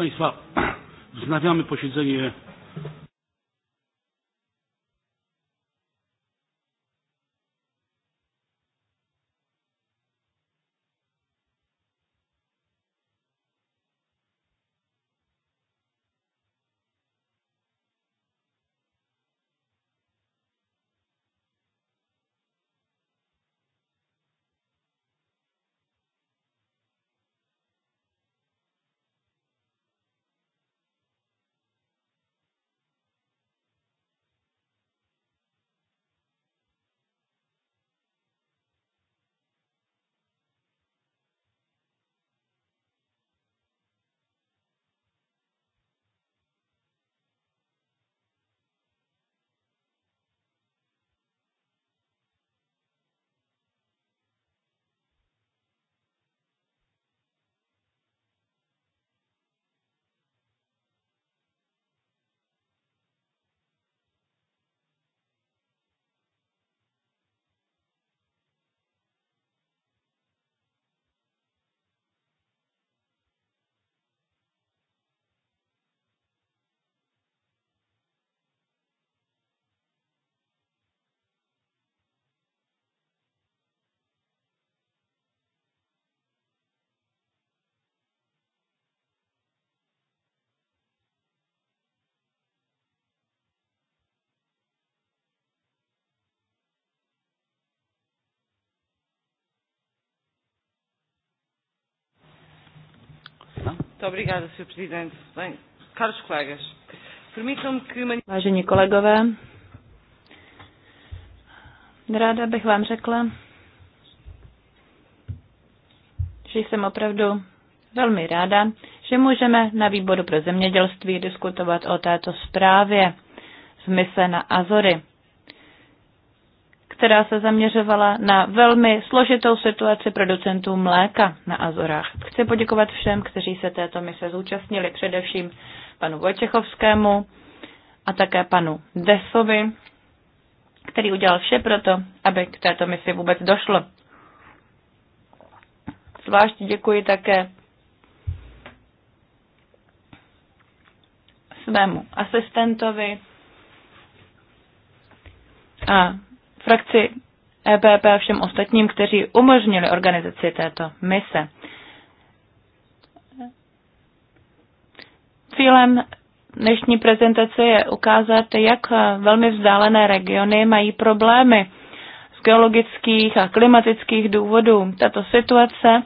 Państwa, wznawiamy posiedzenie Muito obrigada, Sr. Presidente. Bem, caros colegas, permitam-me que... Vážení kolegové, ráda bych vám řekla, že jsem opravdu velmi ráda, že můžeme na výboru pro zemědělství diskutovat o této zprávě z mise na Azory která se zaměřovala na velmi složitou situaci producentů mléka na Azorách. Chci poděkovat všem, kteří se této mise zúčastnili, především panu Vojtěchovskému a také panu Desovi, který udělal vše proto, aby k této misi vůbec došlo. Zvlášť děkuji také svému asistentovi a frakci EPP a všem ostatním, kteří umožnili organizaci této mise. Cílem dnešní prezentace je ukázat, jak velmi vzdálené regiony mají problémy z geologických a klimatických důvodů. Tato situace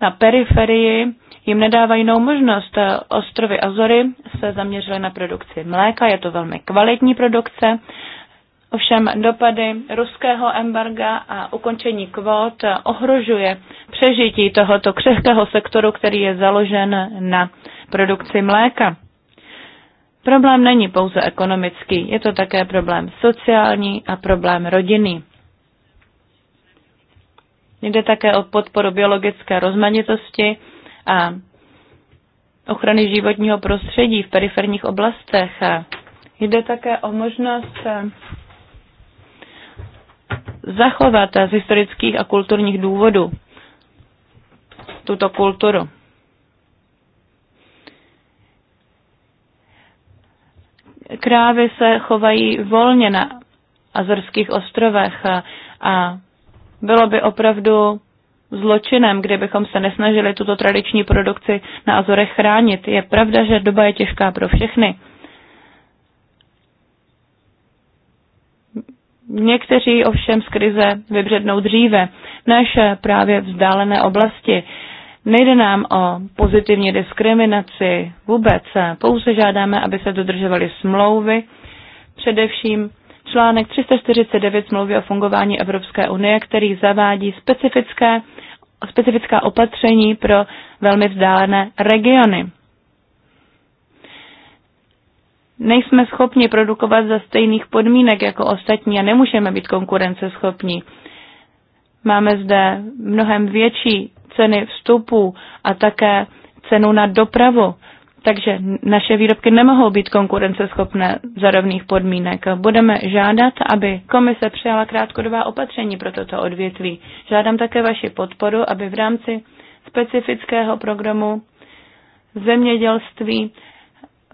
na periferii jim nedává jinou možnost. Ostrovy Azory se zaměřily na produkci mléka, je to velmi kvalitní produkce. Ovšem dopady ruského embarga a ukončení kvót ohrožuje přežití tohoto křehkého sektoru, který je založen na produkci mléka. Problém není pouze ekonomický, je to také problém sociální a problém rodinný. Jde také o podporu biologické rozmanitosti a ochrany životního prostředí v periferních oblastech. Jde také o možnost zachovat z historických a kulturních důvodů tuto kulturu. Krávy se chovají volně na Azorských ostrovech a, a bylo by opravdu zločinem, kdybychom se nesnažili tuto tradiční produkci na Azorech chránit. Je pravda, že doba je těžká pro všechny. Někteří ovšem z krize vybřednou dříve než právě vzdálené oblasti. Nejde nám o pozitivní diskriminaci vůbec, pouze žádáme, aby se dodržovaly smlouvy, především článek 349 smlouvy o fungování Evropské unie, který zavádí specifické, specifická opatření pro velmi vzdálené regiony nejsme schopni produkovat za stejných podmínek jako ostatní a nemůžeme být konkurenceschopní. Máme zde mnohem větší ceny vstupů a také cenu na dopravu. Takže naše výrobky nemohou být konkurenceschopné za rovných podmínek. Budeme žádat, aby komise přijala krátkodobá opatření pro toto odvětví. Žádám také vaši podporu, aby v rámci specifického programu zemědělství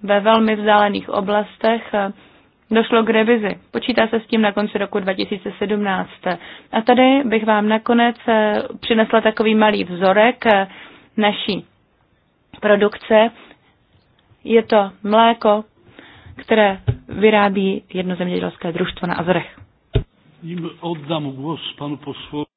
ve velmi vzdálených oblastech eh, došlo k revizi. Počítá se s tím na konci roku 2017. A tady bych vám nakonec eh, přinesla takový malý vzorek eh, naší produkce. Je to mléko, které vyrábí jedno zemědělské družstvo na Azorech. Jim oddám głos panu posłowi.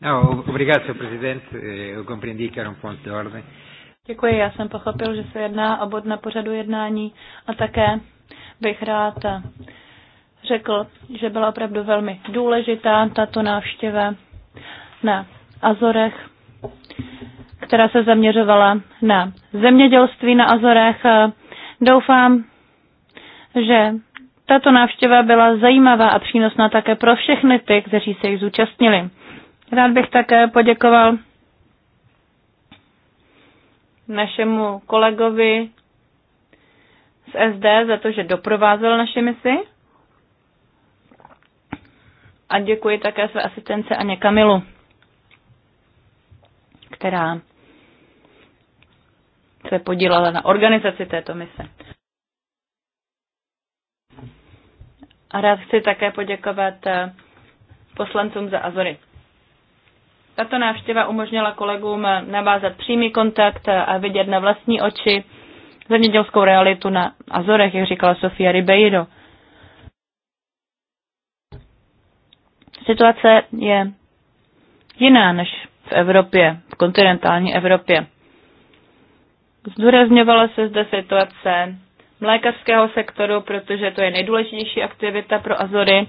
No, obrigado, senhor presidente. Eu compreendi que era um ponto de ordem. Děkuji, já jsem pochopil, že se jedná o bod na pořadu jednání a také bych rád řekl, že byla opravdu velmi důležitá tato návštěva na Azorech, která se zaměřovala na zemědělství na Azorech. Doufám, že tato návštěva byla zajímavá a přínosná také pro všechny ty, kteří se jich zúčastnili. Rád bych také poděkoval našemu kolegovi z SD za to, že doprovázel naši misi. A děkuji také své asistence Aně Kamilu, která se podílela na organizaci této mise. A rád chci také poděkovat poslancům za Azory. Tato návštěva umožnila kolegům navázat přímý kontakt a vidět na vlastní oči zemědělskou realitu na Azorech, jak říkala Sofia Ribeiro. Situace je jiná než v Evropě, v kontinentální Evropě. Zdůrazňovala se zde situace mlékařského sektoru, protože to je nejdůležitější aktivita pro Azory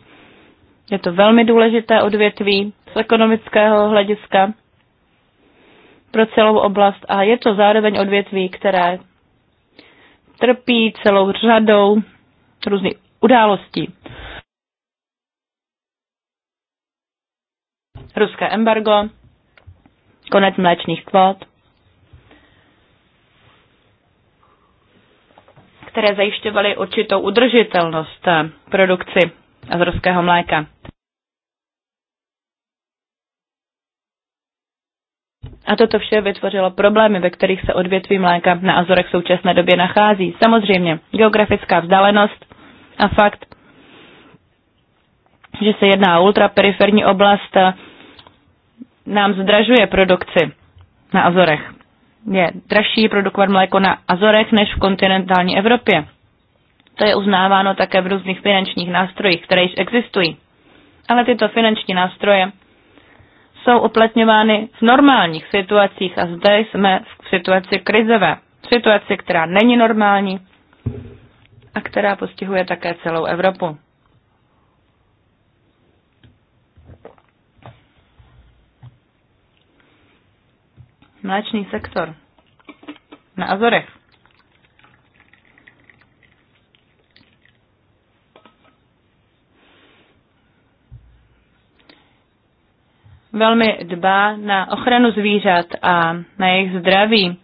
je to velmi důležité odvětví z ekonomického hlediska pro celou oblast a je to zároveň odvětví, které trpí celou řadou různých událostí. Ruské embargo, konec mléčných kvót, které zajišťovaly určitou udržitelnost produkci a z ruského mléka. A toto vše vytvořilo problémy, ve kterých se odvětví mléka na Azorech v současné době nachází. Samozřejmě geografická vzdálenost a fakt, že se jedná o ultraperiferní oblast, eh, nám zdražuje produkci na Azorech. Je dražší produkovat mléko na Azorech než v kontinentální Evropě. To je uznáváno také v různých finančních nástrojích, které již existují. Ale tyto finanční nástroje jsou uplatňovány v normálních situacích a zde jsme v situaci krizové. V situaci, která není normální a která postihuje také celou Evropu. Mléčný sektor na Azorech. velmi dbá na ochranu zvířat a na jejich zdraví.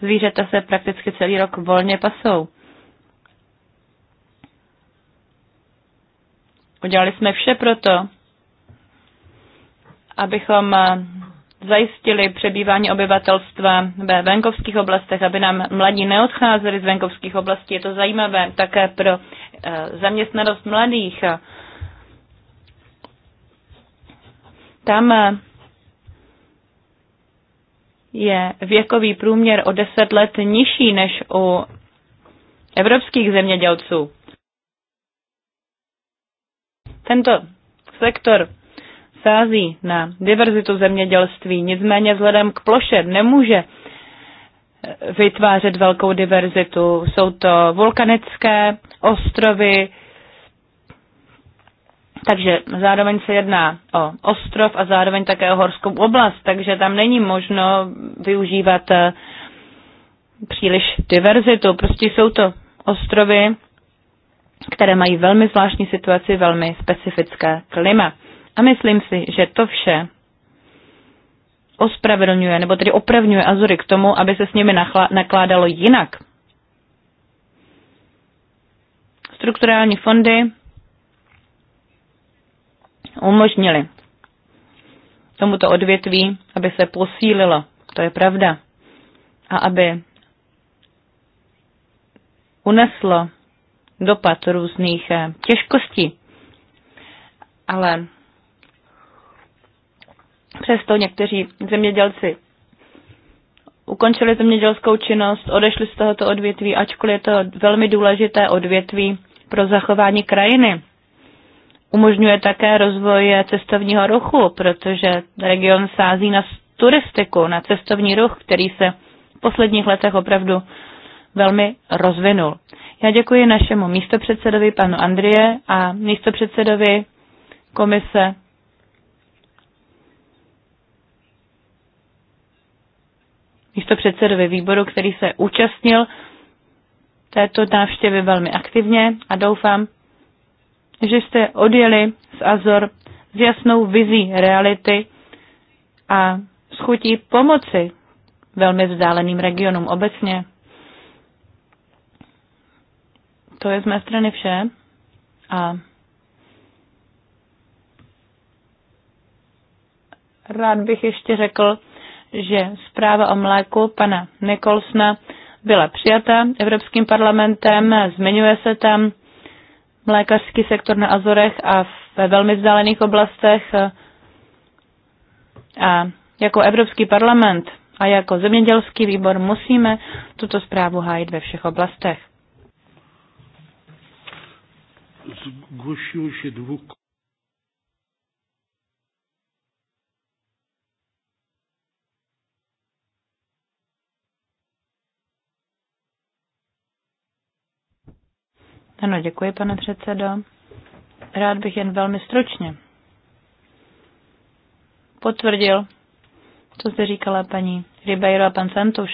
Zvířata se prakticky celý rok volně pasou. Udělali jsme vše proto, abychom eh, zajistili přebývání obyvatelstva ve venkovských oblastech, aby nám mladí neodcházeli z venkovských oblastí. Je to zajímavé také pro eh, zaměstnanost mladých. Tam eh, je věkový průměr o 10 let nižší než u evropských zemědělců. Tento sektor sází na diverzitu zemědělství, nicméně vzhledem k ploše nemůže eh, vytvářet velkou diverzitu. Jsou to vulkanické ostrovy, takže zároveň se jedná o ostrov a zároveň také o horskou oblast, takže tam není možno využívat eh, příliš diverzitu. Prostě jsou to ostrovy, které mají velmi zvláštní situaci, velmi specifické klima. A myslím si, že to vše ospravedlňuje, nebo tedy opravňuje Azury k tomu, aby se s nimi nakládalo jinak. Strukturální fondy umožnili tomuto odvětví, aby se posílilo, to je pravda, a aby uneslo dopad různých eh, těžkostí. Ale přesto někteří zemědělci ukončili zemědělskou činnost, odešli z tohoto odvětví, ačkoliv je to velmi důležité odvětví pro zachování krajiny umožňuje také rozvoj cestovního ruchu, protože region sází na turistiku, na cestovní ruch, který se v posledních letech opravdu velmi rozvinul. Já děkuji našemu místopředsedovi panu Andrie a místopředsedovi komise místopředsedovi výboru, který se účastnil této návštěvy velmi aktivně a doufám, že jste odjeli z Azor s jasnou vizí reality a s chutí pomoci velmi vzdáleným regionům obecně. To je z mé strany vše a rád bych ještě řekl, že zpráva o mléku pana Nikolsna byla přijata Evropským parlamentem, zmiňuje se tam mlékařský sektor na Azorech a ve velmi vzdálených oblastech. A jako Evropský parlament a jako zemědělský výbor musíme tuto zprávu hájit ve všech oblastech. Zgłosiło się dwóch Ano, děkuji, pane předsedo. Rád bych jen velmi stručně potvrdil, co jste říkala paní Ribeiro a pan Santuš.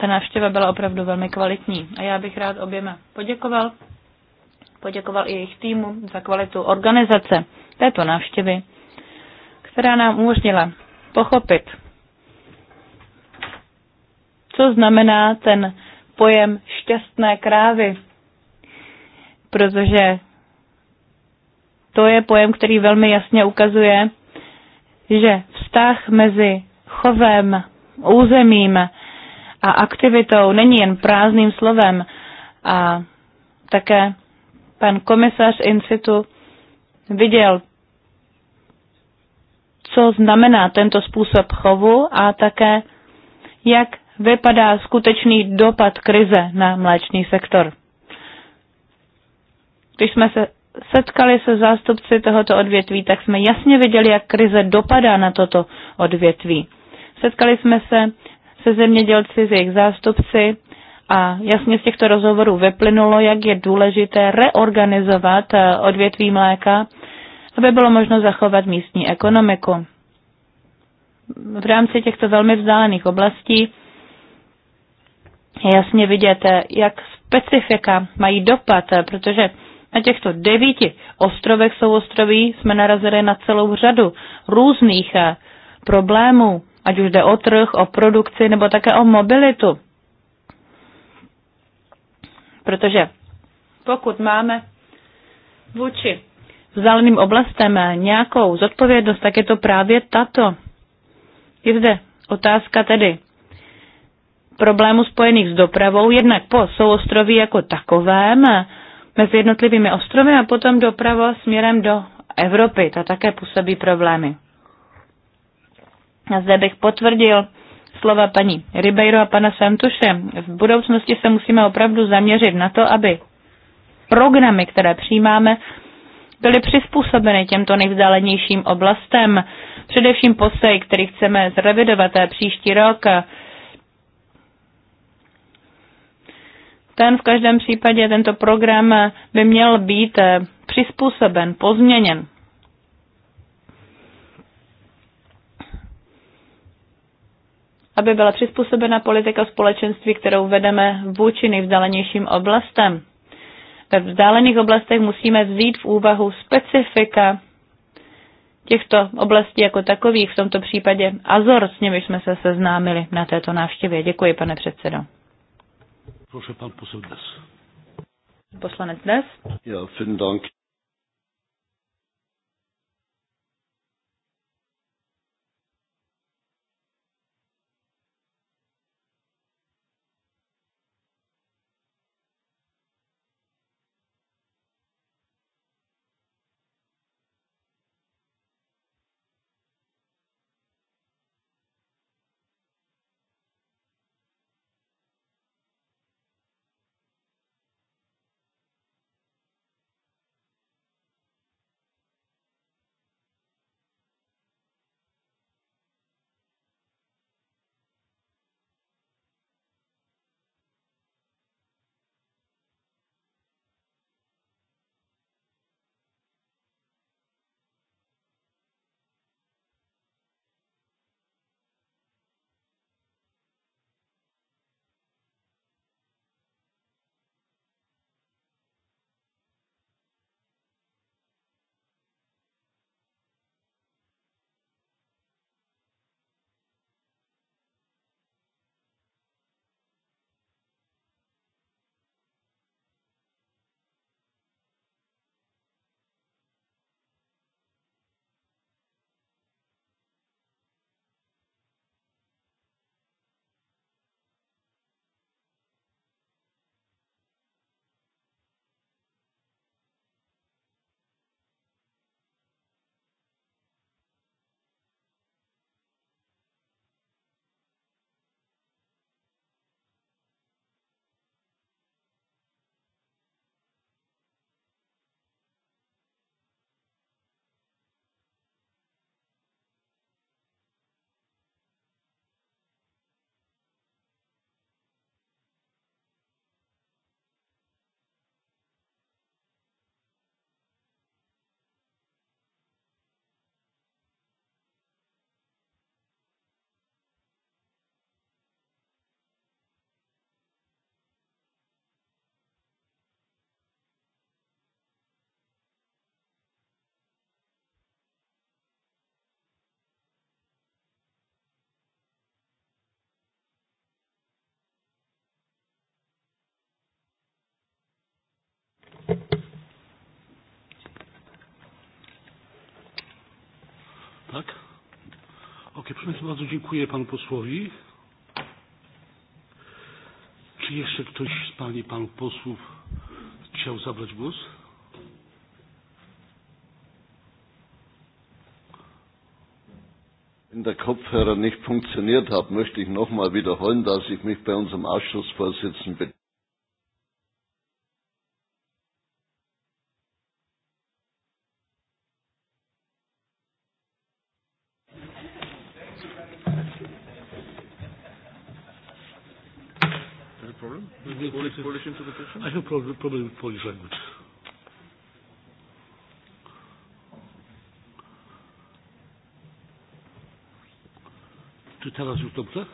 Ta návštěva byla opravdu velmi kvalitní a já bych rád oběma poděkoval. Poděkoval i jejich týmu za kvalitu organizace této návštěvy, která nám umožnila pochopit, co znamená ten pojem šťastné krávy, protože to je pojem, který velmi jasně ukazuje, že vztah mezi chovem, územím a aktivitou není jen prázdným slovem a také pan komisař in situ viděl, co znamená tento způsob chovu a také, jak vypadá skutečný dopad krize na mléčný sektor. Když jsme se setkali se zástupci tohoto odvětví, tak jsme jasně viděli, jak krize dopadá na toto odvětví. Setkali jsme se se zemědělci, s jejich zástupci a jasně z těchto rozhovorů vyplynulo, jak je důležité reorganizovat eh, odvětví mléka, aby bylo možno zachovat místní ekonomiku. V rámci těchto velmi vzdálených oblastí je jasně vidět, jak specifika mají dopad, protože na těchto devíti ostrovech jsou ostroví, jsme narazili na celou řadu různých eh, problémů, ať už jde o trh, o produkci nebo také o mobilitu. Protože pokud máme vůči vzdáleným oblastem eh, nějakou zodpovědnost, tak je to právě tato. Je zde otázka tedy problémů spojených s dopravou, jednak po souostroví jako takovém, eh, mezi jednotlivými ostrovy a potom doprava směrem do Evropy. Ta také působí problémy. A zde bych potvrdil slova paní Ribeiro a pana Santuše. V budoucnosti se musíme opravdu zaměřit na to, aby programy, které přijímáme, byly přizpůsobeny těmto nejvzdálenějším oblastem, především posej, který chceme zrevidovat a příští rok. A ten v každém případě, tento program eh, by měl být eh, přizpůsoben, pozměněn. aby byla přizpůsobena politika společenství, kterou vedeme vůči nejvzdálenějším oblastem. Ve vzdálených oblastech musíme vzít v úvahu specifika těchto oblastí jako takových, v tomto případě Azor, s nimi jsme se seznámili na této návštěvě. Děkuji, pane předsedo. Proszę pan poseł Des. Poslanec Des. Ja, vielen Dank. Proszę Państwa, bardzo dziękuję Panu posłowi. Czy jeszcze ktoś z Pani i Panów posłów chciał zabrać głos? Wenn der Kopfhörer nicht funktioniert hat, möchte ich nochmal wiederholen, dass ich mich bei unserem Ausschussvorsitzenden bedanke Dobře.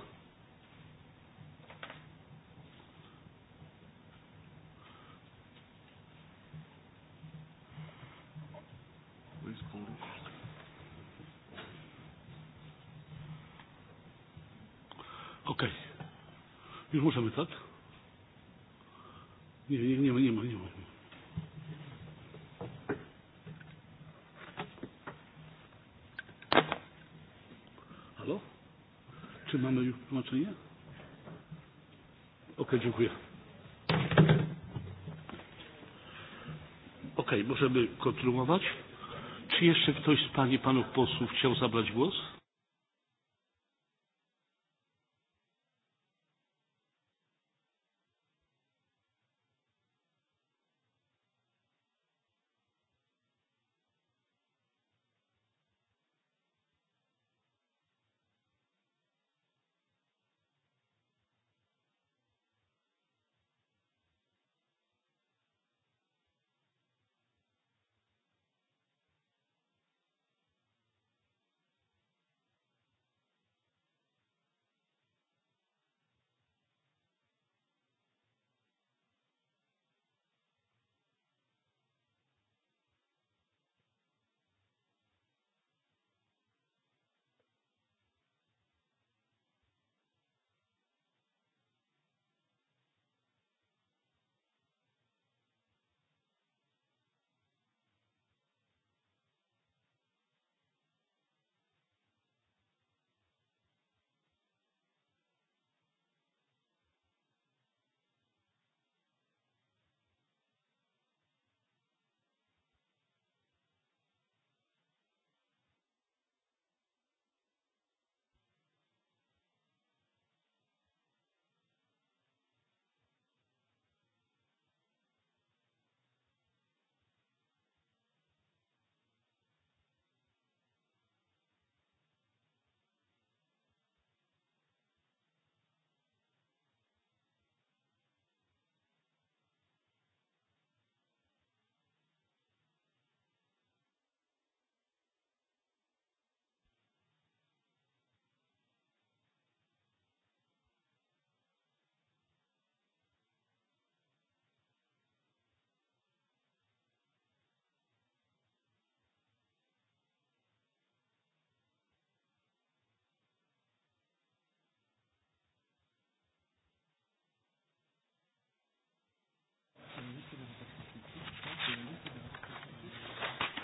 kontynuować? Czy jeszcze ktoś z Pani Panów Posłów chciał zabrać głos?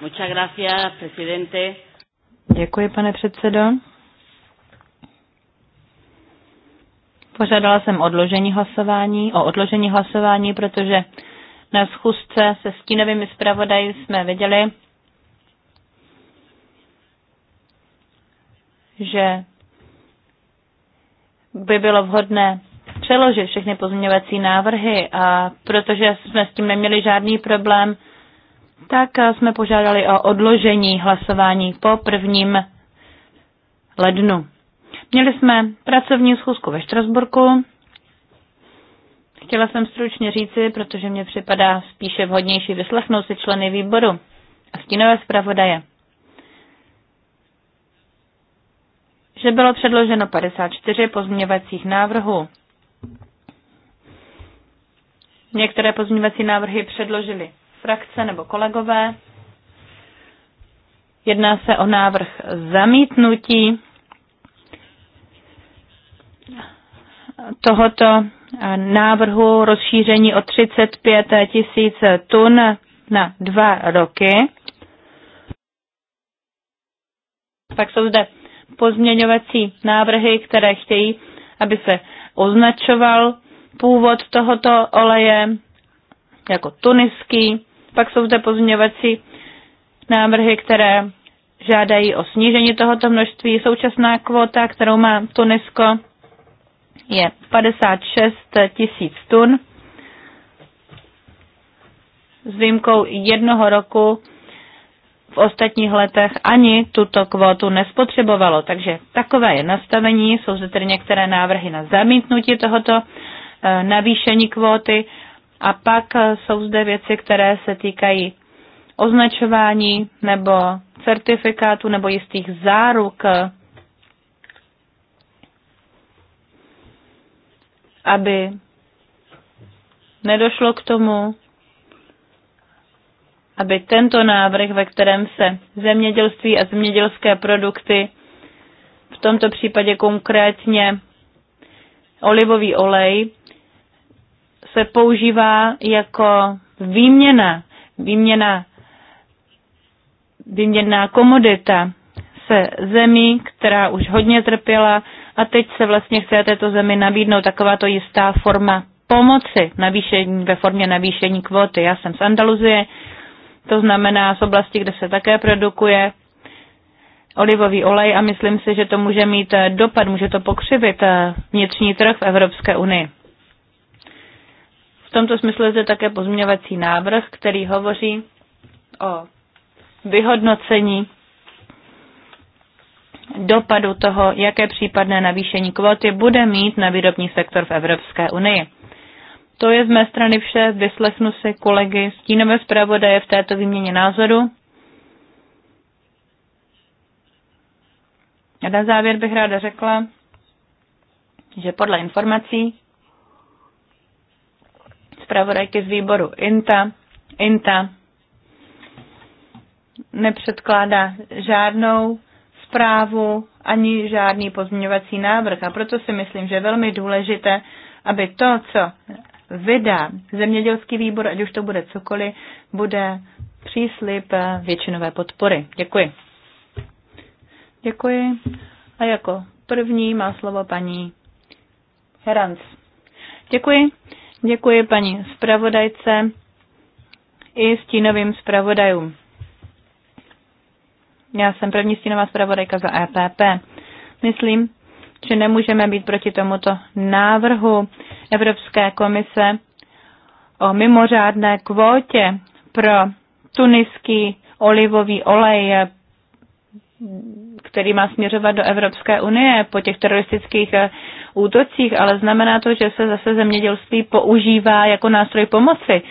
Muchas gracias, presidente. Děkuji, pane předsedo. Požádala jsem odložení hlasování, o odložení hlasování, protože na schůzce se stínovými zpravodaji jsme viděli, že by bylo vhodné přeložit všechny pozměňovací návrhy a protože jsme s tím neměli žádný problém, tak eh, jsme požádali o odložení hlasování po prvním lednu. Měli jsme pracovní schůzku ve Štrasburku. Chtěla jsem stručně říci, protože mě připadá spíše vhodnější vyslechnout si členy výboru a stínové zpravodaje, že bylo předloženo 54 pozměňovacích návrhů. Některé pozměňovací návrhy předložili frakce nebo kolegové. Jedná se o návrh zamítnutí tohoto návrhu rozšíření o 35 tisíc tun na dva roky. Pak jsou zde pozměňovací návrhy, které chtějí, aby se označoval původ tohoto oleje jako tuniský. Pak jsou zde pozměňovací návrhy, které žádají o snížení tohoto množství. Současná kvota, kterou má Tunisko, je 56 tisíc tun. S výjimkou jednoho roku v ostatních letech ani tuto kvotu nespotřebovalo. Takže takové je nastavení. Jsou zde tedy některé návrhy na zamítnutí tohoto eh, navýšení kvóty a pak eh, jsou zde věci, které se týkají označování nebo certifikátu nebo jistých záruk, aby nedošlo k tomu, aby tento návrh, ve kterém se zemědělství a zemědělské produkty, v tomto případě konkrétně olivový olej, se používá jako výměna, výměna, výměná komodita se zemí, která už hodně trpěla a teď se vlastně chce této zemi nabídnout takováto jistá forma pomoci navýšení, ve formě navýšení kvóty. Já jsem z Andaluzie, to znamená z oblasti, kde se také produkuje olivový olej a myslím si, že to může mít dopad, může to pokřivit vnitřní trh v Evropské unii. V tomto smyslu je zde také pozměňovací návrh, který hovoří o vyhodnocení dopadu toho, jaké případné navýšení kvóty bude mít na výrobní sektor v Evropské unii. To je z mé strany vše. Vyslechnu si kolegy stínové zpravodaje v této výměně názoru. A na závěr bych ráda řekla, že podle informací, zpravodajky z výboru INTA. INTA nepředkládá žádnou zprávu ani žádný pozměňovací návrh. A proto si myslím, že je velmi důležité, aby to, co vydá zemědělský výbor, ať už to bude cokoliv, bude příslip většinové podpory. Děkuji. Děkuji. A jako první má slovo paní Herans. Děkuji. Děkuji paní zpravodajce i stínovým zpravodajům. Já jsem první stínová zpravodajka za EPP. Myslím, že nemůžeme být proti tomuto návrhu Evropské komise o mimořádné kvótě pro tuniský olivový olej, který má směřovat do Evropské unie po těch teroristických útocích, ale znamená to, že se zase zemědělství používá jako nástroj pomoci.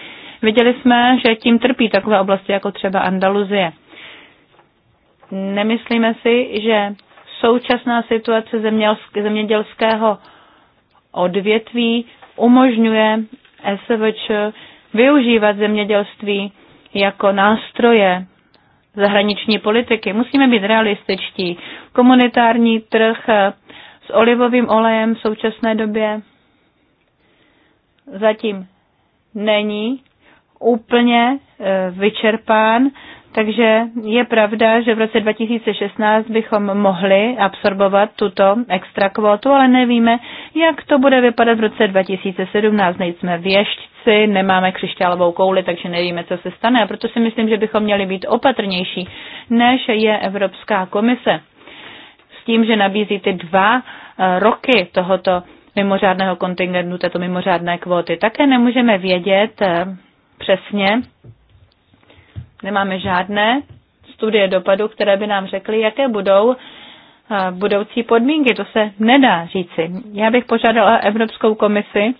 Viděli jsme, že tím trpí takové oblasti jako třeba Andaluzie. Nemyslíme si, že současná situace zemědělského odvětví umožňuje SVČ využívat zemědělství jako nástroje zahraniční politiky. Musíme být realističtí. Komunitární trh s olivovým olejem v současné době zatím není úplně e, vyčerpán, takže je pravda, že v roce 2016 bychom mohli absorbovat tuto extra kvotu, ale nevíme, jak to bude vypadat v roce 2017. Nejsme věštci, nemáme křišťálovou kouli, takže nevíme, co se stane. A proto si myslím, že bychom měli být opatrnější, než je Evropská komise tím, že nabízíte dva eh, roky tohoto mimořádného kontingentu, této mimořádné kvóty. Také nemůžeme vědět eh, přesně, nemáme žádné studie dopadu, které by nám řekly, jaké budou eh, budoucí podmínky. To se nedá říci. Já bych požádala Evropskou komisi,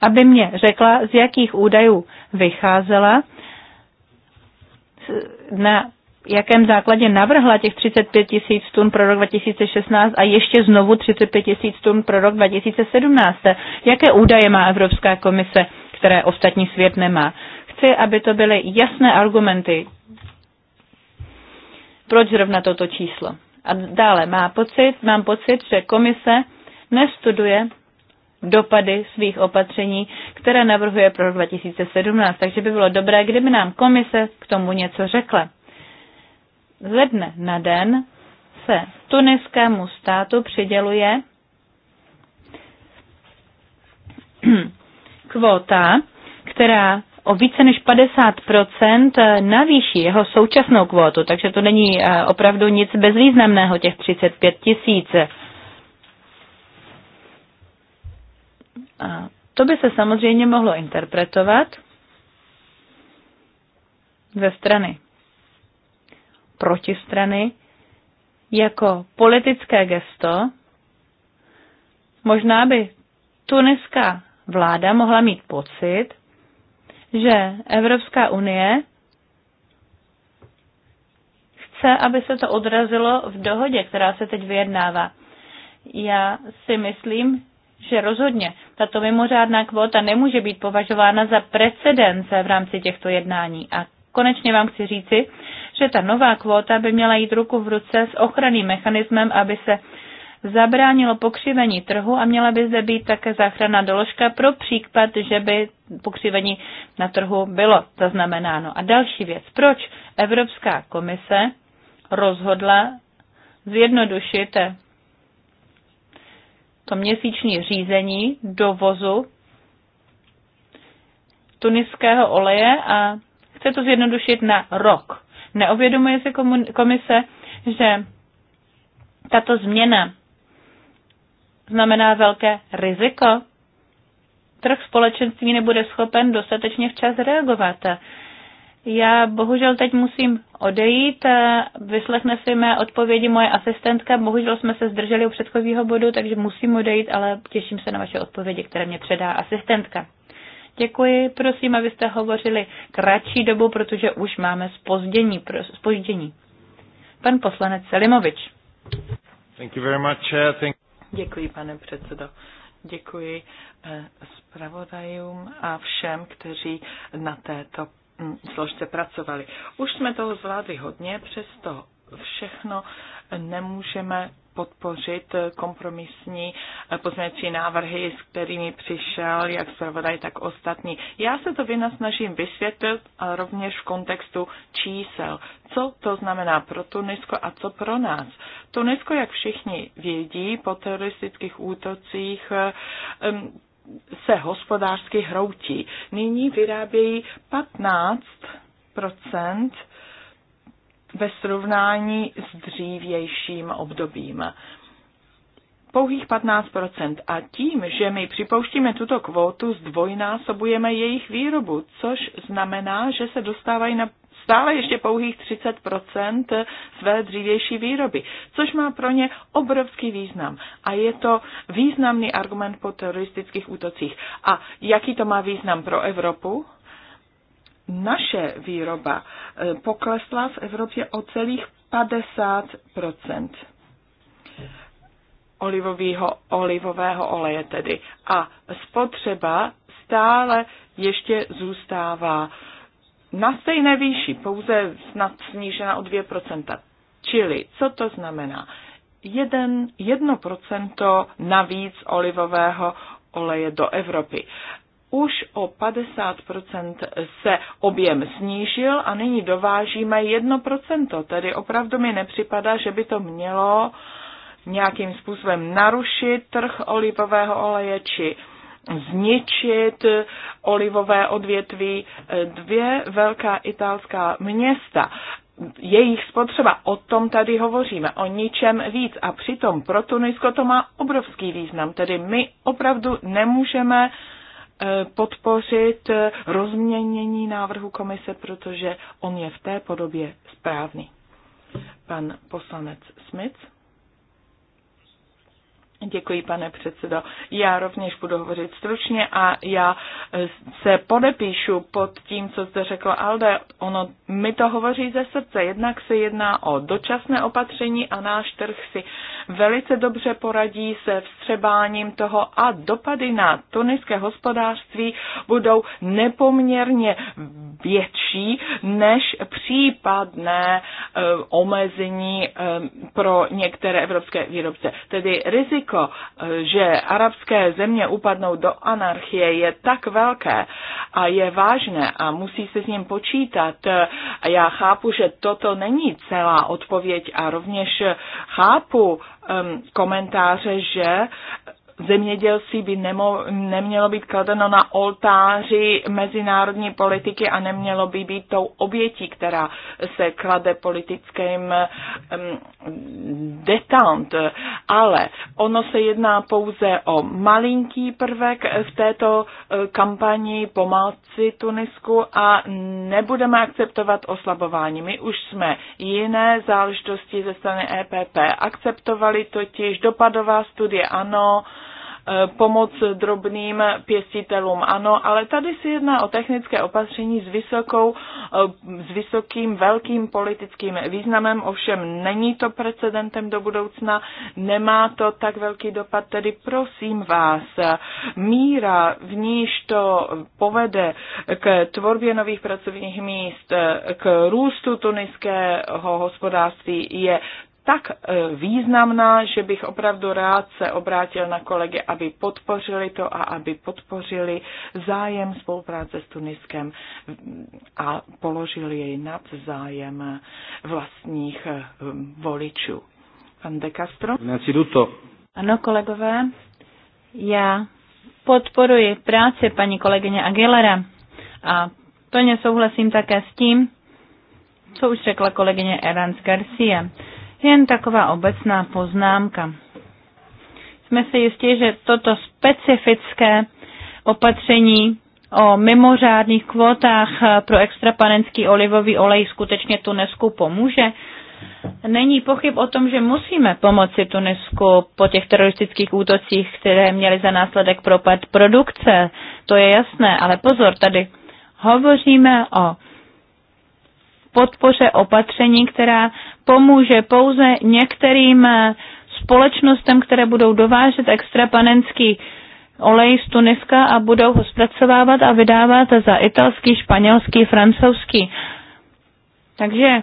aby mě řekla, z jakých údajů vycházela na jakém základě navrhla těch 35 tisíc tun pro rok 2016 a ještě znovu 35 tisíc tun pro rok 2017. Jaké údaje má Evropská komise, které ostatní svět nemá? Chci, aby to byly jasné argumenty. Proč zrovna toto číslo? A dále má pocit, mám pocit, že komise nestuduje dopady svých opatření, které navrhuje pro rok 2017. Takže by bylo dobré, kdyby nám komise k tomu něco řekla ze dne na den se tuniskému státu přiděluje kvota, která o více než 50% navýší jeho současnou kvotu. takže to není eh, opravdu nic bezvýznamného, těch 35 tisíc. To by se samozřejmě mohlo interpretovat ze strany protistrany jako politické gesto. Možná by tuniská vláda mohla mít pocit, že Evropská unie chce, aby se to odrazilo v dohodě, která se teď vyjednává. Já si myslím, že rozhodně tato mimořádná kvota nemůže být považována za precedence v rámci těchto jednání. A konečně vám chci říci, že ta nová kvóta by měla jít ruku v ruce s ochranným mechanismem, aby se zabránilo pokřivení trhu a měla by zde být také záchranná doložka pro případ, že by pokřivení na trhu bylo zaznamenáno. A další věc, proč Evropská komise rozhodla zjednodušit to měsíční řízení dovozu tuniského oleje a chce to zjednodušit na rok. Neuvědomuje se komise, že tato změna znamená velké riziko? Trh společenství nebude schopen dostatečně včas reagovat. Já bohužel teď musím odejít. Vyslechne si mé odpovědi moje asistentka. Bohužel jsme se zdrželi u předchozího bodu, takže musím odejít, ale těším se na vaše odpovědi, které mě předá asistentka. Děkuji, prosím, abyste hovořili kratší dobu, protože už máme spozdění. spoždění. Pan poslanec Selimovič. Thank you very much. Thank... Děkuji, pane předsedo. Děkuji eh, zpravodajům a všem, kteří na této mm, složce pracovali. Už jsme toho zvládli hodně, přesto všechno nemůžeme podpořit kompromisní pozměňovací návrhy, s kterými přišel jak zpravodaj, tak ostatní. Já se to snažím vysvětlit a rovněž v kontextu čísel. Co to znamená pro Tunisko a co pro nás? Tunisko, jak všichni vědí, po teroristických útocích se hospodářsky hroutí. Nyní vyrábějí 15 ve srovnání s dřívějším obdobím. Pouhých 15%. A tím, že my připouštíme tuto kvótu, zdvojnásobujeme jejich výrobu, což znamená, že se dostávají na stále ještě pouhých 30 své dřívější výroby, což má pro ně obrovský význam. A je to významný argument po teroristických útocích. A jaký to má význam pro Evropu? naše výroba eh, poklesla v Evropě o celých 50 olivového, olivového oleje tedy. A spotřeba stále ještě zůstává na stejné výši, pouze snad snížena o 2%. Čili, co to znamená? Jeden, 1% navíc olivového oleje do Evropy už o 50% se objem snížil a nyní dovážíme 1%. Tedy opravdu mi nepřipadá, že by to mělo nějakým způsobem narušit trh olivového oleje či zničit olivové odvětví. Dvě velká italská města jejich spotřeba, o tom tady hovoříme, o ničem víc a přitom pro Tunisko to má obrovský význam, tedy my opravdu nemůžeme uh, Eh, podpořit eh, rozměnění návrhu komise, protože on je v té podobě správný. Pan poslanec Smith. Děkuji, pane předsedo. Já rovněž budu hovořit stručně a já eh, se podepíšu pod tím, co zde řekl Alde. Ono mi to hovoří ze srdce. Jednak se jedná o dočasné opatření a náš trh si velice dobře poradí se vstřebáním toho a dopady na tuniské hospodářství budou nepoměrně větší než případné eh, omezení eh, pro některé evropské výrobce. Tedy rizik riziko, že arabské země upadnou do anarchie, je tak velké a je vážné a musí se s ním počítat. A já chápu, že toto není celá odpověď a rovněž chápu um, komentáře, že zemědělství by nemo, nemělo být kladeno na oltáři mezinárodní politiky a nemělo by být tou obětí, která se klade politickým um, detant. Ale ono se jedná pouze o malinký prvek v této eh, kampani pomáci Tunisku a nebudeme akceptovat oslabování. My už jsme jiné záležitosti ze strany EPP akceptovali, totiž dopadová studie ano, Eh, pomoc drobným pěstitelům. Ano, ale tady se jedná o technické opatření s, vysokou, eh, s vysokým velkým politickým významem, ovšem není to precedentem do budoucna, nemá to tak velký dopad, tedy prosím vás, míra, v níž to povede k tvorbě nových pracovních míst, k růstu tuniského hospodářství je tak e, významná, že bych opravdu rád se obrátil na kolegy, aby podpořili to a aby podpořili zájem spolupráce s Tuniskem a položili jej nad zájem vlastních e, voličů. Pan De Castro? Ano, kolegové, já podporuji práci paní kolegyně Aguilera a plně souhlasím také s tím, co už řekla kolegyně Evans Garcia. Jen taková obecná poznámka. Jsme si jistí, že toto specifické opatření o mimořádných kvotách pro extrapanenský olivový olej skutečně Tunesku pomůže. Není pochyb o tom, že musíme pomoci Tunesku po těch teroristických útocích, které měly za následek propad produkce. To je jasné, ale pozor, tady hovoříme o podpoře opatření, která pomůže pouze některým eh, společnostem, které budou dovážet extrapanenský olej z Tuniska a budou ho zpracovávat a vydávat za italský, španělský, francouzský. Takže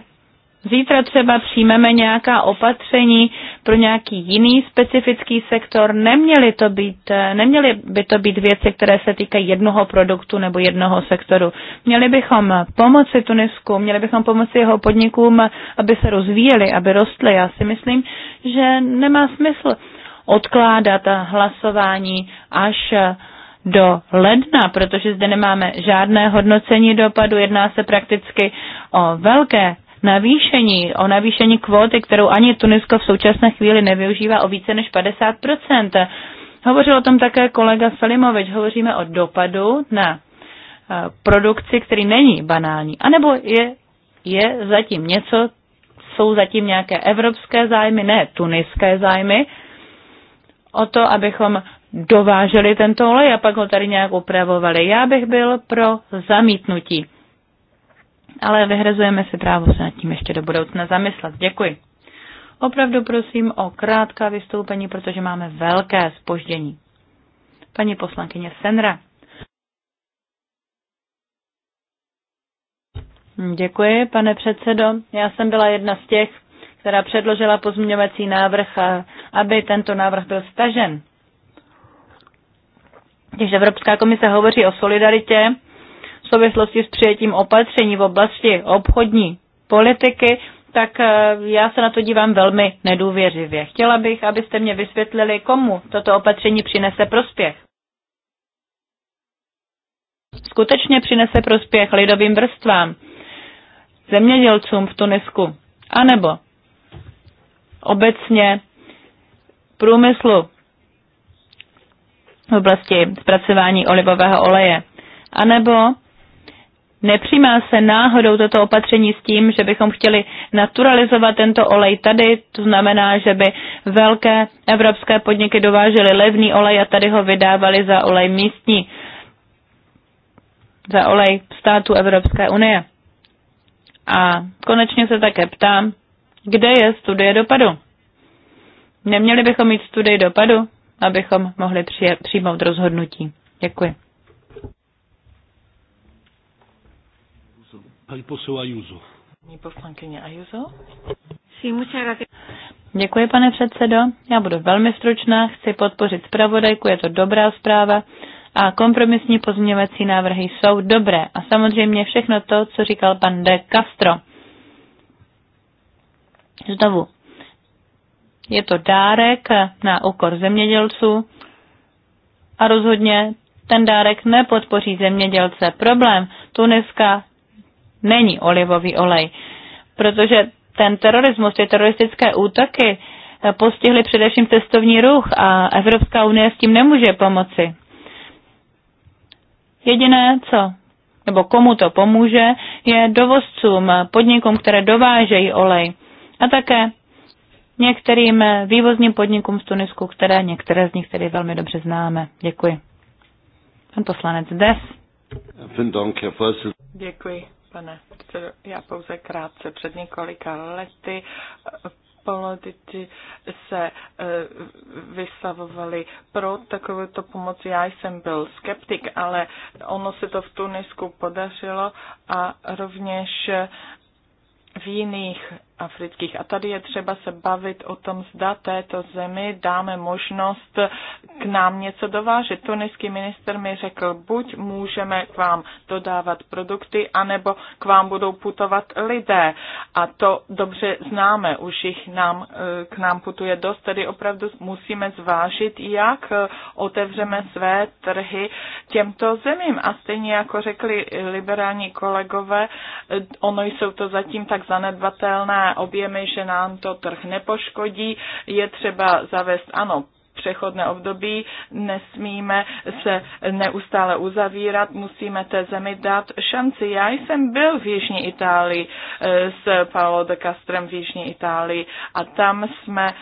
Zítra třeba přijmeme nějaká opatření pro nějaký jiný specifický sektor. Neměly, to být, neměly by to být věci, které se týkají jednoho produktu nebo jednoho sektoru. Měli bychom pomoci Tunisku, měli bychom pomoci jeho podnikům, aby se rozvíjeli, aby rostly. Já si myslím, že nemá smysl odkládat hlasování až do ledna, protože zde nemáme žádné hodnocení dopadu, jedná se prakticky o velké navýšení, o navýšení kvóty, kterou ani Tunisko v současné chvíli nevyužívá o více než 50 Hovořil o tom také kolega Salimovič. Hovoříme o dopadu na eh, produkci, který není banální. A nebo je, je zatím něco, jsou zatím nějaké evropské zájmy, ne tuniské zájmy, o to, abychom dováželi tento olej a pak ho tady nějak upravovali. Já bych byl pro zamítnutí ale vyhrazujeme si právo se nad tím ještě do budoucna zamyslet. Děkuji. Opravdu prosím o krátká vystoupení, protože máme velké spoždění. Paní poslankyně Senra. Děkuji, pane předsedo. Já jsem byla jedna z těch, která předložila pozměňovací návrh, aby tento návrh byl stažen. Když Evropská komise hovoří o solidaritě, v souvislosti s přijetím opatření v oblasti obchodní politiky, tak eh, já se na to dívám velmi nedůvěřivě. Chtěla bych, abyste mě vysvětlili, komu toto opatření přinese prospěch. Skutečně přinese prospěch lidovým vrstvám, zemědělcům v Tunisku, anebo obecně průmyslu v oblasti zpracování olivového oleje, anebo Nepřijímá se náhodou toto opatření s tím, že bychom chtěli naturalizovat tento olej tady, to znamená, že by velké evropské podniky dovážely levný olej a tady ho vydávali za olej místní, za olej států Evropské unie. A konečně se také ptám, kde je studie dopadu? Neměli bychom mít studii dopadu, abychom mohli přijmout rozhodnutí. Děkuji. Paní posel Ajuzo. Paní poslankyně Ajuzo. Děkuji, pane předsedo. Já budu velmi stručná, chci podpořit zpravodajku, je to dobrá zpráva a kompromisní pozměňovací návrhy jsou dobré. A samozřejmě všechno to, co říkal pan de Castro. Znovu, je to dárek na úkor zemědělců a rozhodně ten dárek nepodpoří zemědělce. Problém Tuniska není olivový olej. Protože ten terorismus, ty teroristické útoky eh, postihly především cestovní ruch a Evropská unie s tím nemůže pomoci. Jediné, co nebo komu to pomůže, je dovozcům, podnikům, které dovážejí olej a také některým eh, vývozním podnikům v Tunisku, které některé z nich tedy velmi dobře známe. Děkuji. Pan poslanec Des. Děkuji pane předsedo. Já pouze krátce před několika lety eh, politici se eh, vystavovali pro takovouto pomoc. Já jsem byl skeptik, ale ono se to v Tunisku podařilo a rovněž v jiných afrických. A tady je třeba se bavit o tom, zda této zemi dáme možnost k nám něco dovážet. Tuniský minister mi řekl, buď můžeme k vám dodávat produkty, anebo k vám budou putovat lidé. A to dobře známe, už jich nám, eh, k nám putuje dost, tedy opravdu musíme zvážit, jak eh, otevřeme své trhy těmto zemím. A stejně jako řekli liberální kolegové, eh, ono jsou to zatím tak zanedbatelné omezené objemy, že nám to trh nepoškodí. Je třeba zavést, ano, přechodné období, nesmíme se neustále uzavírat, musíme té zemi dát šanci. Já jsem byl v Jižní Itálii eh, s Paolo de Castrem v Jižní Itálii a tam jsme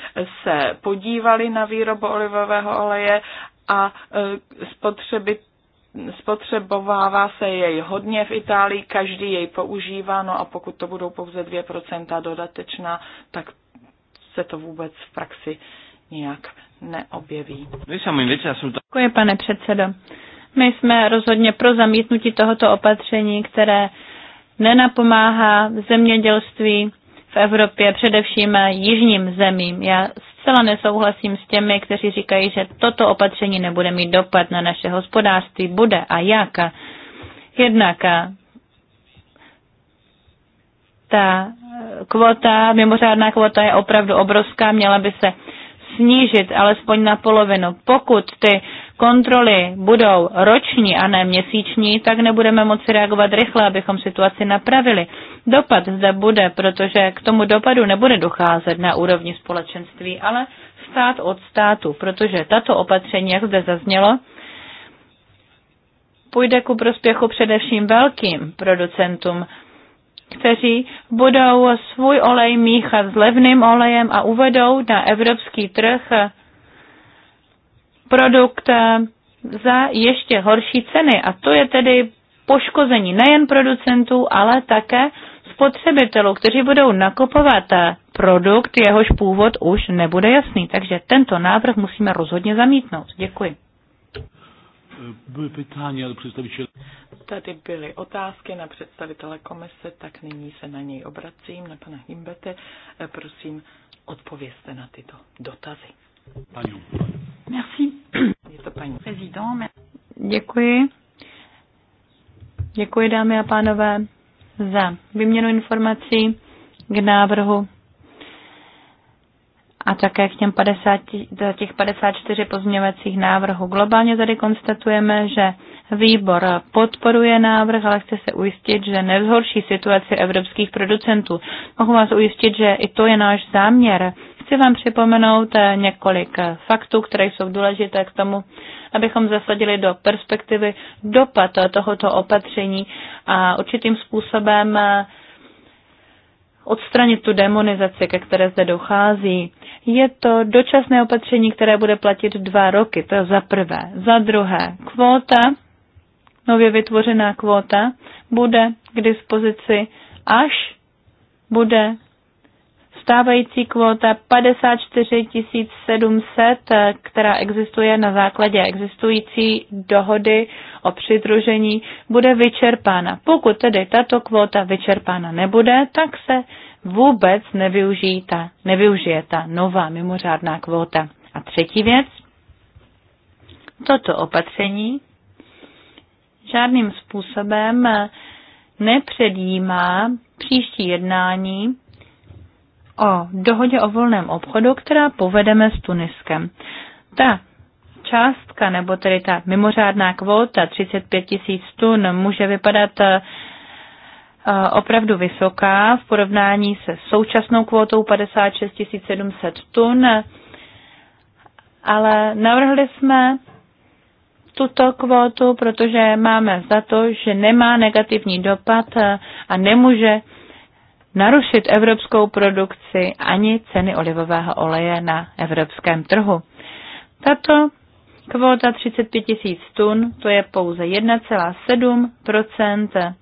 se podívali na výrobu olivového oleje a eh, spotřebit spotřebovává se jej hodně v Itálii, každý jej používá, no a pokud to budou pouze 2% dodatečná, tak se to vůbec v praxi nijak neobjeví. Děkuji, pane předsedo. My jsme rozhodně pro zamítnutí tohoto opatření, které nenapomáhá zemědělství v Evropě, především jižním zemím. Já Zcela nesouhlasím s těmi, kteří říkají, že toto opatření nebude mít dopad na naše hospodářství. Bude a jak. Jednak ta kvota, mimořádná kvota je opravdu obrovská, měla by se snížit alespoň na polovinu. Pokud ty kontroly budou roční a ne měsíční, tak nebudeme moci reagovat rychle, abychom situaci napravili. Dopad zde bude, protože k tomu dopadu nebude docházet na úrovni společenství, ale stát od státu, protože tato opatření, jak zde zaznělo, půjde ku prospěchu především velkým producentům, kteří budou svůj olej míchat s levným olejem a uvedou na evropský trh produkt eh, za ještě horší ceny. A to je tedy poškození nejen producentů, ale také spotřebitelů, kteří budou nakupovat eh, produkt, jehož původ už nebude jasný. Takže tento návrh musíme rozhodně zamítnout. Děkuji. Byly pytání představitel. Tady byly otázky na představitele komise, tak nyní se na něj obracím, na pana Himbete. Eh, prosím, odpovězte na tyto dotazy. Merci. Děkuji. Děkuji, dámy a pánové, za vyměnu informací k návrhu a také k těm 50, těch 54 pozměňovacích návrhů. Globálně tady konstatujeme, že výbor podporuje návrh, ale chce se ujistit, že nezhorší situaci evropských producentů. Mohu vás ujistit, že i to je náš záměr. Chci vám připomenout eh, několik eh, faktů, které jsou důležité k tomu, abychom zasadili do perspektivy dopad eh, tohoto opatření a určitým způsobem odstranit tu demonizaci, ke které zde dochází. Je to dočasné opatření, které bude platit dva roky, to je za prvé. Za druhé, kvóta, nově vytvořená kvóta, bude k dispozici, až bude stávající kvóta 54 700, která existuje na základě existující dohody o přidružení, bude vyčerpána. Pokud tedy tato kvóta vyčerpána nebude, tak se vůbec nevyužije ta, nevyužije ta nová mimořádná kvóta. A třetí věc, toto opatření žádným způsobem nepředjímá příští jednání o dohodě o volném obchodu, která povedeme s Tuniskem. Ta částka, nebo tedy ta mimořádná kvota 35 tisíc tun může vypadat eh, opravdu vysoká v porovnání se současnou kvotou 56 700 tun, ale navrhli jsme tuto kvotu, protože máme za to, že nemá negativní dopad eh, a nemůže narušit evropskou produkci ani ceny olivového oleje na evropském trhu. Tato kvóta 35 tisíc tun, to je pouze 1,7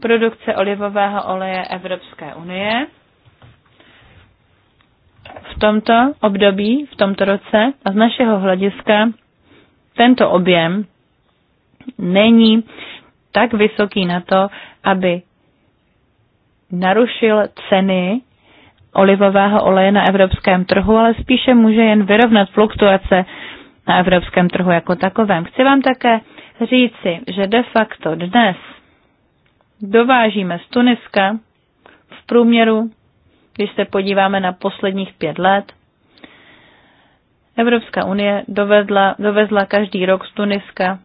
produkce olivového oleje Evropské unie. V tomto období, v tomto roce a z našeho hlediska tento objem není tak vysoký na to, aby narušil ceny olivového oleje na evropském trhu, ale spíše může jen vyrovnat fluktuace na evropském trhu jako takovém. Chci vám také říci, že de facto dnes dovážíme z Tuniska v průměru, když se podíváme na posledních pět let, Evropská unie dovedla, dovezla každý rok z Tuniska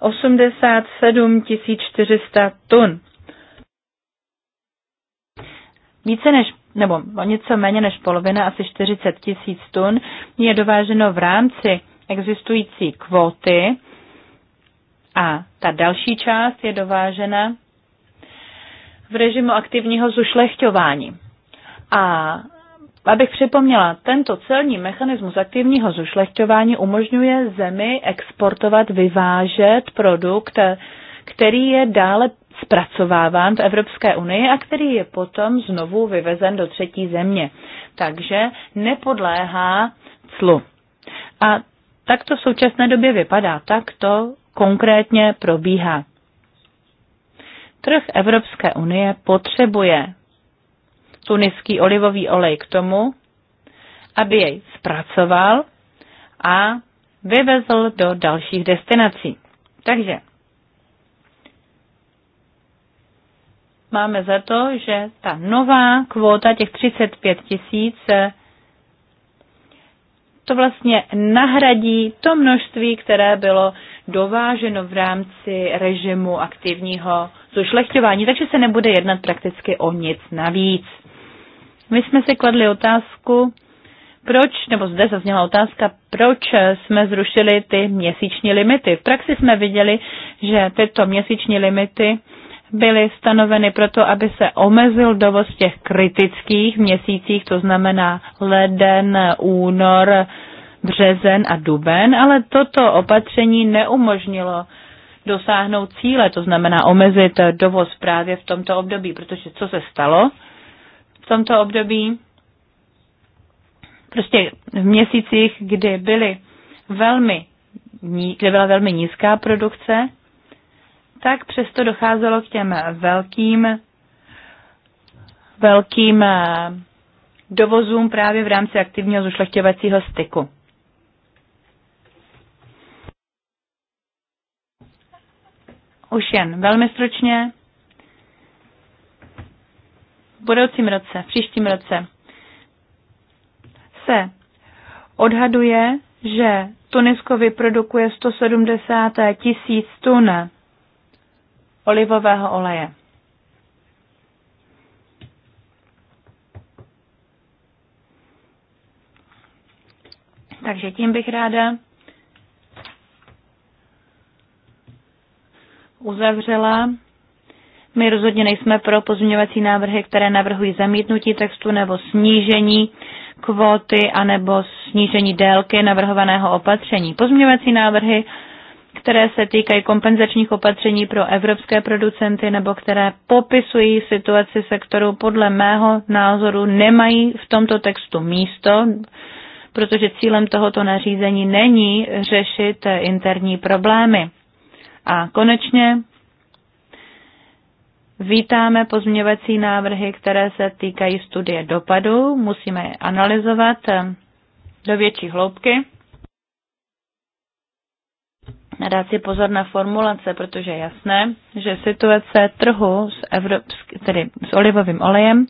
87 400 tun. Více než, nebo něco méně než polovina, asi 40 tisíc tun, je dováženo v rámci existující kvóty a ta další část je dovážena v režimu aktivního zušlechťování. A Abych připomněla, tento celní mechanismus aktivního zušlechťování umožňuje zemi exportovat, vyvážet produkt, který je dále zpracováván v Evropské unii a který je potom znovu vyvezen do třetí země. Takže nepodléhá clu. A tak to v současné době vypadá, tak to konkrétně probíhá. Trh Evropské unie potřebuje tuniský olivový olej k tomu, aby jej zpracoval a vyvezl do dalších destinací. Takže máme za to, že ta nová kvóta těch 35 tisíc to vlastně nahradí to množství, které bylo dováženo v rámci režimu aktivního zušlechťování, takže se nebude jednat prakticky o nic navíc. My jsme si kladli otázku, proč, nebo zde zazněla otázka, proč jsme zrušili ty měsíční limity. V praxi jsme viděli, že tyto měsíční limity byly stanoveny proto, aby se omezil dovoz těch kritických měsících, to znamená leden, únor, březen a duben, ale toto opatření neumožnilo dosáhnout cíle, to znamená omezit dovoz právě v tomto období, protože co se stalo? v tomto období, prostě v měsících, kdy byly velmi, kde byla velmi nízká produkce, tak přesto docházelo k těm velkým, velkým eh, dovozům právě v rámci aktivního zušlechtěvacího styku. Už jen velmi stručně, v budoucím roce, v příštím roce, se odhaduje, že Tunisko vyprodukuje 170 tisíc tun olivového oleje. Takže tím bych ráda uzavřela my rozhodně nejsme pro pozměňovací návrhy, které navrhují zamítnutí textu nebo snížení kvóty anebo snížení délky navrhovaného opatření. Pozměňovací návrhy, které se týkají kompenzačních opatření pro evropské producenty nebo které popisují situaci sektoru, podle mého názoru nemají v tomto textu místo, protože cílem tohoto nařízení není řešit interní problémy. A konečně Vítáme pozměňovací návrhy, které se týkají studie dopadu. Musíme je analyzovat eh, do větší hloubky. Dát si pozor na formulace, protože je jasné, že situace trhu s, evropsk- tedy s olivovým olejem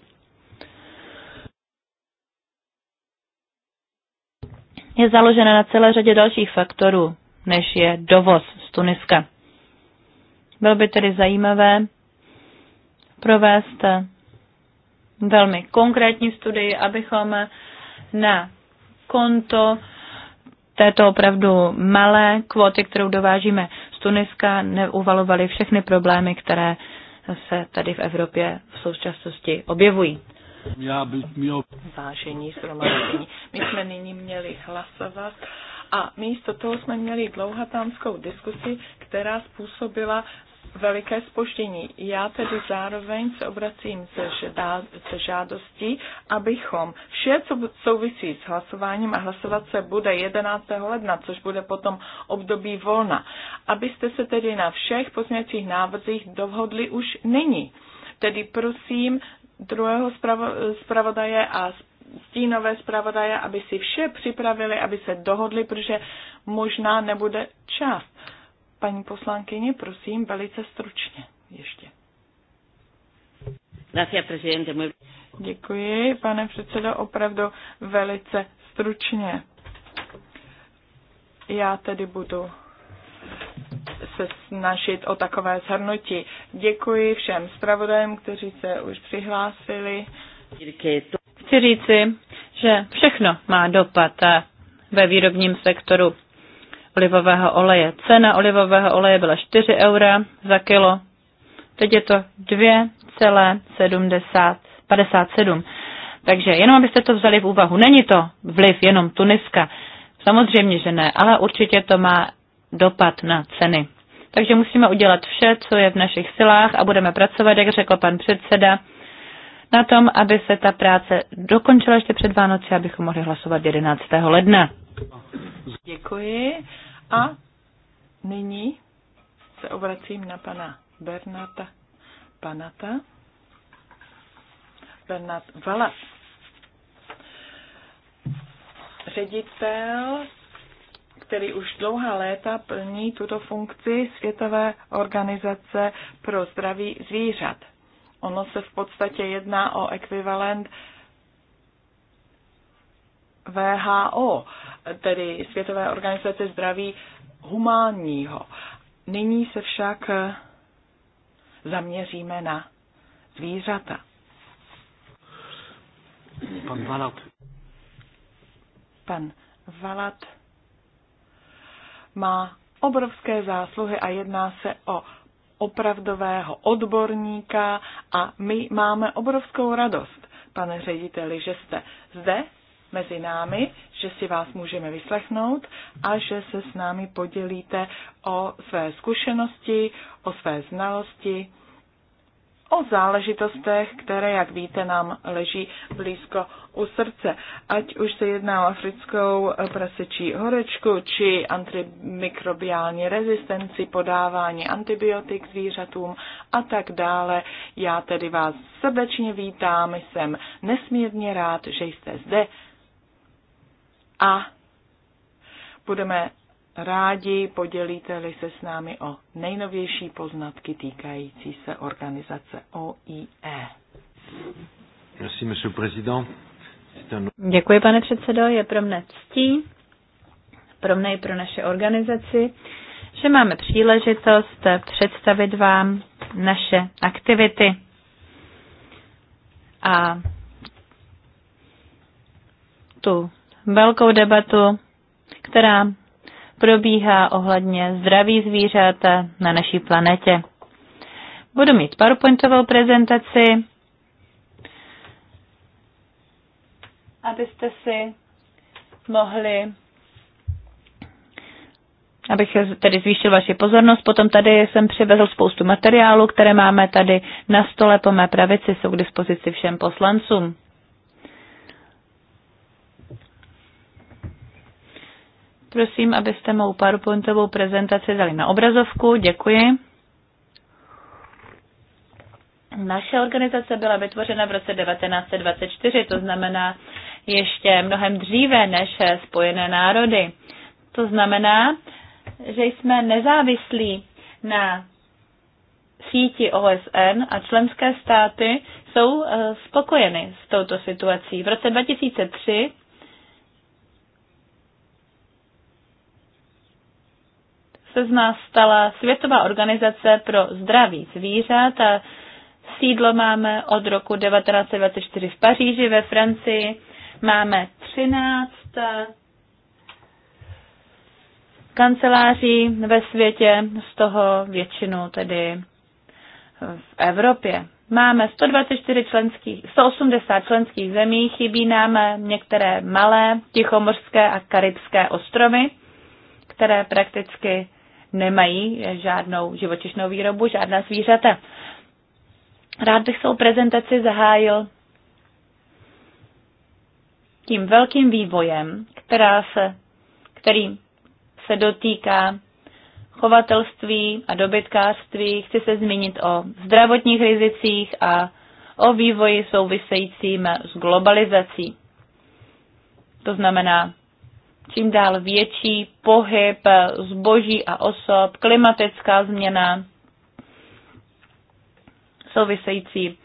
je založena na celé řadě dalších faktorů, než je dovoz z Tuniska. Bylo by tedy zajímavé provést velmi konkrétní studii, abychom na konto této opravdu malé kvoty, kterou dovážíme z Tuniska, neuvalovali všechny problémy, které se tady v Evropě v současnosti objevují. Já bych měl... Vážení zhromadění, my jsme nyní měli hlasovat a místo toho jsme měli dlouhatánskou diskusi, která způsobila veliké spoždění. Já tedy zároveň se obracím se, žádá, se žádostí, abychom vše, co souvisí s hlasováním a hlasovat se bude 11. ledna, což bude potom období volna, abyste se tedy na všech pozměcích návrzích dohodli už nyní. Tedy prosím druhého zpravodaje a stínové zpravodaje, aby si vše připravili, aby se dohodli, protože možná nebude čas Paní poslankyně, prosím, velice stručně ještě. Děkuji, pane předsedo, opravdu velice stručně. Já tedy budu se snažit o takové shrnutí. Děkuji všem zpravodajům, kteří se už přihlásili. Chci říci, že všechno má dopad ve výrobním sektoru olivového oleje. Cena olivového oleje byla 4 eura za kilo, teď je to 2,57. Takže jenom abyste to vzali v úvahu. Není to vliv jenom Tuniska. Samozřejmě, že ne, ale určitě to má dopad na ceny. Takže musíme udělat vše, co je v našich silách a budeme pracovat, jak řekl pan předseda, na tom, aby se ta práce dokončila ještě před Vánoci, abychom mohli hlasovat 11. ledna. Děkuji. A nyní se obracím na pana Bernata Panata. Bernat Vala. ředitel, který už dlouhá léta plní tuto funkci Světové organizace pro zdraví zvířat. Ono se v podstatě jedná o ekvivalent VHO, tedy Světové organizace zdraví humánního. Nyní se však zaměříme na zvířata. Pan Valat. Pan Valat má obrovské zásluhy a jedná se o opravdového odborníka a my máme obrovskou radost, pane řediteli, že jste zde mezi námi, že si vás můžeme vyslechnout a že se s námi podělíte o své zkušenosti, o své znalosti, o záležitostech, které, jak víte, nám leží blízko u srdce. Ať už se jedná o africkou prasečí horečku, či antimikrobiální rezistenci, podávání antibiotik zvířatům a tak dále. Já tedy vás srdečně vítám, jsem nesmírně rád, že jste zde a budeme rádi podělíte-li se s námi o nejnovější poznatky týkající se organizace OIE. Merci, monsieur président. Děkuji, pane předsedo. Je pro mne ctí, pro mne i pro naše organizaci, že máme příležitost představit vám naše aktivity. A tu velkou debatu, která probíhá ohledně zdraví zvířat na naší planetě. Budu mít PowerPointovou prezentaci, abyste si mohli abych tedy zvýšil vaši pozornost. Potom tady jsem přivezl spoustu materiálu, které máme tady na stole po mé pravici, jsou k dispozici všem poslancům. prosím, abyste mou PowerPointovou prezentaci dali na obrazovku. Děkuji. Naše organizace byla vytvořena v roce 1924, to znamená ještě mnohem dříve než Spojené národy. To znamená, že jsme nezávislí na síti OSN a členské státy jsou eh, spokojeny s touto situací. V roce 2003 se z nás stala Světová organizace pro zdraví zvířat a sídlo máme od roku 1924 v Paříži ve Francii. Máme 13 eh, kanceláří ve světě, z toho většinu tedy v Evropě. Máme 124 členských, 180 členských zemí, chybí nám některé malé tichomorské a karibské ostrovy, které prakticky nemají žádnou živočišnou výrobu, žádná zvířata. Rád bych svou prezentaci zahájil tím velkým vývojem, která se, který se dotýká chovatelství a dobytkářství. Chci se zmínit o zdravotních rizicích a o vývoji souvisejícím s globalizací. To znamená čím dál větší pohyb zboží a osob, klimatická změna související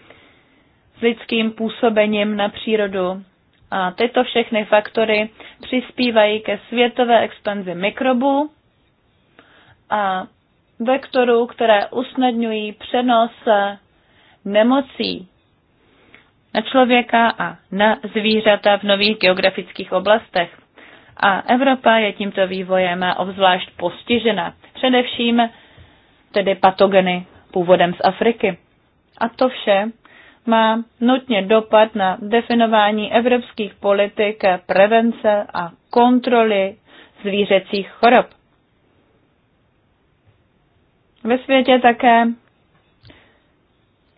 s lidským působením na přírodu. A tyto všechny faktory přispívají ke světové expanzi mikrobů a vektorů, které usnadňují přenos nemocí na člověka a na zvířata v nových geografických oblastech a Evropa je tímto vývojem obzvlášť postižena, především tedy patogeny původem z Afriky. A to vše má nutně dopad na definování evropských politik prevence a kontroly zvířecích chorob. Ve světě také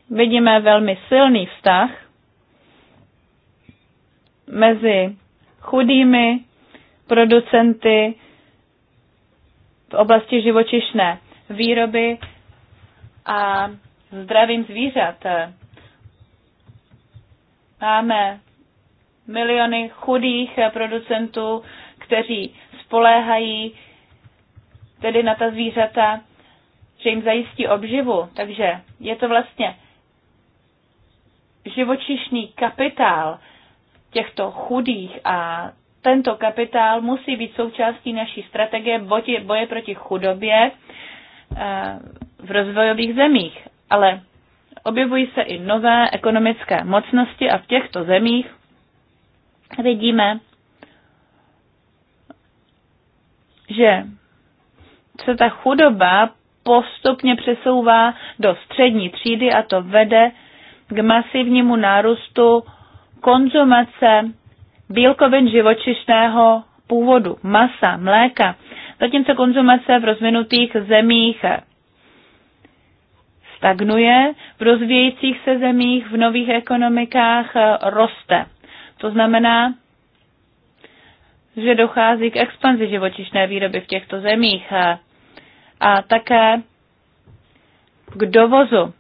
vidíme velmi silný vztah mezi chudými producenty v oblasti živočišné výroby a zdravím zvířat. Máme miliony chudých producentů, kteří spoléhají tedy na ta zvířata, že jim zajistí obživu. Takže je to vlastně živočišný kapitál těchto chudých a tento kapitál musí být součástí naší strategie boje proti chudobě eh, v rozvojových zemích. Ale objevují se i nové ekonomické mocnosti a v těchto zemích vidíme, že se ta chudoba postupně přesouvá do střední třídy a to vede k masivnímu nárůstu konzumace bílkovin živočišného původu, masa, mléka, zatímco konzumace v rozvinutých zemích stagnuje, v rozvíjejících se zemích, v nových ekonomikách roste. To znamená, že dochází k expanzi živočišné výroby v těchto zemích a také k dovozu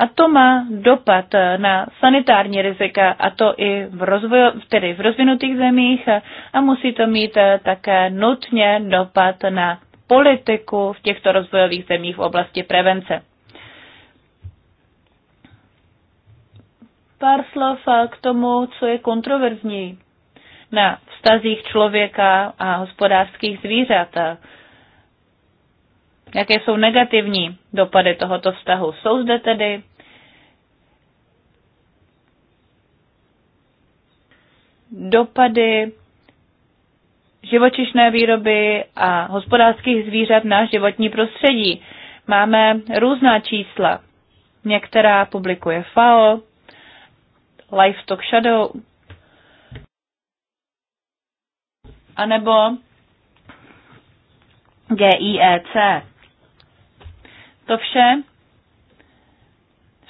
a to má dopad na sanitární rizika, a to i v, rozvoj, tedy v rozvinutých zemích, a musí to mít také nutně dopad na politiku v těchto rozvojových zemích v oblasti prevence. Pár slov k tomu, co je kontroverzní na vztazích člověka a hospodářských zvířat. Jaké jsou negativní dopady tohoto vztahu? Jsou zde tedy dopady živočišné výroby a hospodářských zvířat na životní prostředí. Máme různá čísla. Některá publikuje FAO, Livestock Shadow, anebo GIEC. To vše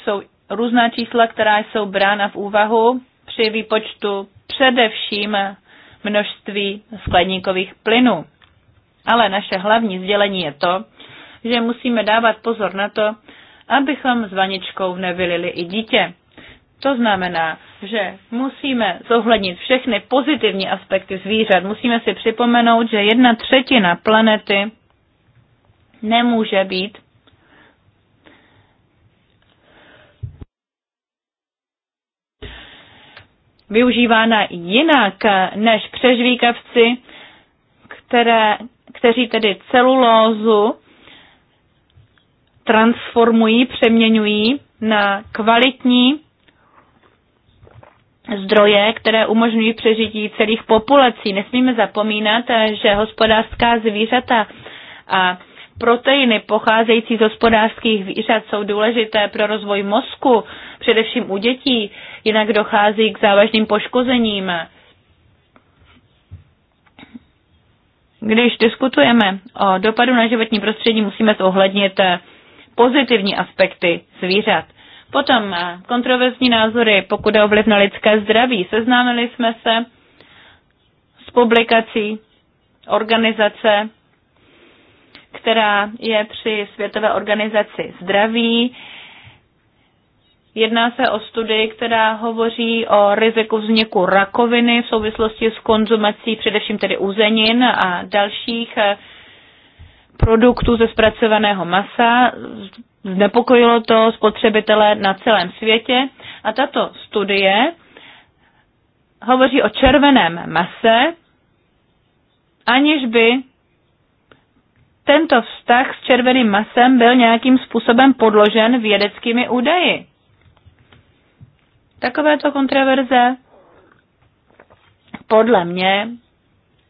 jsou různá čísla, která jsou brána v úvahu při výpočtu především množství skleníkových plynů. Ale naše hlavní sdělení je to, že musíme dávat pozor na to, abychom s vaničkou nevylili i dítě. To znamená, že musíme zohlednit všechny pozitivní aspekty zvířat. Musíme si připomenout, že jedna třetina planety nemůže být využívána jinak než přežvíkavci, které, kteří tedy celulózu transformují, přeměňují na kvalitní zdroje, které umožňují přežití celých populací. Nesmíme zapomínat, že hospodářská zvířata a proteiny pocházející z hospodářských zvířat jsou důležité pro rozvoj mozku, především u dětí jinak dochází k závažným poškozením. Když diskutujeme o dopadu na životní prostředí, musíme zohlednit pozitivní aspekty zvířat. Potom kontroverzní názory, pokud je o vliv na lidské zdraví. Seznámili jsme se s publikací organizace, která je při Světové organizaci zdraví. Jedná se o studii, která hovoří o riziku vzniku rakoviny v souvislosti s konzumací především tedy uzenin a dalších eh, produktů ze zpracovaného masa. Znepokojilo to spotřebitele na celém světě a tato studie hovoří o červeném mase, aniž by tento vztah s červeným masem byl nějakým způsobem podložen vědeckými údaji. Takovéto kontroverze podle mě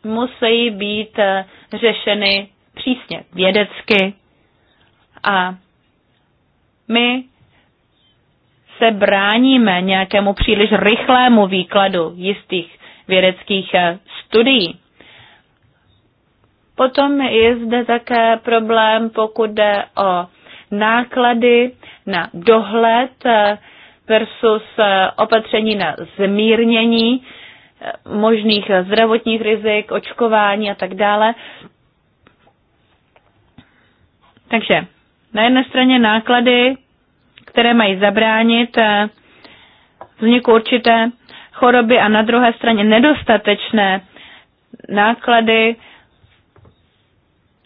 musí být eh, řešeny přísně vědecky a my se bráníme nějakému příliš rychlému výkladu jistých vědeckých eh, studií. Potom je zde také problém, pokud jde o náklady na dohled eh, versus eh, opatření na zmírnění eh, možných zdravotních rizik, očkování a tak dále. Takže na jedné straně náklady, které mají zabránit eh, vzniku určité choroby a na druhé straně nedostatečné náklady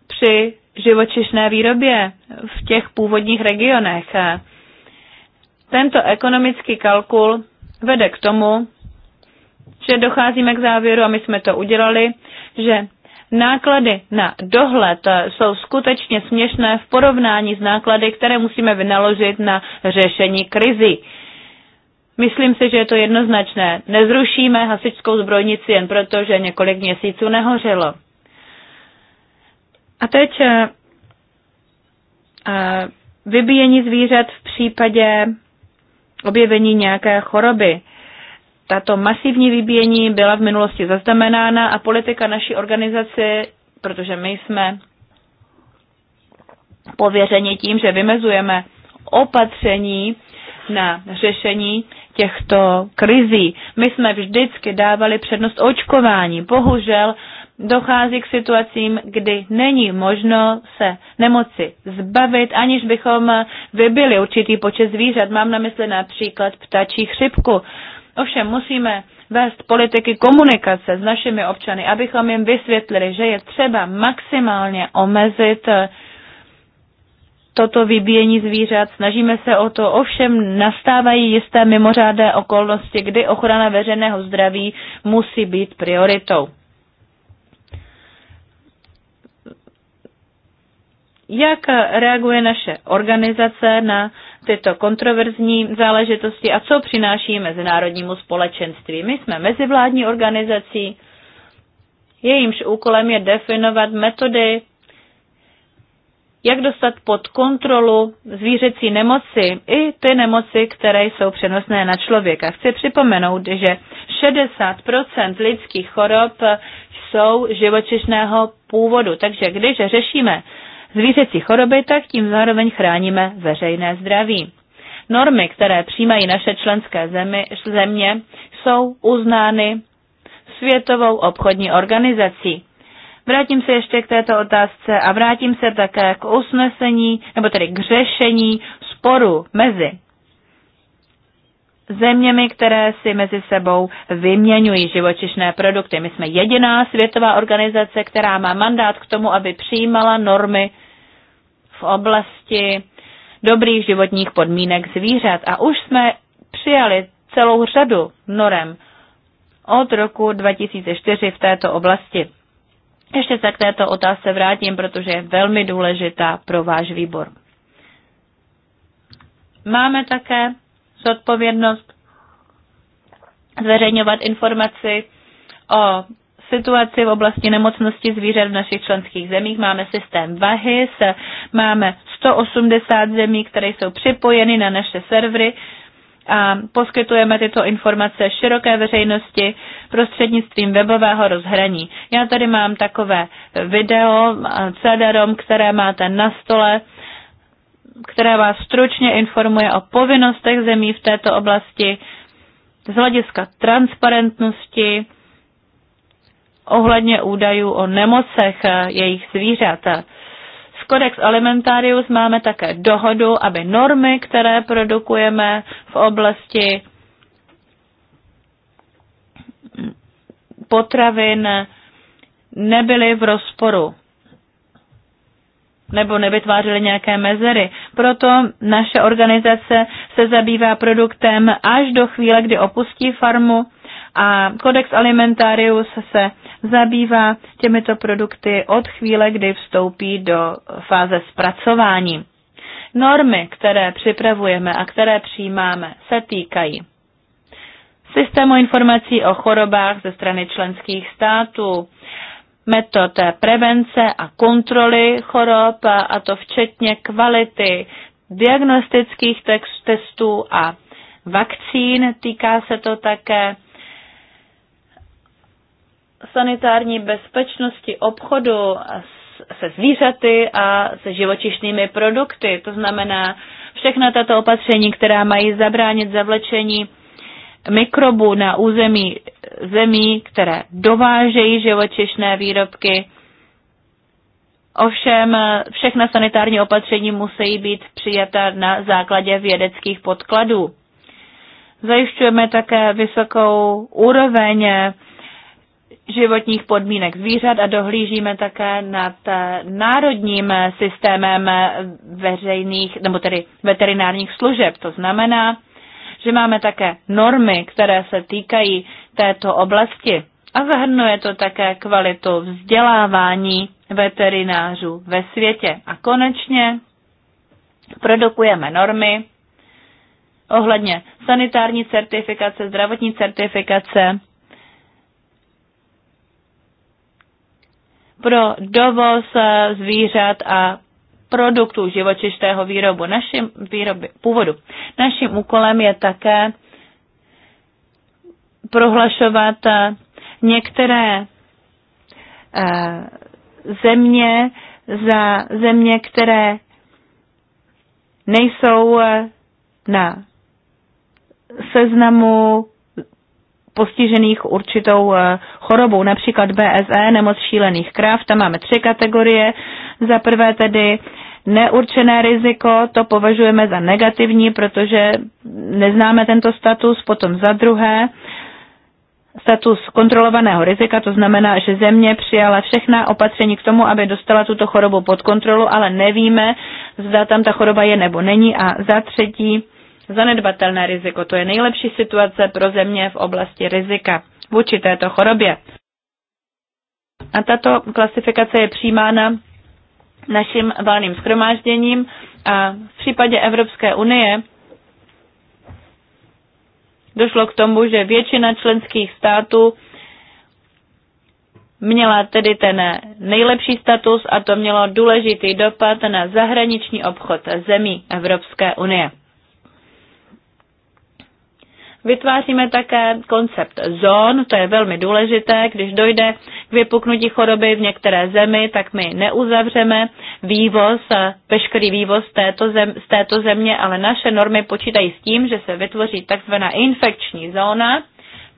při živočišné výrobě v těch původních regionech. Tento ekonomický kalkul vede k tomu, že docházíme k závěru, a my jsme to udělali, že náklady na dohled jsou skutečně směšné v porovnání s náklady, které musíme vynaložit na řešení krizi. Myslím si, že je to jednoznačné. Nezrušíme hasičskou zbrojnici jen proto, že několik měsíců nehořelo. A teď eh, eh, vybíjení zvířat v případě objevení nějaké choroby. Tato masivní vybíjení byla v minulosti zaznamenána a politika naší organizace, protože my jsme pověřeni tím, že vymezujeme opatření na řešení těchto krizí. My jsme vždycky dávali přednost očkování. Bohužel dochází k situacím, kdy není možno se nemoci zbavit, aniž bychom vybili určitý počet zvířat. Mám na mysli například ptačí chřipku. Ovšem musíme vést politiky komunikace s našimi občany, abychom jim vysvětlili, že je třeba maximálně omezit eh, toto vybíjení zvířat. Snažíme se o to, ovšem nastávají jisté mimořádné okolnosti, kdy ochrana veřejného zdraví musí být prioritou. jak reaguje naše organizace na tyto kontroverzní záležitosti a co přináší mezinárodnímu společenství. My jsme mezivládní organizací, jejímž úkolem je definovat metody, jak dostat pod kontrolu zvířecí nemoci i ty nemoci, které jsou přenosné na člověka. Chci připomenout, že 60% lidských chorob jsou živočišného původu. Takže když řešíme zvířecí choroby, tak tím zároveň chráníme veřejné zdraví. Normy, které přijímají naše členské zemi, země, jsou uznány Světovou obchodní organizací. Vrátím se ještě k této otázce a vrátím se také k usnesení, nebo tedy k řešení sporu mezi zeměmi, které si mezi sebou vyměňují živočišné produkty. My jsme jediná světová organizace, která má mandát k tomu, aby přijímala normy oblasti dobrých životních podmínek zvířat. A už jsme přijali celou řadu norem od roku 2004 v této oblasti. Ještě se k této otázce vrátím, protože je velmi důležitá pro váš výbor. Máme také zodpovědnost zveřejňovat informaci o situaci v oblasti nemocnosti zvířat v našich členských zemích. Máme systém VAHIS, máme 180 zemí, které jsou připojeny na naše servery a poskytujeme tyto informace široké veřejnosti prostřednictvím webového rozhraní. Já tady mám takové video CDROM, které máte na stole, které vás stručně informuje o povinnostech zemí v této oblasti z hlediska transparentnosti, ohledně údajů o nemocech eh, jejich zvířat. S Codex Alimentarius máme také dohodu, aby normy, které produkujeme v oblasti potravin, nebyly v rozporu nebo nevytvářely nějaké mezery. Proto naše organizace se zabývá produktem až do chvíle, kdy opustí farmu a Codex Alimentarius se zabývá těmito produkty od chvíle, kdy vstoupí do fáze zpracování. Normy, které připravujeme a které přijímáme, se týkají systému informací o chorobách ze strany členských států, metod prevence a kontroly chorob, a to včetně kvality diagnostických testů a vakcín. Týká se to také sanitární bezpečnosti obchodu se zvířaty a se živočišnými produkty. To znamená všechna tato opatření, která mají zabránit zavlečení mikrobů na území zemí, které dovážejí živočišné výrobky. Ovšem všechna sanitární opatření musí být přijata na základě vědeckých podkladů. Zajišťujeme také vysokou úroveň životních podmínek zvířat a dohlížíme také nad eh, národním eh, systémem eh, veřejných, nebo tedy veterinárních služeb. To znamená, že máme také normy, které se týkají této oblasti a zahrnuje to také kvalitu vzdělávání veterinářů ve světě. A konečně produkujeme normy ohledně sanitární certifikace, zdravotní certifikace, pro dovoz eh, zvířat a produktů živočištého výrobu, našim výroby, původu. Naším úkolem je také prohlašovat eh, některé eh, země za země, které nejsou na seznamu postižených určitou eh, chorobou, například BSE, nemoc šílených kráv. Tam máme tři kategorie. Za prvé tedy neurčené riziko, to považujeme za negativní, protože neznáme tento status. Potom za druhé status kontrolovaného rizika, to znamená, že země přijala všechna opatření k tomu, aby dostala tuto chorobu pod kontrolu, ale nevíme, zda tam ta choroba je nebo není. A za třetí zanedbatelné riziko. To je nejlepší situace pro země v oblasti rizika vůči této chorobě. A tato klasifikace je přijímána naším valným schromážděním a v případě Evropské unie došlo k tomu, že většina členských států měla tedy ten nejlepší status a to mělo důležitý dopad na zahraniční obchod zemí Evropské unie. Vytváříme také koncept zón, to je velmi důležité, když dojde k vypuknutí choroby v některé zemi, tak my neuzavřeme vývoz, eh, veškerý vývoz této zem, z této země, ale naše normy počítají s tím, že se vytvoří takzvaná infekční zóna,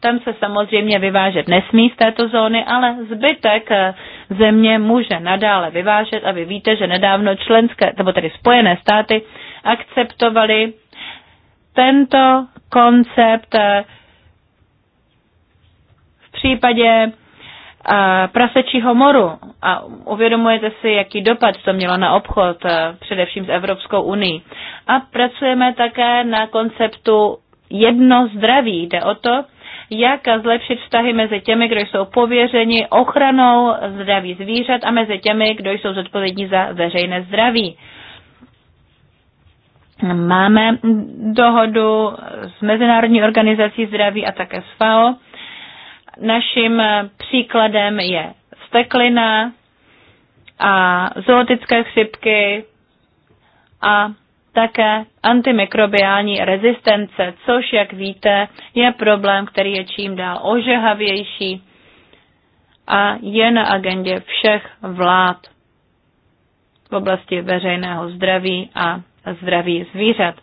tam se samozřejmě vyvážet nesmí z této zóny, ale zbytek eh, země může nadále vyvážet a vy víte, že nedávno členské, nebo tedy spojené státy akceptovali tento koncept eh, v případě eh, prasečího moru a uvědomujete si, jaký dopad to mělo na obchod, eh, především s Evropskou unii. A pracujeme také na konceptu jedno zdraví. Jde o to, jak zlepšit vztahy mezi těmi, kdo jsou pověřeni ochranou zdraví zvířat a mezi těmi, kdo jsou zodpovědní za veřejné zdraví. Máme dohodu s Mezinárodní organizací zdraví a také s FAO. Naším příkladem je steklina a zootické chřipky a také antimikrobiální rezistence, což, jak víte, je problém, který je čím dál ožehavější a je na agendě všech vlád v oblasti veřejného zdraví a zdraví zvířat.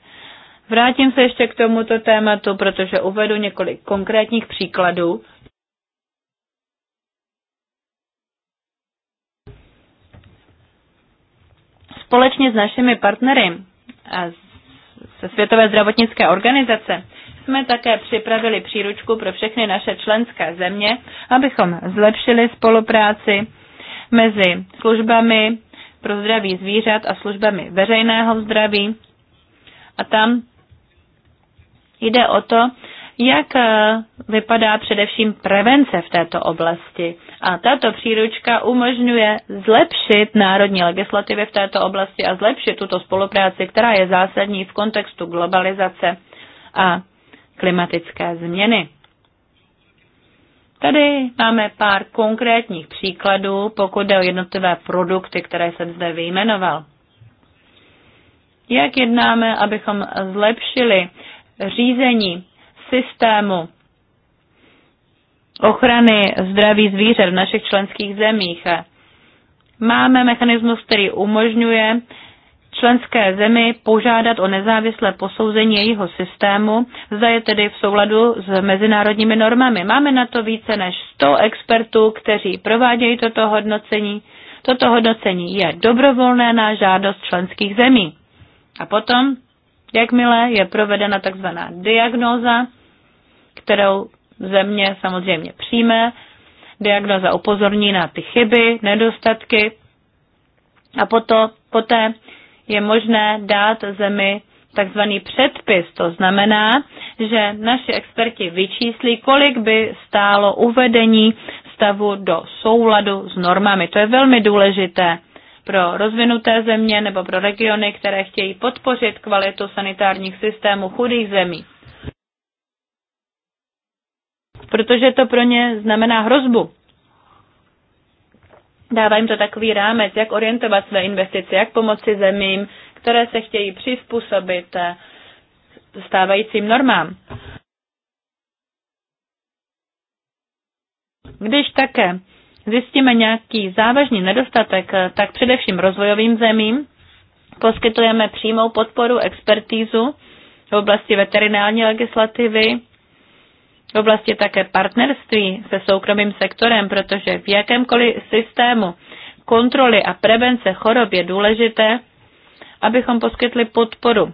Vrátím se ještě k tomuto tématu, protože uvedu několik konkrétních příkladů. Společně s našimi partnery a ze Světové zdravotnické organizace jsme také připravili příručku pro všechny naše členské země, abychom zlepšili spolupráci mezi službami pro zdraví zvířat a službami veřejného zdraví. A tam jde o to, jak eh, vypadá především prevence v této oblasti. A tato příručka umožňuje zlepšit národní legislativy v této oblasti a zlepšit tuto spolupráci, která je zásadní v kontextu globalizace a klimatické změny. Tady máme pár konkrétních příkladů, pokud jde o jednotlivé produkty, které jsem zde vyjmenoval. Jak jednáme, abychom zlepšili řízení systému ochrany zdraví zvířat v našich členských zemích? Máme mechanismus, který umožňuje členské zemi požádat o nezávislé posouzení jejího systému, zda je tedy v souladu s mezinárodními normami. Máme na to více než 100 expertů, kteří provádějí toto hodnocení. Toto hodnocení je dobrovolné na žádost členských zemí. A potom, jakmile je provedena tzv. diagnóza, kterou země samozřejmě přijme, diagnoza upozorní na ty chyby, nedostatky a potom, poté je možné dát zemi takzvaný předpis. To znamená, že naši experti vyčíslí, kolik by stálo uvedení stavu do souladu s normami. To je velmi důležité pro rozvinuté země nebo pro regiony, které chtějí podpořit kvalitu sanitárních systémů chudých zemí. Protože to pro ně znamená hrozbu. Dává jim to takový rámec, jak orientovat své investice, jak pomoci zemím, které se chtějí přizpůsobit eh, stávajícím normám. Když také zjistíme nějaký závažný nedostatek, eh, tak především rozvojovým zemím poskytujeme přímou podporu, expertízu v oblasti veterinární legislativy, v oblasti také partnerství se soukromým sektorem, protože v jakémkoliv systému kontroly a prevence chorob je důležité, abychom poskytli podporu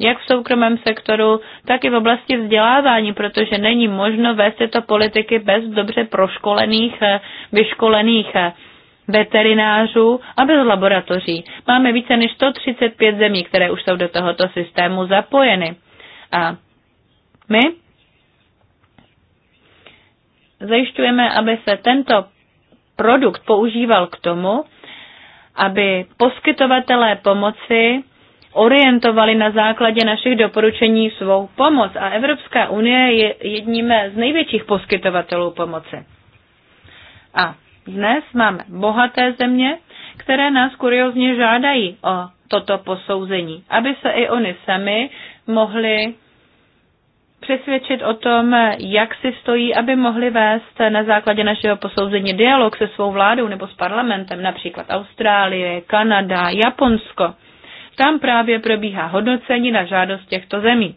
jak v soukromém sektoru, tak i v oblasti vzdělávání, protože není možno vést tyto politiky bez dobře proškolených, eh, vyškolených eh, veterinářů a bez laboratoří. Máme více než 135 zemí, které už jsou do tohoto systému zapojeny. A my zajišťujeme, aby se tento produkt používal k tomu, aby poskytovatelé pomoci orientovali na základě našich doporučení svou pomoc. A Evropská unie je jedním z největších poskytovatelů pomoci. A dnes máme bohaté země, které nás kuriozně žádají o toto posouzení, aby se i oni sami mohli přesvědčit o tom, jak si stojí, aby mohli vést na základě našeho posouzení dialog se svou vládou nebo s parlamentem, například Austrálie, Kanada, Japonsko. Tam právě probíhá hodnocení na žádost těchto zemí.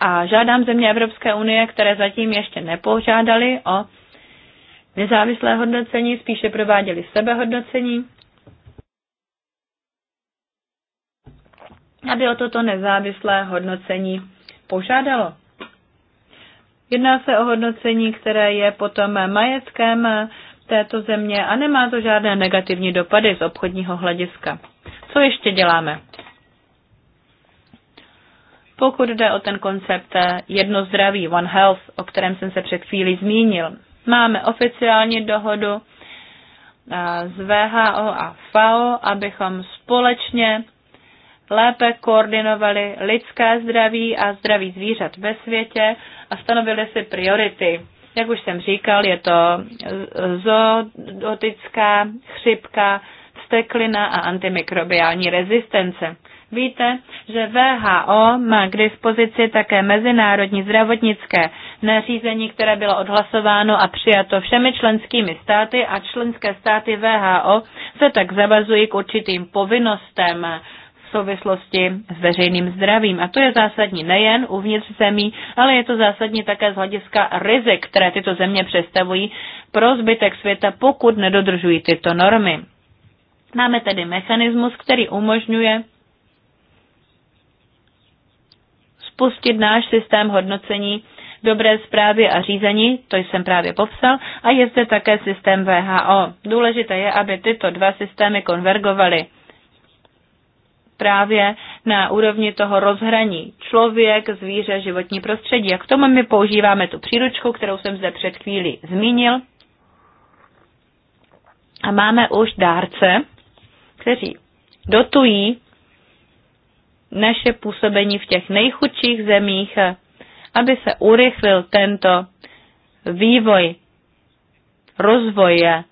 A žádám země Evropské unie, které zatím ještě nepožádali o nezávislé hodnocení, spíše prováděli sebehodnocení, aby o toto nezávislé hodnocení požádalo. Jedná se o hodnocení, které je potom majetkem této země a nemá to žádné negativní dopady z obchodního hlediska. Co ještě děláme? Pokud jde o ten koncept jedno zdraví, One Health, o kterém jsem se před chvílí zmínil, máme oficiální dohodu z VHO a FAO, abychom společně lépe koordinovali lidské zdraví a zdraví zvířat ve světě a stanovili si priority. Jak už jsem říkal, je to zootická chřipka, steklina a antimikrobiální rezistence. Víte, že VHO má k dispozici také mezinárodní zdravotnické nařízení, které bylo odhlasováno a přijato všemi členskými státy a členské státy VHO se tak zavazují k určitým povinnostem souvislosti s veřejným zdravím. A to je zásadní nejen uvnitř zemí, ale je to zásadní také z hlediska rizik, které tyto země představují pro zbytek světa, pokud nedodržují tyto normy. Máme tedy mechanismus, který umožňuje spustit náš systém hodnocení dobré zprávy a řízení, to jsem právě popsal, a je zde také systém VHO. Důležité je, aby tyto dva systémy konvergovaly právě na úrovni toho rozhraní člověk, zvíře, životní prostředí. A k tomu my používáme tu příručku, kterou jsem zde před chvílí zmínil. A máme už dárce, kteří dotují naše působení v těch nejchudších zemích, aby se urychlil tento vývoj rozvoje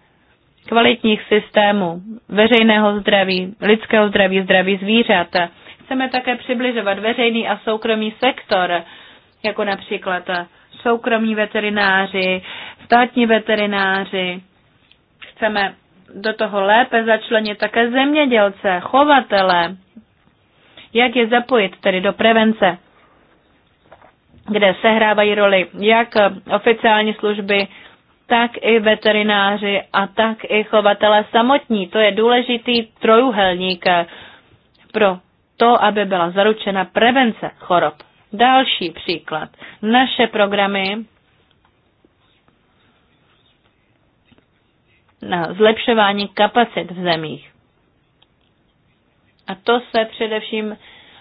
kvalitních systémů veřejného zdraví, lidského zdraví, zdraví zvířat. Chceme také přibližovat veřejný a soukromý sektor, jako například soukromí veterináři, státní veterináři. Chceme do toho lépe začlenit také zemědělce, chovatele. Jak je zapojit tedy do prevence, kde sehrávají roli jak oficiální služby, tak i veterináři a tak i chovatele samotní. To je důležitý trojuhelník pro to, aby byla zaručena prevence chorob. Další příklad. Naše programy na zlepšování kapacit v zemích. A to se především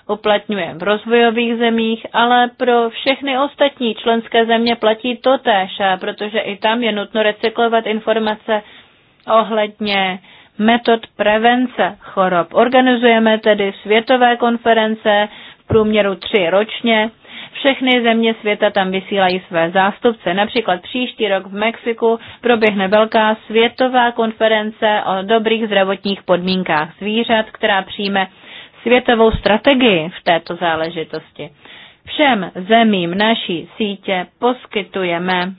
uplatňuje v rozvojových zemích, ale pro všechny ostatní členské země platí to totéž, protože i tam je nutno recyklovat informace ohledně metod prevence chorob. Organizujeme tedy světové konference v průměru tři ročně. Všechny země světa tam vysílají své zástupce. Například příští rok v Mexiku proběhne velká světová konference o dobrých zdravotních podmínkách zvířat, která přijme světovou strategii v této záležitosti. Všem zemím naší sítě poskytujeme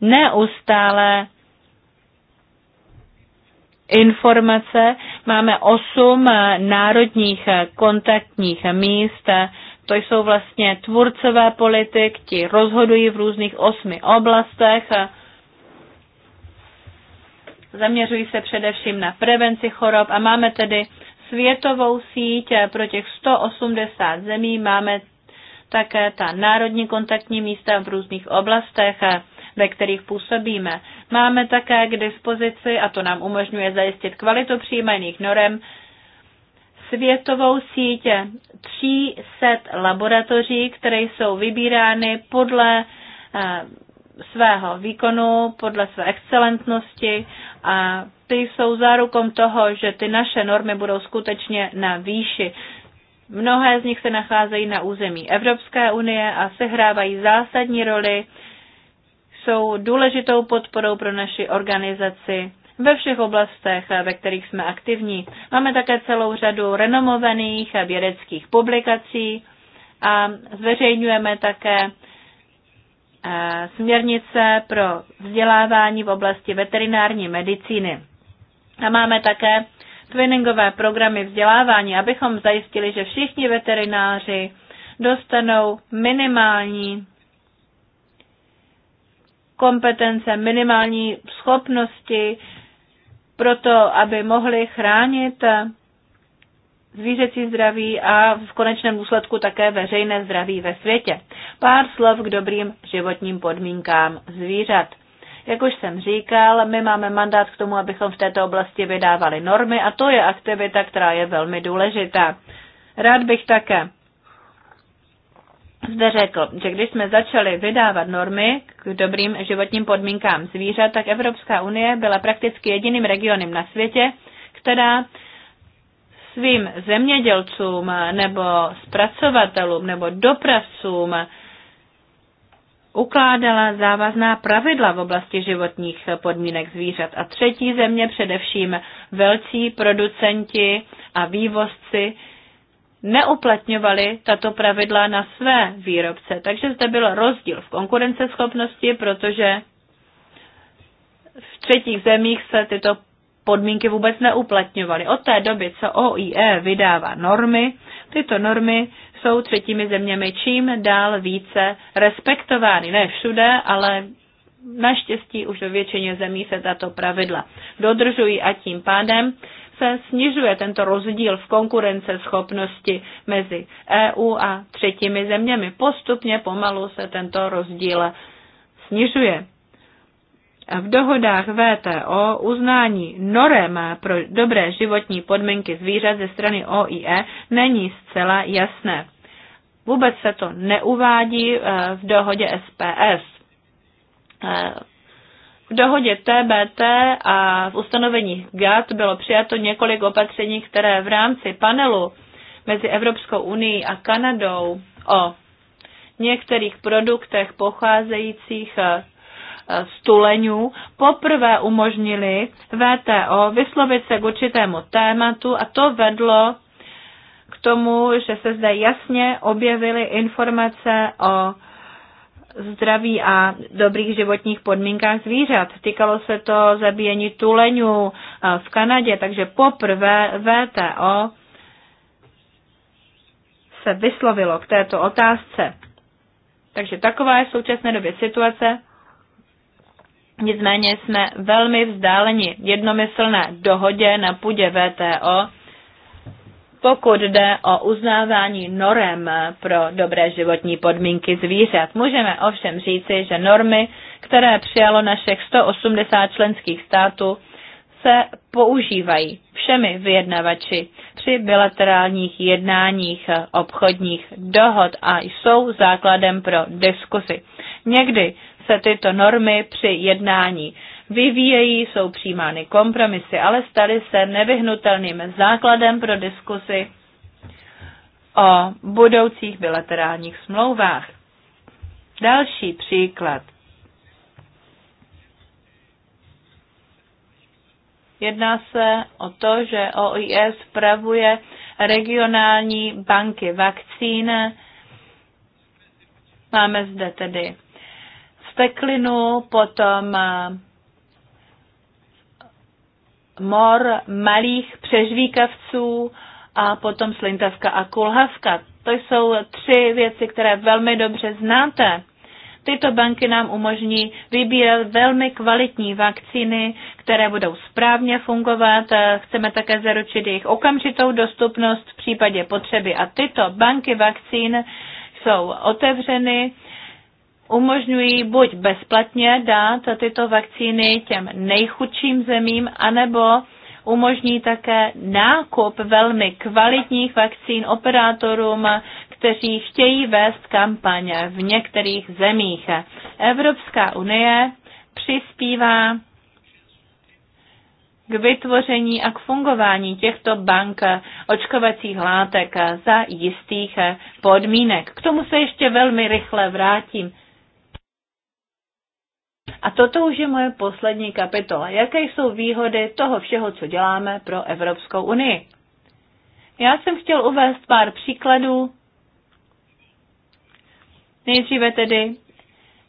neustále informace. Máme osm národních kontaktních míst. To jsou vlastně tvůrcové politik, ti rozhodují v různých osmi oblastech. Zaměřují se především na prevenci chorob a máme tedy světovou síť eh, pro těch 180 zemí. Máme také ta národní kontaktní místa v různých oblastech, eh, ve kterých působíme. Máme také k dispozici, a to nám umožňuje zajistit kvalitu přijímaných norem, světovou síť 300 laboratoří, které jsou vybírány podle eh, svého výkonu, podle své excelentnosti a ty jsou zárukou toho, že ty naše normy budou skutečně na výši. Mnohé z nich se nacházejí na území Evropské unie a sehrávají zásadní roli, jsou důležitou podporou pro naši organizaci ve všech oblastech, ve kterých jsme aktivní. Máme také celou řadu renomovaných vědeckých publikací a zveřejňujeme také eh, směrnice pro vzdělávání v oblasti veterinární medicíny. A máme také twinningové programy vzdělávání, abychom zajistili, že všichni veterináři dostanou minimální kompetence, minimální schopnosti pro to, aby mohli chránit zvířecí zdraví a v konečném důsledku také veřejné zdraví ve světě. Pár slov k dobrým životním podmínkám zvířat. Jak už jsem říkal, my máme mandát k tomu, abychom v této oblasti vydávali normy a to je aktivita, která je velmi důležitá. Rád bych také zde řekl, že když jsme začali vydávat normy k dobrým životním podmínkám zvířat, tak Evropská unie byla prakticky jediným regionem na světě, která svým zemědělcům nebo zpracovatelům nebo dopravcům ukládala závazná pravidla v oblasti životních podmínek zvířat. A třetí země, především velcí producenti a vývozci, neuplatňovali tato pravidla na své výrobce. Takže zde byl rozdíl v konkurenceschopnosti, protože v třetích zemích se tyto podmínky vůbec neuplatňovaly. Od té doby, co OIE vydává normy, tyto normy jsou třetími zeměmi čím dál více respektovány. Ne všude, ale naštěstí už ve většině zemí se tato pravidla dodržují a tím pádem se snižuje tento rozdíl v konkurence schopnosti mezi EU a třetími zeměmi. Postupně pomalu se tento rozdíl snižuje v dohodách VTO uznání norem pro dobré životní podmínky zvířat ze strany OIE není zcela jasné. Vůbec se to neuvádí eh, v dohodě SPS. Eh, v dohodě TBT a v ustanoveních GATT bylo přijato několik opatření, které v rámci panelu mezi Evropskou unii a Kanadou o některých produktech pocházejících eh, stuleňů poprvé umožnili VTO vyslovit se k určitému tématu a to vedlo k tomu, že se zde jasně objevily informace o zdraví a dobrých životních podmínkách zvířat. Týkalo se to zabíjení tuleňů eh, v Kanadě, takže poprvé VTO se vyslovilo k této otázce. Takže taková je v současné době situace. Nicméně jsme velmi vzdáleni jednomyslné dohodě na půdě VTO, pokud jde o uznávání norem pro dobré životní podmínky zvířat. Můžeme ovšem říci, že normy, které přijalo našich 180 členských států, se používají všemi vyjednavači při bilaterálních jednáních obchodních dohod a jsou základem pro diskusy. Někdy se tyto normy při jednání vyvíjejí, jsou přijímány kompromisy, ale staly se nevyhnutelným základem pro diskusy o budoucích bilaterálních smlouvách. Další příklad. Jedná se o to, že OIS spravuje regionální banky vakcín. Máme zde tedy steklinu, potom eh, mor malých přežvíkavců a potom slintavka a kulhavka. To jsou tři věci, které velmi dobře znáte. Tyto banky nám umožní vybírat velmi kvalitní vakcíny, které budou správně fungovat. Eh, chceme také zaručit jejich okamžitou dostupnost v případě potřeby. A tyto banky vakcín jsou otevřeny umožňují buď bezplatně dát tyto vakcíny těm nejchudším zemím, anebo umožní také nákup velmi kvalitních vakcín operátorům, kteří chtějí vést kampaň v některých zemích. Evropská unie přispívá k vytvoření a k fungování těchto bank očkovacích látek za jistých podmínek. K tomu se ještě velmi rychle vrátím. A toto už je moje poslední kapitola. Jaké jsou výhody toho všeho, co děláme pro Evropskou unii? Já jsem chtěl uvést pár příkladů. Nejdříve tedy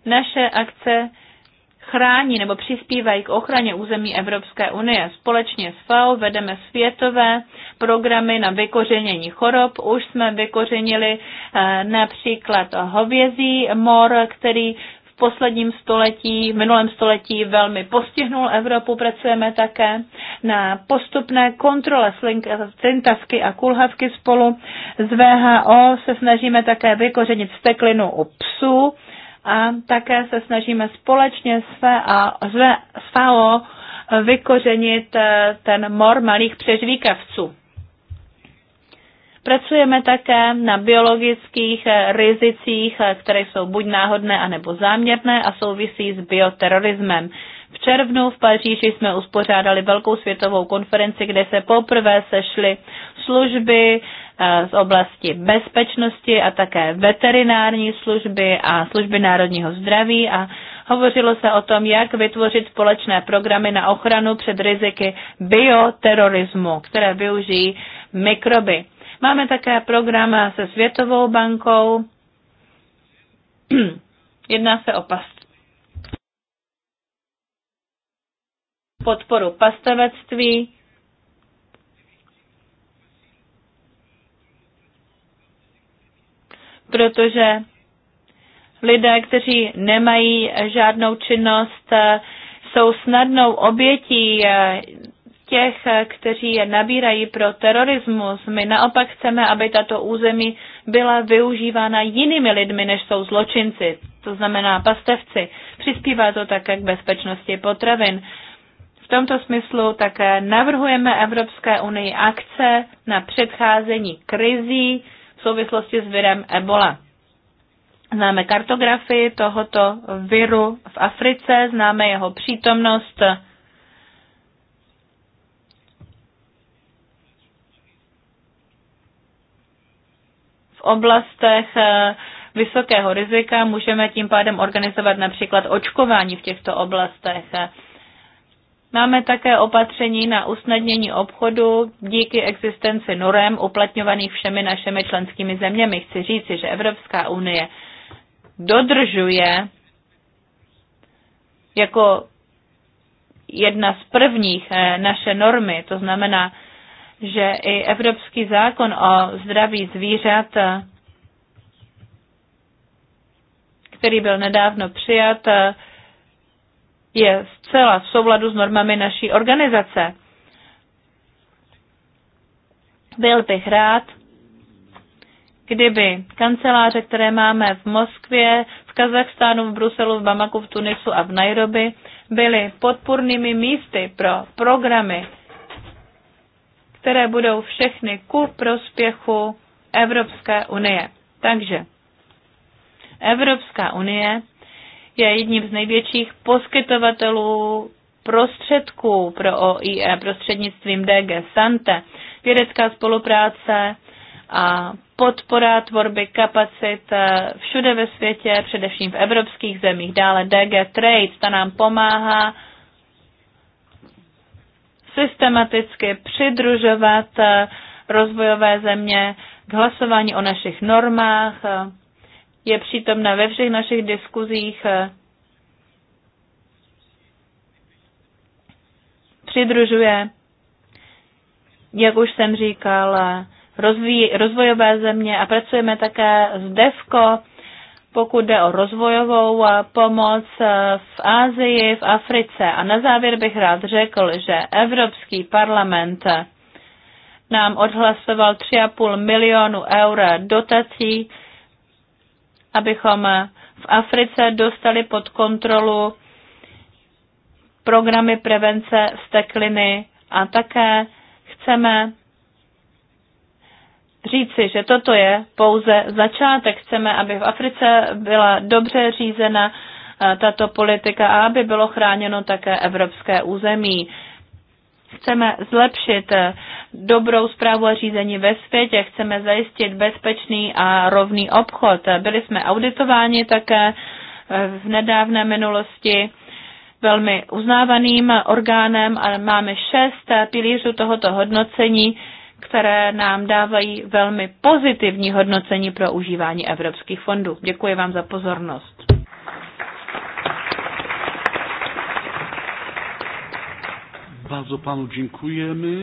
naše akce chrání nebo přispívají k ochraně území Evropské unie. Společně s FAO vedeme světové programy na vykořenění chorob. Už jsme vykořenili eh, například hovězí mor, který posledním století, v minulém století velmi postihnul Evropu. Pracujeme také na postupné kontrole slintavky a kulhavky spolu. Z VHO se snažíme také vykořenit steklinu u psů a také se snažíme společně s VHO vykořenit eh, ten mor malých přežvíkavců. Pracujeme také na biologických eh, rizicích, eh, které jsou buď náhodné, anebo záměrné a souvisí s bioterorismem. V červnu v Paříži jsme uspořádali velkou světovou konferenci, kde se poprvé sešly služby eh, z oblasti bezpečnosti a také veterinární služby a služby národního zdraví a hovořilo se o tom, jak vytvořit společné programy na ochranu před riziky bioterorismu, které využijí mikroby. Máme také program se Světovou bankou. Jedná se o past. podporu pastavectví, protože lidé, kteří nemají žádnou činnost, jsou snadnou obětí těch, kteří je nabírají pro terorismus. My naopak chceme, aby tato území byla využívána jinými lidmi, než jsou zločinci, to znamená pastevci. Přispívá to také k bezpečnosti potravin. V tomto smyslu také navrhujeme Evropské unii akce na předcházení krizí v souvislosti s virem Ebola. Známe kartografii tohoto viru v Africe, známe jeho přítomnost v oblastech eh, vysokého rizika. Můžeme tím pádem organizovat například očkování v těchto oblastech. Máme také opatření na usnadnění obchodu díky existenci norem uplatňovaných všemi našimi členskými zeměmi. Chci říci, že Evropská unie dodržuje jako jedna z prvních eh, naše normy, to znamená že i Evropský zákon o zdraví zvířat, který byl nedávno přijat, je zcela v souladu s normami naší organizace. Byl bych rád, kdyby kanceláře, které máme v Moskvě, v Kazachstánu, v Bruselu, v Bamaku, v Tunisu a v Nairobi, byly podpůrnými místy pro programy které budou všechny ku prospěchu Evropské unie. Takže Evropská unie je jedním z největších poskytovatelů prostředků pro OIE prostřednictvím DG Sante, vědecká spolupráce a podpora tvorby kapacit eh, všude ve světě, především v evropských zemích. Dále DG Trade, ta nám pomáhá systematicky přidružovat eh, rozvojové země k hlasování o našich normách, eh, je přítomna ve všech našich diskuzích, eh, přidružuje, jak už jsem říkal, rozvojové země a pracujeme také s DEVKO, pokud jde o rozvojovou eh, pomoc eh, v Ázii, v Africe. A na závěr bych rád řekl, že Evropský parlament eh, nám odhlasoval 3,5 milionu eur dotací, abychom v Africe dostali pod kontrolu programy prevence stekliny a také chceme říci, že toto je pouze začátek. Chceme, aby v Africe byla dobře řízena eh, tato politika a aby bylo chráněno také evropské území. Chceme zlepšit eh, dobrou zprávu a řízení ve světě, chceme zajistit bezpečný a rovný obchod. Byli jsme auditováni také eh, v nedávné minulosti velmi uznávaným orgánem a máme šest pilířů tohoto hodnocení, které nám dávají velmi pozitivní hodnocení pro užívání evropských fondů. Děkuji vám za pozornost. Bardzo panu dziękujemy.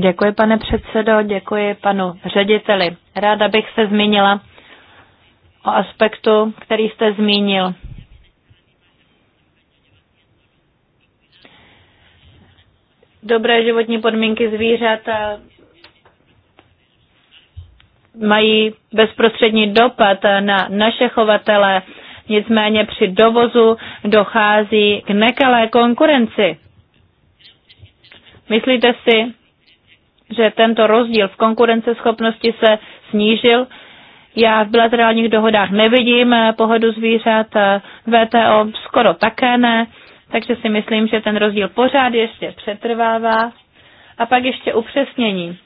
Děkuji, pane předsedo, děkuji panu řediteli. Ráda bych se zmínila o aspektu, který jste zmínil. Dobré životní podmínky zvířat mají bezprostřední dopad na naše chovatele, nicméně při dovozu dochází k nekalé konkurenci Myslíte si, že tento rozdíl v konkurenceschopnosti se snížil? Já v bilaterálních dohodách nevidím eh, pohodu zvířat, eh, VTO skoro také ne, takže si myslím, že ten rozdíl pořád ještě přetrvává. A pak ještě upřesnění.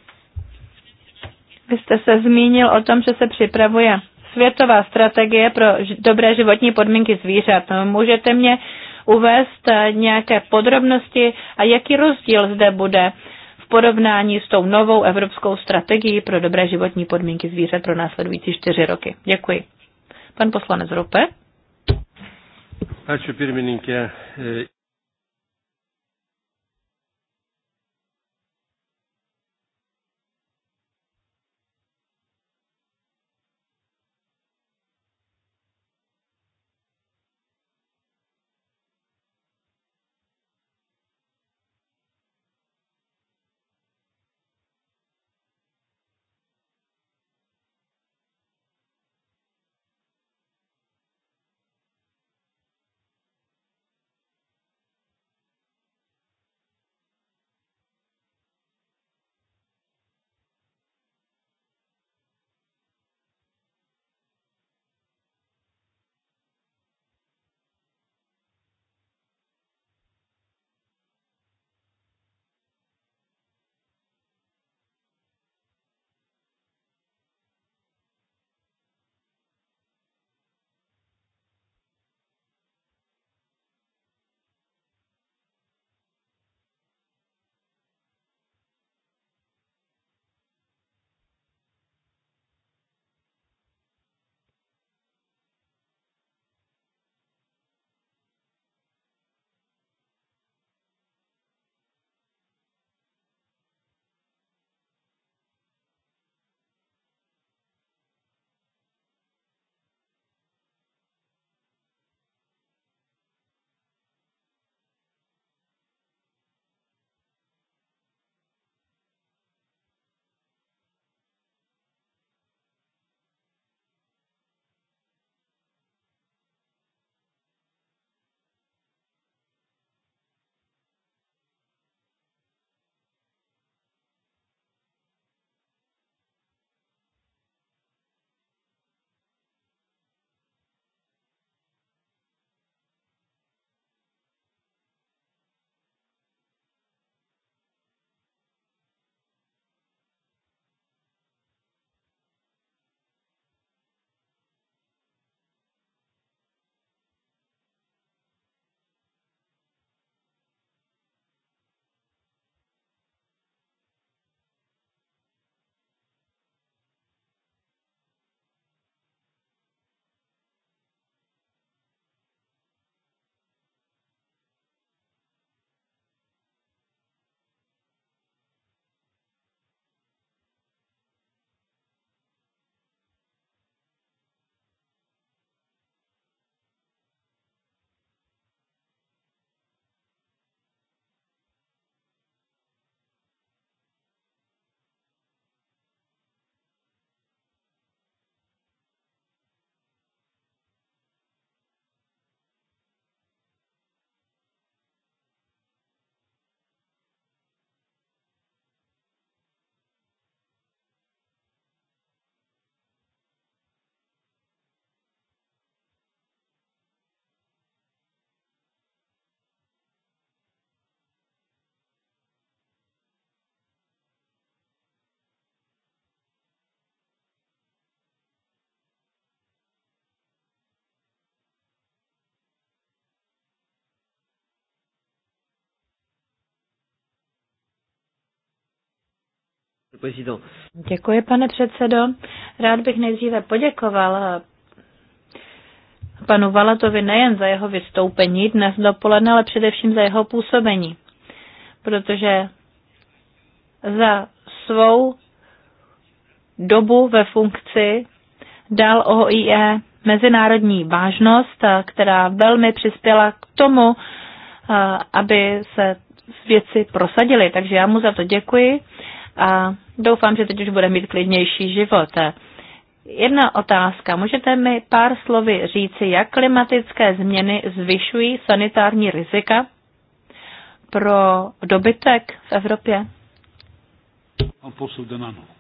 Vy jste se zmínil o tom, že se připravuje světová strategie pro dobré životní podmínky zvířat. Můžete mě uvést eh, nějaké podrobnosti a jaký rozdíl zde bude v porovnání s tou novou evropskou strategií pro dobré životní podmínky zvířat pro následující čtyři roky. Děkuji. Pan poslanec Rope. Ačiū pirmininkė. Děkuji, pane předsedo. Rád bych nejdříve poděkoval eh, panu Valatovi nejen za jeho vystoupení dnes dopoledne, ale především za jeho působení, protože za svou dobu ve funkci dal OIE mezinárodní vážnost, eh, která velmi přispěla k tomu, eh, aby se věci prosadily. Takže já mu za to děkuji a doufám, že teď už bude mít klidnější život. Jedna otázka. Můžete mi pár slovy říci, jak klimatické změny zvyšují sanitární rizika pro dobytek v Evropě? Pan posl Denano.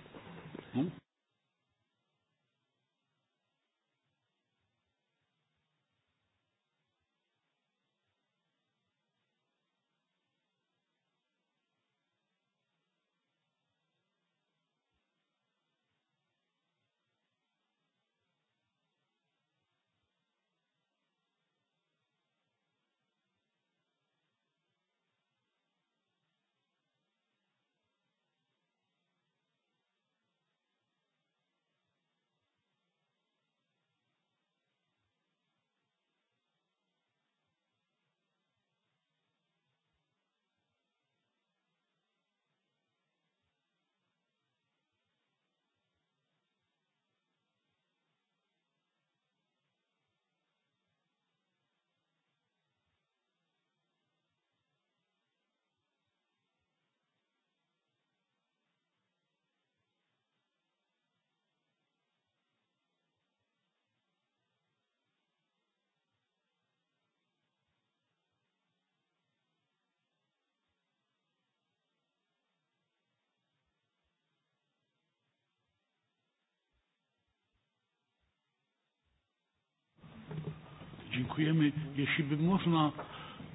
Dziękujemy. Jeśli by można,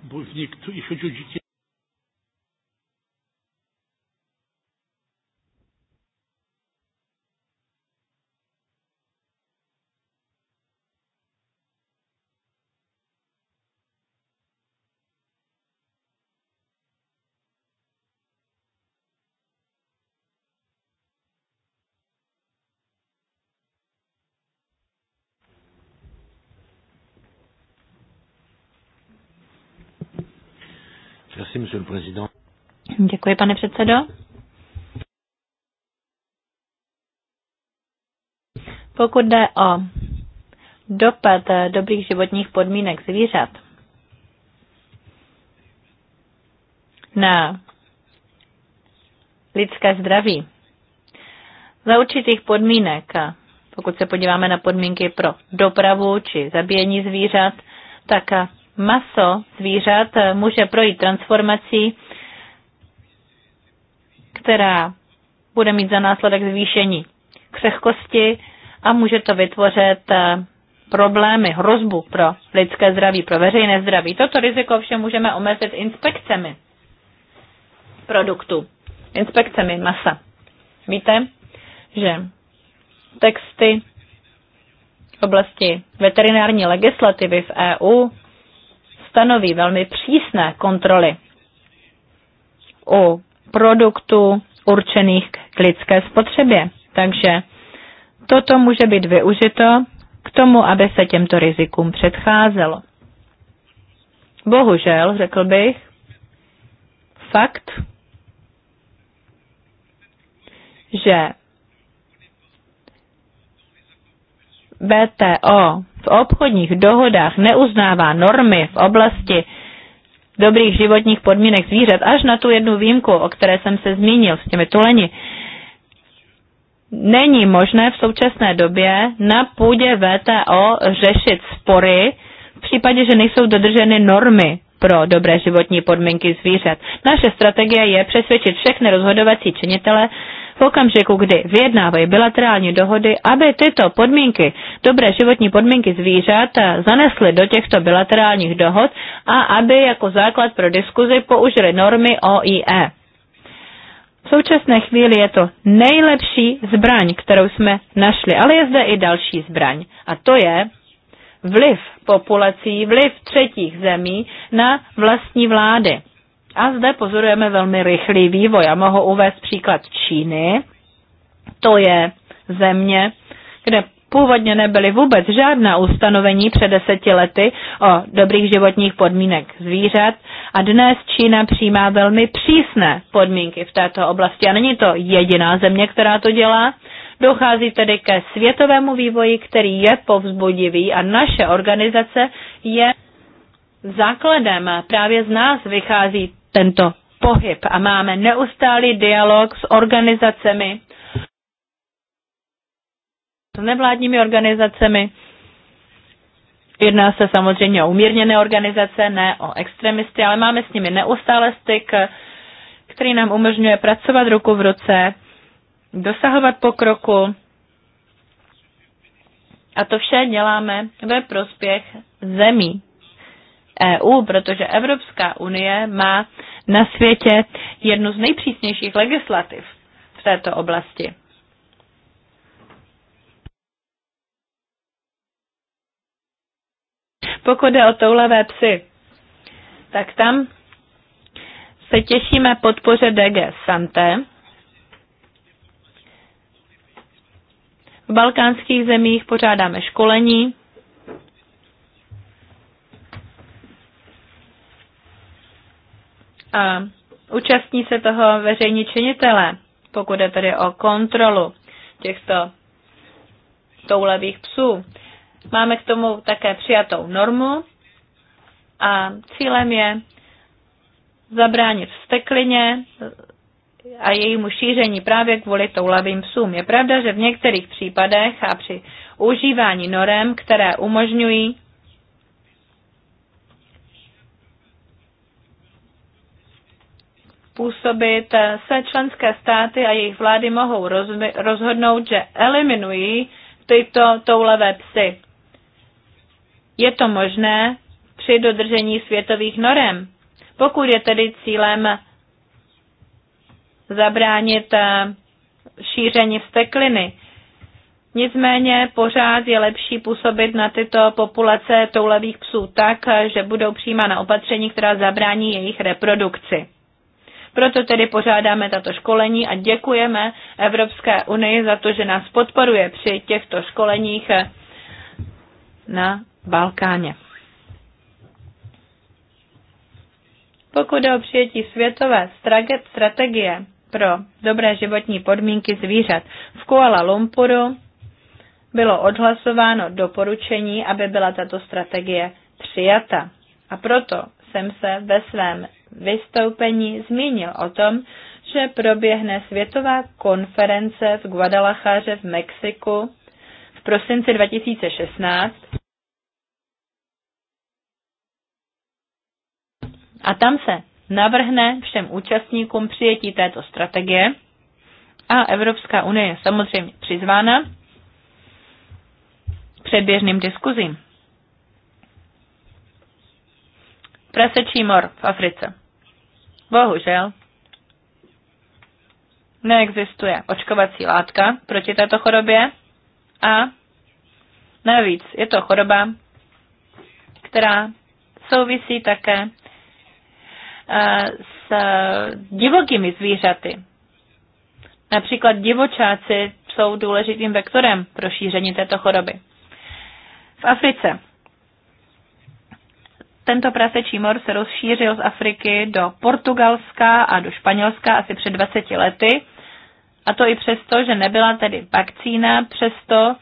bo w niektórych, jeśli chodzi o dzikie monsieur le président. Děkuji, pane předsedo. Pokud jde o dopad dobrých životních podmínek zvířat na lidské zdraví, za určitých podmínek, pokud se podíváme na podmínky pro dopravu či zabíjení zvířat, tak maso zvířat může projít transformací, která bude mít za následek zvýšení křehkosti a může to vytvořit eh, problémy, hrozbu pro lidské zdraví, pro veřejné zdraví. Toto riziko vše můžeme omezit inspekcemi produktu, inspekcemi masa. Víte, že texty v oblasti veterinární legislativy v EU stanoví velmi přísné kontroly u produktů určených k lidské spotřebě. Takže toto může být využito k tomu, aby se těmto rizikům předcházelo. Bohužel, řekl bych, fakt, že BTO v obchodních dohodách neuznává normy v oblasti dobrých životních podmínek zvířat, až na tu jednu výjimku, o které jsem se zmínil s těmi tuleni, není možné v současné době na půdě VTO řešit spory v případě, že nejsou dodrženy normy pro dobré životní podmínky zvířat. Naše strategie je přesvědčit všechny rozhodovací činitele, v okamžiku, kdy vyjednávají bilaterální dohody, aby tyto podmínky, dobré životní podmínky zvířat, eh, zanesly do těchto bilaterálních dohod a aby jako základ pro diskuzi použili normy OIE. V současné chvíli je to nejlepší zbraň, kterou jsme našli, ale je zde i další zbraň a to je vliv populací, vliv třetích zemí na vlastní vlády. A zde pozorujeme velmi rychlý vývoj. Já mohu uvést příklad Číny. To je země, kde původně nebyly vůbec žádná ustanovení před deseti lety o dobrých životních podmínek zvířat a dnes Čína přijímá velmi přísné podmínky v této oblasti. A není to jediná země, která to dělá. Dochází tedy ke světovému vývoji, který je povzbudivý a naše organizace je základem. Právě z nás vychází tento pohyb a máme neustálý dialog s organizacemi, s nevládními organizacemi. Jedná se samozřejmě o umírněné organizace, ne o extremisty, ale máme s nimi neustále styk, který nám umožňuje pracovat ruku v ruce, dosahovat pokroku. A to vše děláme ve prospěch zemí EU, protože Evropská unie má na světě jednu z nejpřísnějších legislativ v této oblasti. Pokud jde o toulavé psy, tak tam se těšíme podpoře DG Santé. V balkánských zemích pořádáme školení a účastní se toho veřejní činitele, pokud je tedy o kontrolu těchto toulavých psů. Máme k tomu také přijatou normu a cílem je zabránit vsteklině a jejímu šíření právě kvůli toulavým psům. Je pravda, že v některých případech a při užívání norem, které umožňují způsobit, eh, se členské státy a jejich vlády mohou rozhodnout, že eliminují tyto toulavé psy. Je to možné při dodržení světových norem. Pokud je tedy cílem zabránit eh, šíření vstekliny. Nicméně pořád je lepší působit na tyto populace toulavých psů tak, že budou přijímána opatření, která zabrání jejich reprodukci. Proto tedy pořádáme tato školení a děkujeme Evropské unii za to, že nás podporuje při těchto školeních eh, na Balkáně. Pokud je o přijetí světové strategie pro dobré životní podmínky zvířat v Kuala Lumpuru, bylo odhlasováno doporučení, aby byla tato strategie přijata. A proto jsem se ve svém vystoupení zmínil o tom, že proběhne světová konference v Guadalajare v Mexiku v prosinci 2016. A tam se navrhne všem účastníkům přijetí této strategie a Evropská unie je samozřejmě přizvána předběžným diskuzím. prasečí mor v Africe. Bohužel neexistuje očkovací látka proti této chorobě a navíc je to choroba, která souvisí také eh, s divokými zvířaty. Například divočáci jsou důležitým vektorem pro šíření této choroby. V Africe tento prasečí mor se rozšířil z Afriky do Portugalska a do Španělska asi před 20 lety. A to i přesto, že nebyla tedy vakcína, přesto,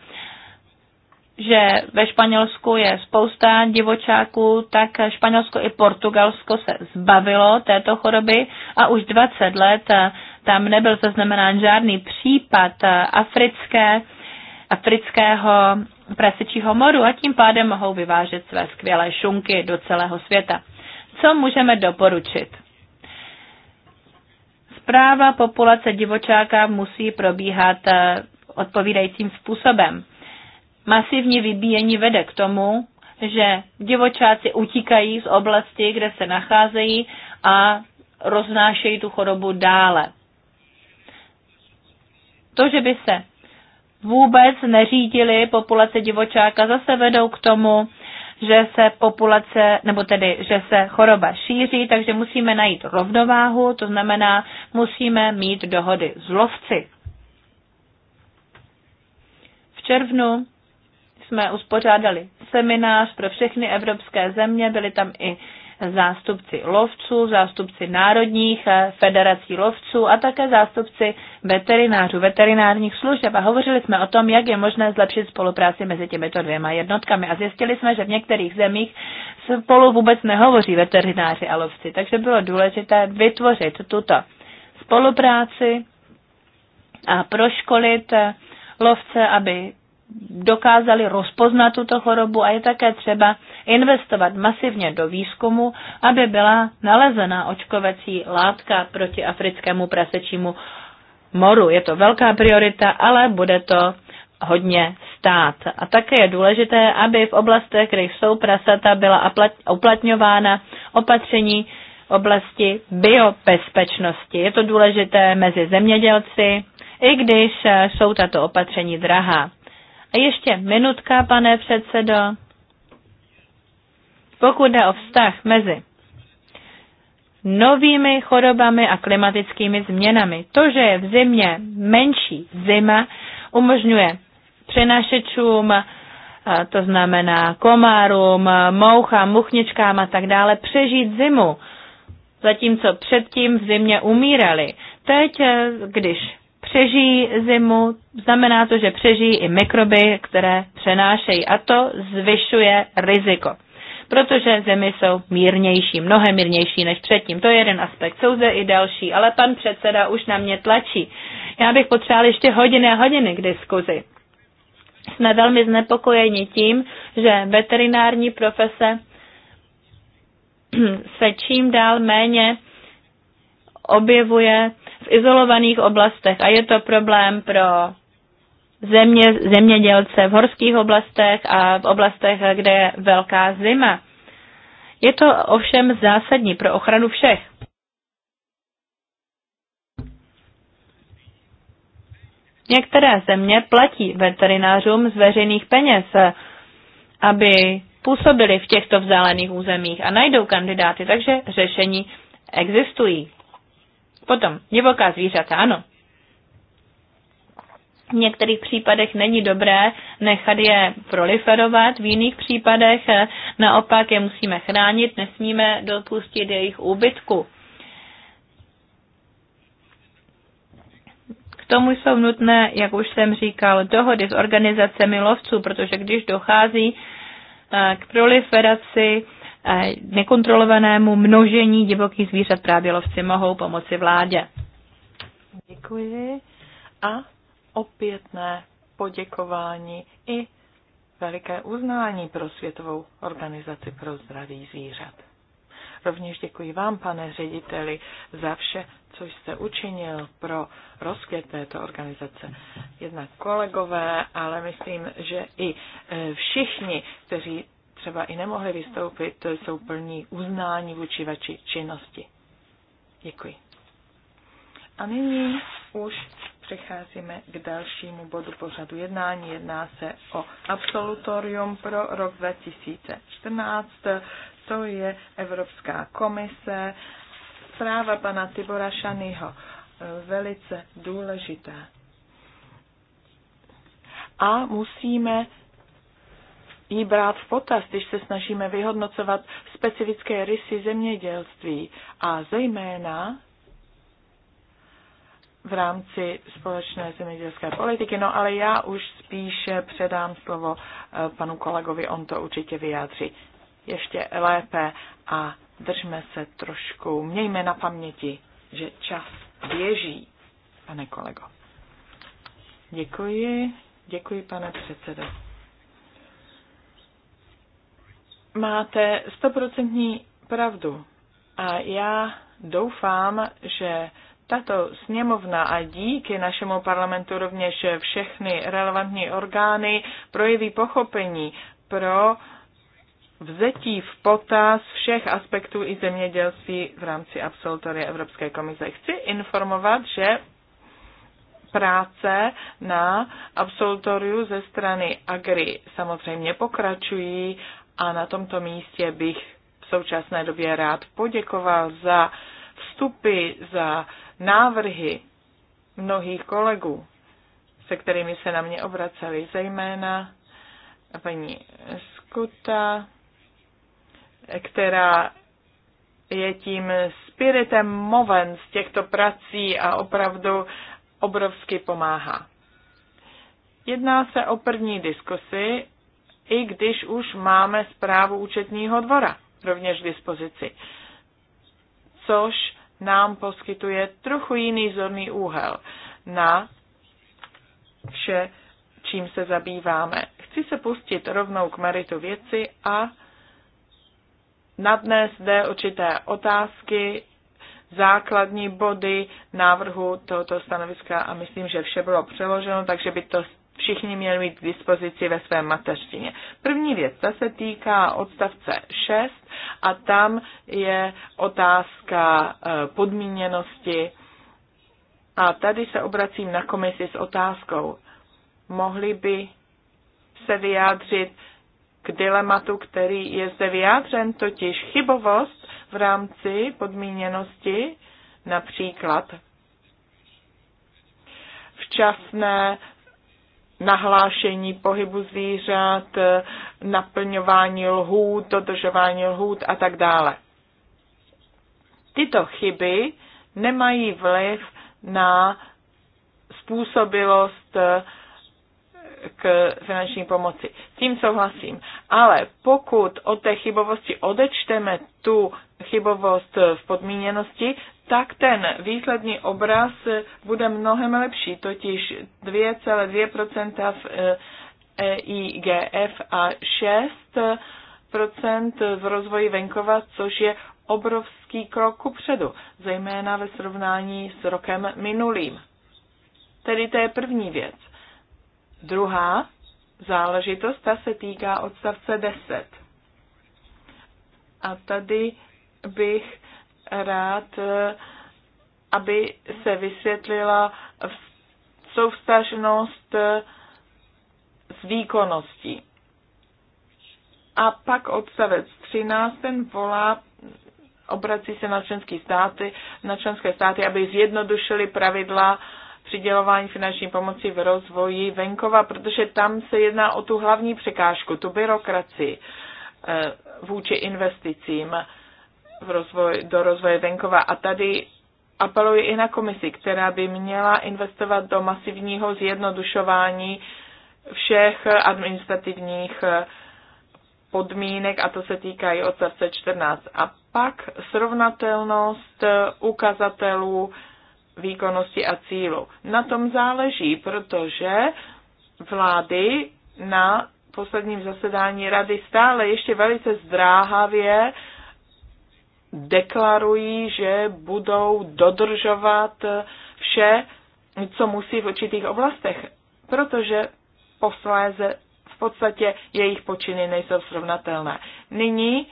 že ve Španělsku je spousta divočáků, tak Španělsko i Portugalsko se zbavilo této choroby a už 20 let tam nebyl zaznamenán žádný případ africké afrického prasečího moru a tím pádem mohou vyvážet své skvělé šunky do celého světa. Co můžeme doporučit? Zpráva populace divočáka musí probíhat eh, odpovídajícím způsobem. Masivní vybíjení vede k tomu, že divočáci utíkají z oblasti, kde se nacházejí a roznášejí tu chorobu dále. To, že by se vůbec neřídili populace divočáka, zase vedou k tomu, že se populace, nebo tedy, že se choroba šíří, takže musíme najít rovnováhu, to znamená, musíme mít dohody s lovci. V červnu jsme uspořádali seminář pro všechny evropské země, byli tam i zástupci lovců, zástupci národních eh, federací lovců a také zástupci veterinářů, veterinárních služeb a hovořili jsme o tom, jak je možné zlepšit spolupráci mezi těmito dvěma jednotkami a zjistili jsme, že v některých zemích spolu vůbec nehovoří veterináři a lovci, takže bylo důležité vytvořit tuto spolupráci a proškolit eh, lovce, aby dokázali rozpoznat tuto chorobu a je také třeba investovat masivně do výzkumu, aby byla nalezena očkovací látka proti africkému prasečímu moru. Je to velká priorita, ale bude to hodně stát. A také je důležité, aby v oblastech, kde jsou prasata, byla uplatňována opatření oblasti biobezpečnosti. Je to důležité mezi zemědělci, i když eh, jsou tato opatření drahá. Ještě minutka, pane předsedo. Pokud jde o vztah mezi novými chorobami a klimatickými změnami, to, že je v zimě menší zima, umožňuje přenašečům, to znamená komárům, mouchám, muchničkám a tak dále, přežít zimu, zatímco předtím v zimě umírali. Teď, eh, když přežijí zimu, znamená to, že přežijí i mikroby, které přenášejí a to zvyšuje riziko. Protože zimy jsou mírnější, mnohem mírnější než předtím. To je jeden aspekt. Jsou zde i další, ale pan předseda už na mě tlačí. Já bych potřeboval ještě hodiny a hodiny k diskuzi. Jsme velmi znepokojeni tím, že veterinární profese se čím dál méně objevuje v izolovaných oblastech a je to problém pro země, zemědělce v horských oblastech a v oblastech, kde je velká zima. Je to ovšem zásadní pro ochranu všech. Některé země platí veterinářům z veřejných peněz, aby působili v těchto vzdálených územích a najdou kandidáty, takže řešení existují. Potom divoká zvířata, ano. V některých případech není dobré nechat je proliferovat, v jiných případech eh, naopak je musíme chránit, nesmíme dopustit jejich úbytku. tomu jsou nutné, jak už jsem říkal, dohody s organizacemi lovců, protože když dochází eh, k proliferaci nekontrolovanému množení divokých zvířat právě lovci mohou pomoci vládě. Děkuji a opětné poděkování i veliké uznání pro Světovou organizaci pro zdraví zvířat. Rovněž děkuji vám, pane řediteli, za vše, co jste učinil pro rozkvět této organizace. Jednak kolegové, ale myslím, že i eh, všichni, kteří třeba i nemohli vystoupit, to jsou plní uznání vůči vaší činnosti. Děkuji. A nyní už přecházíme k dalšímu bodu pořadu jednání. Jedná se o absolutorium pro rok 2014. To je Evropská komise. Zpráva pana Tibora Šanyho. Velice důležitá. A musíme ji brát v potaz, když se snažíme vyhodnocovat specifické rysy zemědělství a zejména v rámci společné zemědělské politiky. No ale já už spíše předám slovo eh, panu kolegovi, on to určitě vyjádří ještě lépe a držme se trošku, mějme na paměti, že čas běží, pane kolego. Děkuji, děkuji pane předsedo. máte stoprocentní pravdu. A já doufám, že tato sněmovna a díky našemu parlamentu rovněž všechny relevantní orgány projeví pochopení pro vzetí v potaz všech aspektů i zemědělství v rámci absolutoria Evropské komise. Chci informovat, že práce na absolutoriu ze strany Agri samozřejmě pokračují a na tomto místě bych v současné době rád poděkoval za vstupy, za návrhy mnohých kolegů, se kterými se na mě obraceli, zejména paní Skuta, která je tím spiritem moven z těchto prací a opravdu obrovsky pomáhá. Jedná se o první diskusy i když už máme zprávu účetního dvora rovněž k dispozici, což nám poskytuje trochu jiný zorný úhel na vše, čím se zabýváme. Chci se pustit rovnou k meritu věci a nadnes zde určité otázky, základní body návrhu tohoto stanoviska a myslím, že vše bylo přeloženo, takže by to všichni měli mít k dispozici ve své mateřtině. První věc, ta se týká odstavce 6 a tam je otázka eh, podmíněnosti. A tady se obracím na komisi s otázkou, mohli by se vyjádřit k dilematu, který je zde vyjádřen, totiž chybovost v rámci podmíněnosti, například včasné nahlášení pohybu zvířat, eh, naplňování lhůt, dodržování lhůt a tak dále. Tyto chyby nemají vliv na způsobilost eh, k finanční pomoci. S tím souhlasím. Ale pokud od té chybovosti odečteme tu chybovost v podmíněnosti, tak ten výsledný obraz bude mnohem lepší, totiž 2,2% v EIGF eh, e a 6% v rozvoji venkova, což je obrovský krok kupředu, zejména ve srovnání s rokem minulým. Tedy to je první věc. Druhá záležitost, ta se týká odstavce 10. A tady bych rád, eh, aby se vysvětlila soustažnost eh, s výkonností. A pak odstavec 13, ten volá, obrací se na členské státy, na členské státy, aby zjednodušili pravidla přidělování finanční pomoci v rozvoji venkova, protože tam se jedná o tu hlavní překážku, tu byrokracii eh, vůči investicím v rozvoj, do rozvoje venkova. A tady apeluji i na komisi, která by měla investovat do masivního zjednodušování všech administrativních eh, podmínek, a to se týká i odstavce 14. A pak srovnatelnost eh, ukazatelů výkonnosti a cílu. Na tom záleží, protože vlády na posledním zasedání rady stále ještě velice zdráhavě deklarují, že budou dodržovat vše, co musí v určitých oblastech, protože posléze v podstatě jejich počiny nejsou srovnatelné. Nyní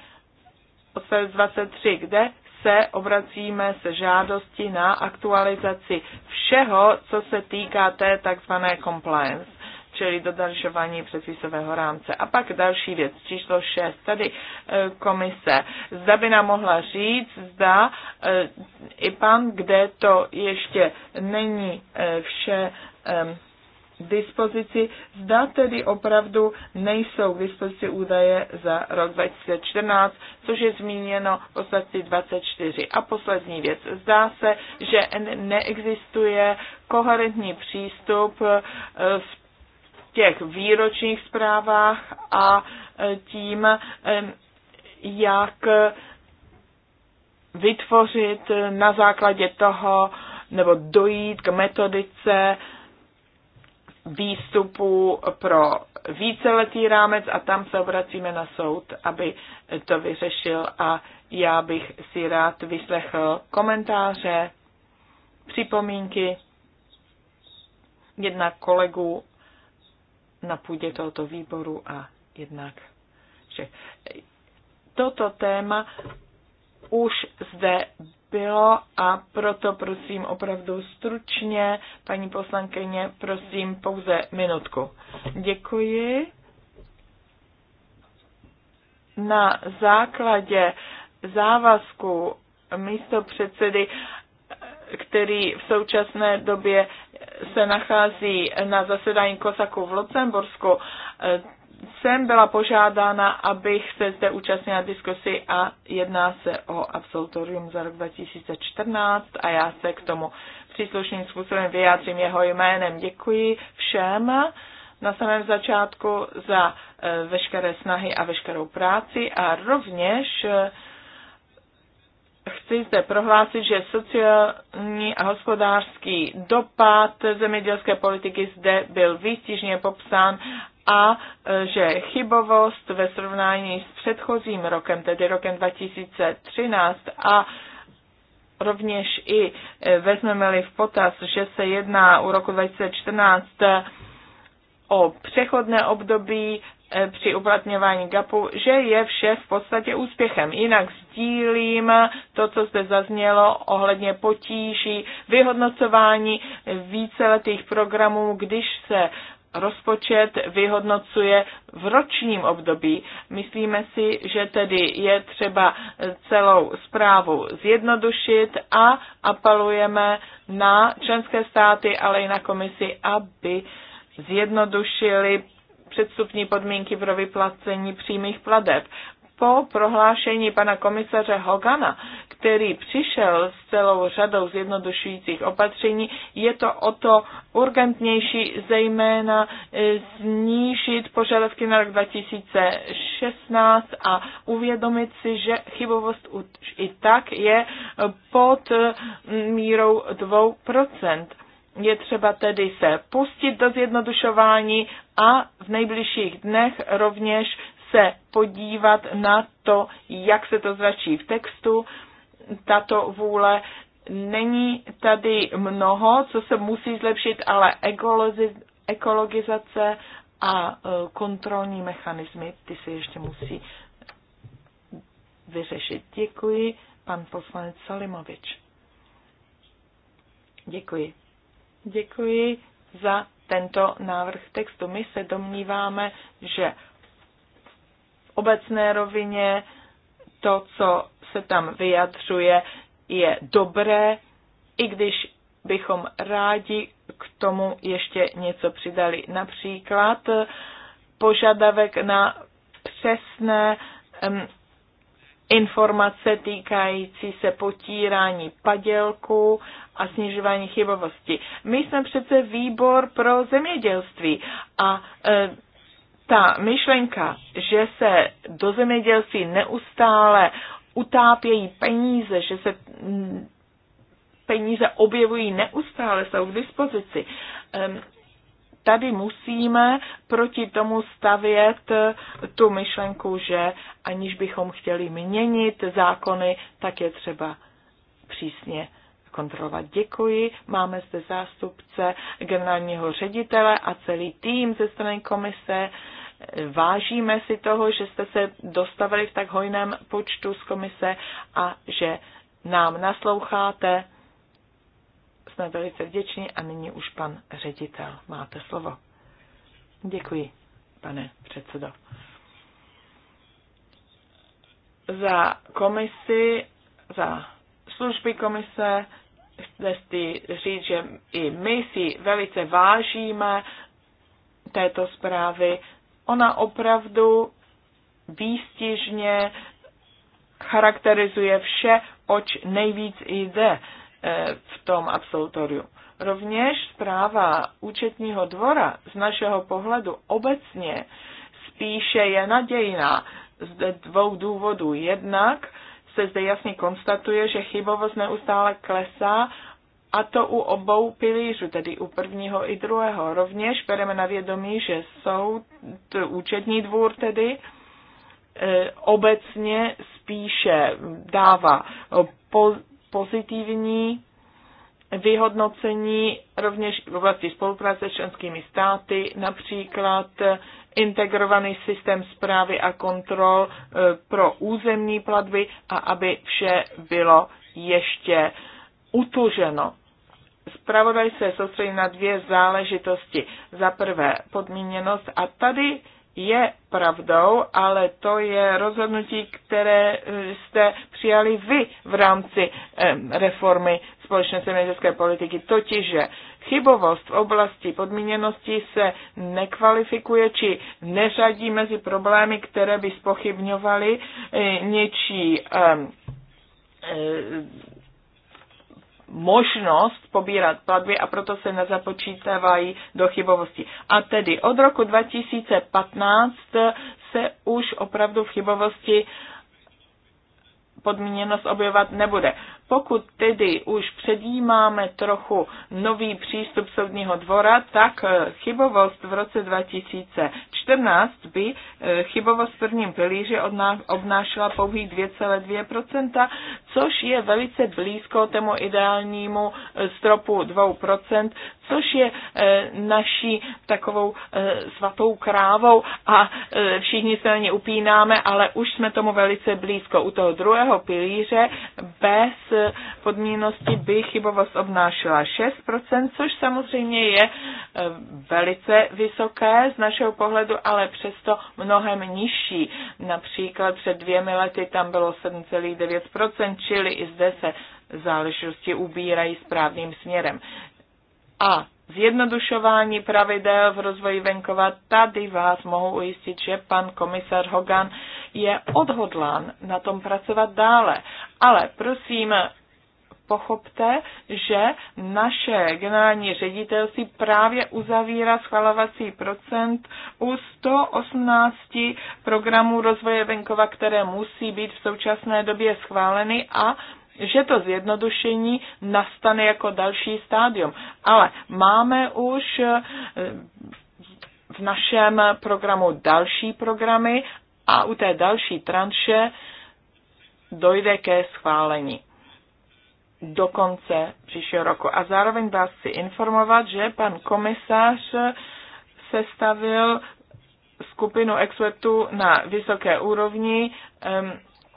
odstavec 23, kde se obracíme se žádosti na aktualizaci všeho, co se týká té tzv. compliance čili dodržování předpisového rámce. A pak další věc, číslo 6, tady e, komise. Zda by nám mohla říct, zda e, i pan, kde to ještě není e, vše dispozici, zda tedy opravdu nejsou k dispozici údaje za rok 2014, což je zmíněno v podstatě 24. A poslední věc, zdá se, že neexistuje koherentní přístup v těch výročních zprávách a e, tím, e, jak vytvořit na základě toho nebo dojít k metodice výstupu pro víceletý rámec a tam se obracíme na soud, aby to vyřešil a já bych si rád vyslechl komentáře, připomínky jedna kolegů na půdě tohoto výboru a jednak že toto téma už zde bylo a proto prosím opravdu stručně, paní poslankyně, prosím pouze minutku. Děkuji. Na základě závazku místo předsedy, který v současné době se nachází na zasedání Kosaku v Lucembursku, jsem byla požádána, abych se zde účastnila diskusi a jedná se o absolutorium za rok 2014 a já se k tomu příslušným způsobem vyjádřím jeho jménem. Děkuji všem na samém začátku za eh, veškeré snahy a veškerou práci a rovněž eh, chci zde prohlásit, že sociální a hospodářský dopad zemědělské politiky zde byl výstižně popsán a e, že chybovost ve srovnání s předchozím rokem, tedy rokem 2013 a rovněž i e, vezmeme-li v potaz, že se jedná u roku 2014 e, o přechodné období Eh, při uplatňování GAPu, že je vše v podstatě úspěchem. Jinak sdílím to, co zde zaznělo ohledně potíží, vyhodnocování víceletých programů, když se rozpočet vyhodnocuje v ročním období. Myslíme si, že tedy je třeba celou zprávu zjednodušit a apelujeme na členské státy, ale i na komisi, aby zjednodušili předstupní podmínky pro vyplacení přímých pladeb. Po prohlášení pana komisaře Hogana, který přišel s celou řadou zjednodušujících opatření, je to o to urgentnější zejména e, snížit požadavky na rok 2016 a uvědomit si, že chybovost už i tak je pod e, mírou 2%. Je třeba tedy se pustit do zjednodušování a v nejbližších dnech rovněž se podívat na to, jak se to zračí v textu, tato vůle. Není tady mnoho, co se musí zlepšit, ale ekologizace a e, kontrolní mechanismy, ty se ještě musí vyřešit. Děkuji, pan poslanec Salimovič. Děkuji. Děkuji za tento návrh textu. My se domníváme, že v obecné rovině to, co se tam vyjadřuje, je dobré, i když bychom rádi k tomu ještě něco přidali. Například požadavek na přesné informace týkající se potírání padělku a snižování chybovosti. My jsme přece výbor pro zemědělství a e, ta myšlenka, že se do zemědělství neustále utápějí peníze, že se mm, peníze objevují neustále, jsou k dispozici tady musíme proti tomu stavět tu myšlenku, že aniž bychom chtěli měnit zákony, tak je třeba přísně kontrolovat. Děkuji. Máme zde zástupce generálního ředitele a celý tým ze strany komise. Vážíme si toho, že jste se dostavili v tak hojném počtu z komise a že nám nasloucháte jsme velice vděční a nyní už pan ředitel. Máte slovo. Děkuji, pane předsedo. Za komisi, za služby komise chci říct, že i my si velice vážíme této zprávy. Ona opravdu výstižně charakterizuje vše, oč nejvíc jde E, v tom absolutoriu. Rovněž zpráva účetního dvora z našeho pohledu obecně spíše je nadějná z dvou důvodů. Jednak se zde jasně konstatuje, že chybovost neustále klesá a to u obou pilířů, tedy u prvního i druhého. Rovněž bereme na vědomí, že soud, účetní dvůr tedy, e, obecně spíše dává po, pozitivní vyhodnocení rovněž v oblasti spolupráce s členskými státy, například integrovaný systém zprávy a kontrol e, pro územní platby a aby vše bylo ještě utuženo. Zpravodaj se soustředí na dvě záležitosti. Za prvé podmíněnost a tady je pravdou, ale to je rozhodnutí, které eh, jste přijali vy v rámci reformy společné zemědělské politiky, totiž že chybovost v oblasti podmíněnosti se nekvalifikuje či neřadí mezi problémy, které by spochybňovaly eh, něčí eh, možnost pobírat platby a proto se nezapočítávají do chybovosti. A tedy od roku 2015 se už opravdu v chybovosti podmíněnost objevovat nebude. Pokud tedy už předjímáme trochu nový přístup soudního dvora, tak eh, chybovost v roce 2014 by eh, chybovost v prvním pilíři obnášela pouhých 2,2%, což je velice blízko tomu ideálnímu eh, stropu 2%, což je naší takovou svatou krávou a všichni se na ně upínáme, ale už jsme tomu velice blízko. U toho druhého pilíře bez podmínosti by chybovost obnášela 6%, což samozřejmě je e, velice vysoké z našeho pohledu, ale přesto mnohem nižší. Například před dvěmi lety tam bylo 7,9%, čili i zde se záležitosti ubírají správným směrem. A zjednodušování pravidel v rozvoji venkova, tady vás mohu ujistit, že pan komisař Hogan je odhodlán na tom pracovat dále. Ale prosím, pochopte, že naše generální ředitelství právě uzavírá schvalovací procent u 118 programů rozvoje venkova, které musí být v současné době schváleny a že to zjednodušení nastane jako další stádium. Ale máme už eh, v našem programu další programy a u té další tranše dojde ke schválení do konce příštího roku. A zároveň vás chci informovat, že pan komisař sestavil skupinu expertů na vysoké úrovni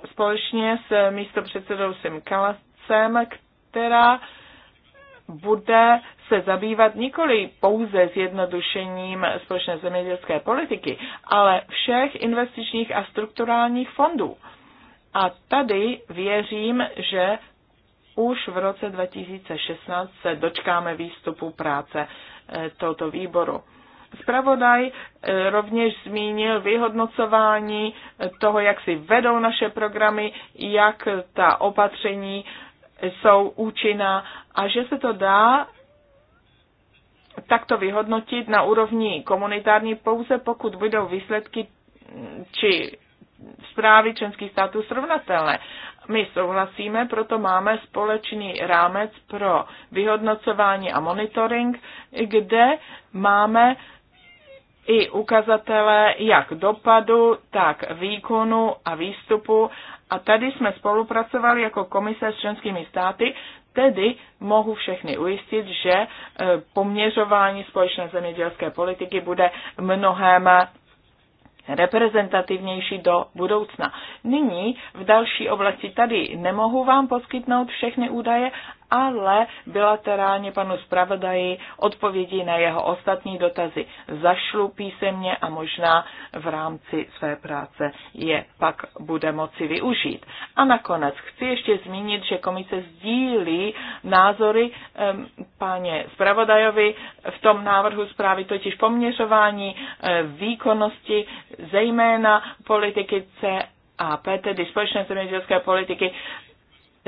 společně s místopředsedou Sim Kalasem, která bude se zabývat nikoli pouze zjednodušením společné zemědělské politiky, ale všech investičních a strukturálních fondů. A tady věřím, že už v roce 2016 se dočkáme výstupu práce eh, tohoto výboru. Spravodaj eh, rovněž zmínil vyhodnocování toho, jak si vedou naše programy, jak ta opatření jsou účinná a že se to dá takto vyhodnotit na úrovni komunitární pouze, pokud budou výsledky či zprávy členských států srovnatelné. My souhlasíme, proto máme společný rámec pro vyhodnocování a monitoring, kde máme i ukazatele jak dopadu, tak výkonu a výstupu. A tady jsme spolupracovali jako komise s členskými státy, tedy mohu všechny ujistit, že e, poměřování společné zemědělské politiky bude mnohem reprezentativnější do budoucna. Nyní v další oblasti tady nemohu vám poskytnout všechny údaje, ale bilaterálně panu zpravodaji odpovědi na jeho ostatní dotazy zašlu písemně a možná v rámci své práce je pak bude moci využít. A nakonec chci ještě zmínit, že komise sdílí názory um, páně zpravodajovi v tom návrhu zprávy, totiž poměřování eh, výkonnosti, zejména politiky CAP, tedy společné zemědělské politiky,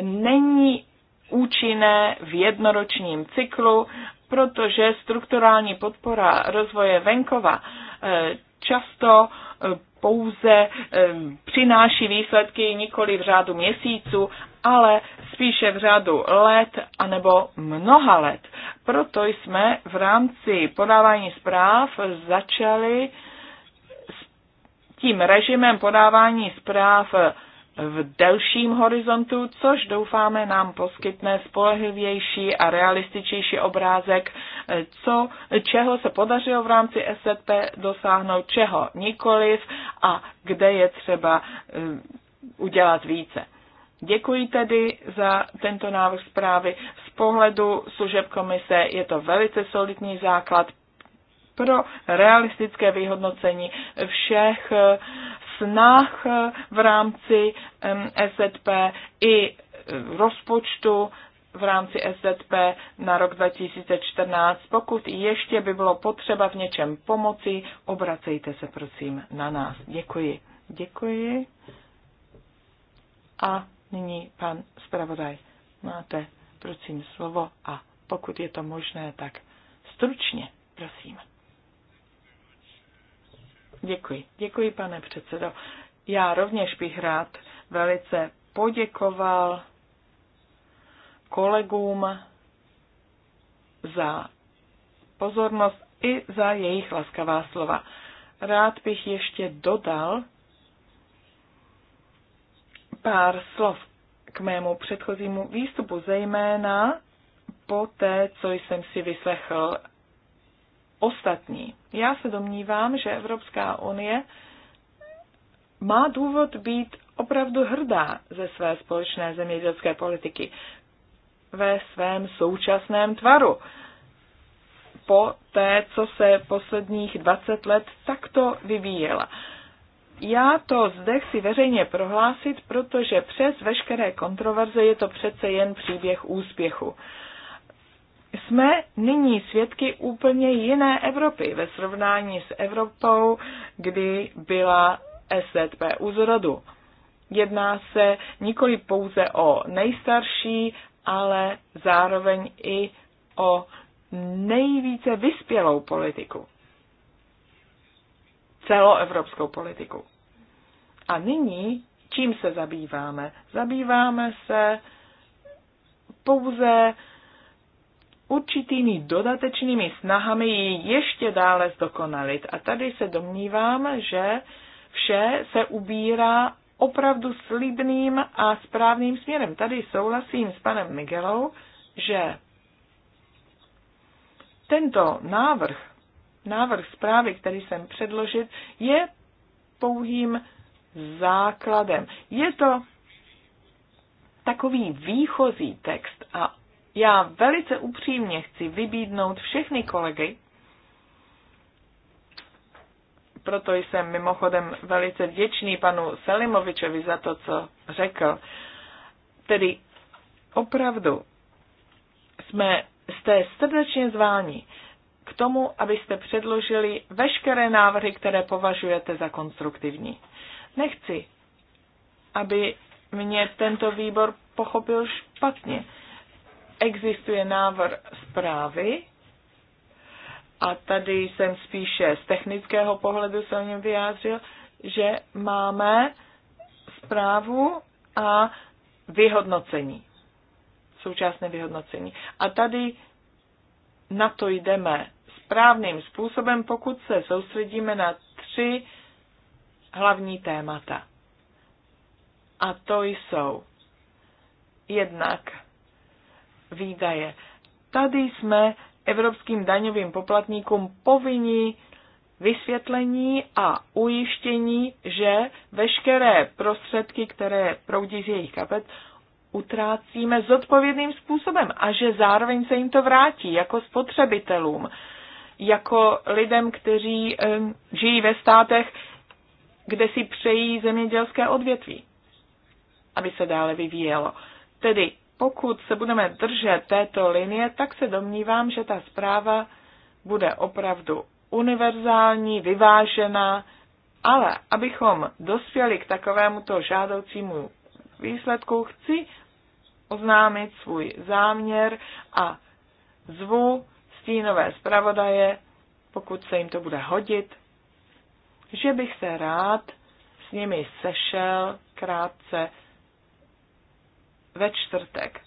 není účinné v jednoročním cyklu, protože strukturální podpora rozvoje venkova eh, často eh, pouze eh, přináší výsledky nikoli v řádu měsíců, ale spíše v řádu let anebo mnoha let. Proto jsme v rámci podávání zpráv začali s tím režimem podávání zpráv v delším horizontu, což doufáme nám poskytne spolehlivější a realističnější obrázek, eh, co, čeho se podařilo v rámci SZP dosáhnout, čeho nikoliv a kde je třeba eh, udělat více. Děkuji tedy za tento návrh zprávy. Z pohledu služeb komise je to velice solidní základ pro realistické vyhodnocení všech eh, snah eh, v rámci SZP i eh, rozpočtu v rámci SZP na rok 2014. Pokud ještě by bylo potřeba v něčem pomoci, obracejte se prosím na nás. Děkuji. Děkuji. A nyní pan zpravodaj, máte prosím slovo a pokud je to možné, tak stručně, prosím. Děkuji. Děkuji, pane předsedo. Já rovněž bych rád velice poděkoval kolegům za pozornost i za jejich laskavá slova. Rád bych ještě dodal pár slov k mému předchozímu výstupu, zejména po té, co jsem si vyslechl ostatní. Já se domnívám, že Evropská unie má důvod být opravdu hrdá ze své společné zemědělské politiky ve svém současném tvaru. Po té, co se posledních 20 let takto vyvíjela. Já to zde chci veřejně prohlásit, protože přes veškeré kontroverze je to přece jen příběh úspěchu jsme nyní svědky úplně jiné Evropy ve srovnání s Evropou, kdy byla SZP u zrodu. Jedná se nikoli pouze o nejstarší, ale zároveň i o nejvíce vyspělou politiku. Celoevropskou politiku. A nyní čím se zabýváme? Zabýváme se pouze určitými dodatečnými snahami ji ještě dále zdokonalit. A tady se domnívám, že vše se ubírá opravdu slibným a správným směrem. Tady souhlasím s panem Miguelou, že tento návrh, návrh zprávy, který jsem předložit, je pouhým základem. Je to takový výchozí text a já velice upřímně chci vybídnout všechny kolegy, proto jsem mimochodem velice vděčný panu Selimovičovi za to, co řekl. Tedy opravdu jsme, jste srdečně zváni k tomu, abyste předložili veškeré návrhy, které považujete za konstruktivní. Nechci, aby mě tento výbor pochopil špatně existuje návrh zprávy a tady jsem spíše z technického pohledu se o něm vyjádřil, že máme zprávu a vyhodnocení, současné vyhodnocení. A tady na to jdeme správným způsobem, pokud se soustředíme na tři hlavní témata. A to jsou jednak výdaje. Tady jsme evropským daňovým poplatníkům povinni vysvětlení a ujištění, že veškeré prostředky, které proudí z jejich kapet, utrácíme zodpovědným způsobem a že zároveň se jim to vrátí jako spotřebitelům, jako lidem, kteří um, žijí ve státech, kde si přejí zemědělské odvětví, aby se dále vyvíjelo. Tedy pokud se budeme držet této linie, tak se domnívám, že ta zpráva bude opravdu univerzální, vyvážená, ale abychom dospěli k takovémuto žádoucímu výsledku, chci oznámit svůj záměr a zvu stínové zpravodaje, pokud se jim to bude hodit, že bych se rád s nimi sešel krátce ve čtvrtek,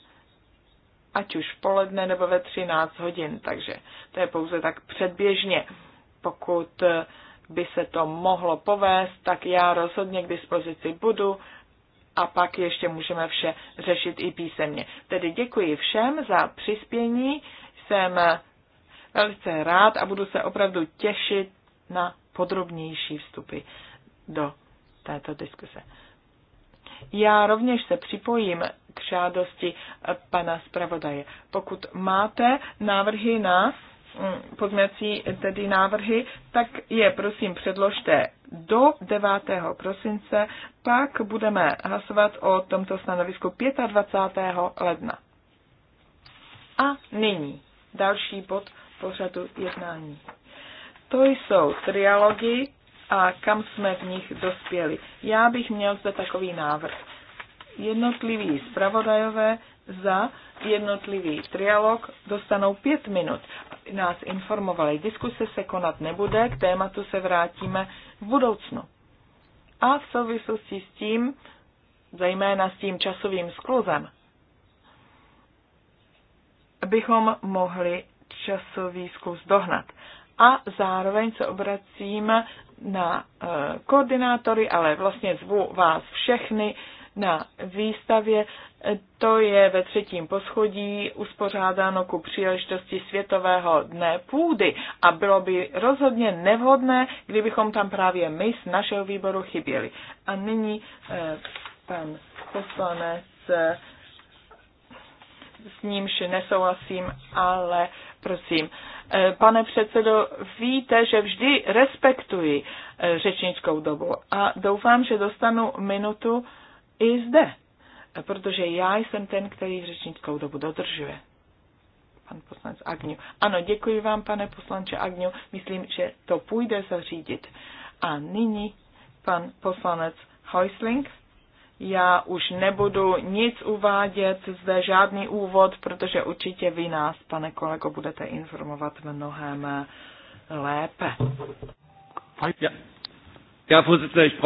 ať už v poledne nebo ve 13 hodin, takže to je pouze tak předběžně. Pokud by se to mohlo povést, tak já rozhodně k dispozici budu a pak ještě můžeme vše řešit i písemně. Tedy děkuji všem za přispění, jsem velice rád a budu se opravdu těšit na podrobnější vstupy do této diskuse. Já rovněž se připojím k žádosti pana zpravodaje. Pokud máte návrhy na mm, pozměcí tedy návrhy, tak je prosím předložte do 9. prosince, pak budeme hlasovat o tomto stanovisku 25. ledna. A nyní další bod pořadu jednání. To jsou trialogy a kam jsme v nich dospěli. Já bych měl zde takový návrh jednotliví zpravodajové za jednotlivý trialog dostanou pět minut. Nás informovali, diskuse se konat nebude, k tématu se vrátíme v budoucnu. A v souvislosti s tím, zejména s tím časovým skluzem, bychom mohli časový skluz dohnat. A zároveň se obracím na eh, koordinátory, ale vlastně zvu vás všechny na výstavě. To je ve třetím poschodí uspořádáno ku příležitosti Světového dne půdy a bylo by rozhodně nevhodné, kdybychom tam právě my z našeho výboru chyběli. A nyní eh, pan poslanec, eh, s nímž nesouhlasím, ale prosím. Eh, pane předsedo, víte, že vždy respektuji řečnickou dobu a doufám, že dostanu minutu i zde, protože já jsem ten, který řečnickou dobu dodržuje. Pan poslanec Agňu. Ano, děkuji vám, pane poslanče Agňu. Myslím, že to půjde zařídit. A nyní pan poslanec Heusling. Já už nebudu nic uvádět, zde žádný úvod, protože určitě vy nás, pane kolego, budete informovat mnohem lépe. Ja. Ja, Vorsitzender, ich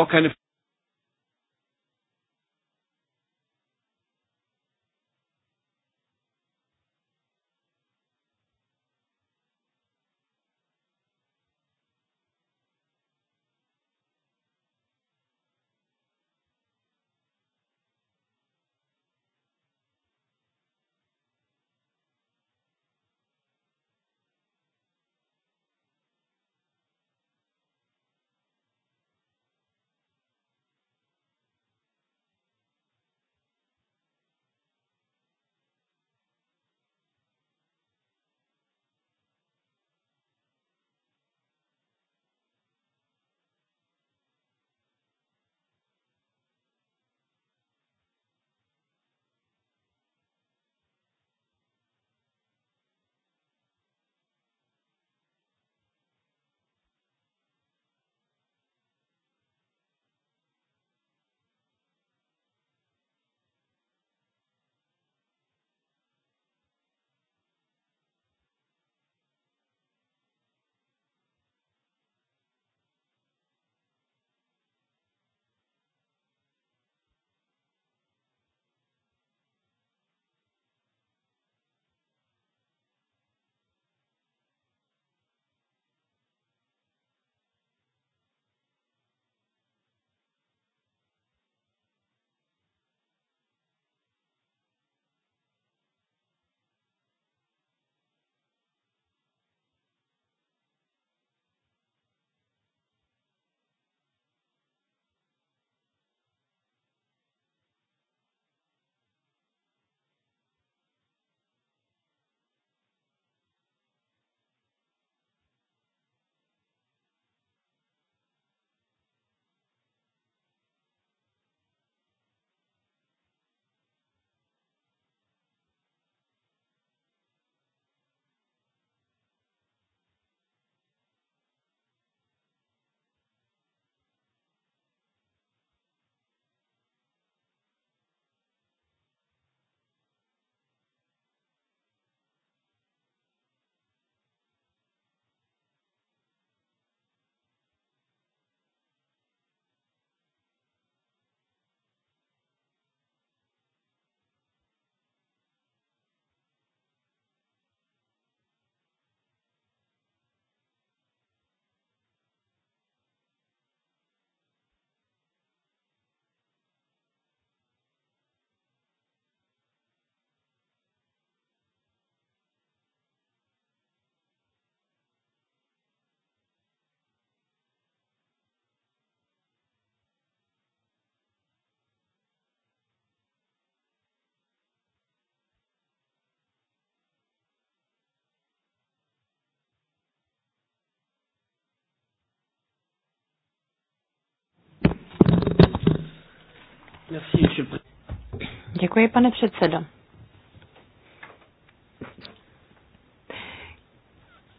Děkuji, pane předsedo.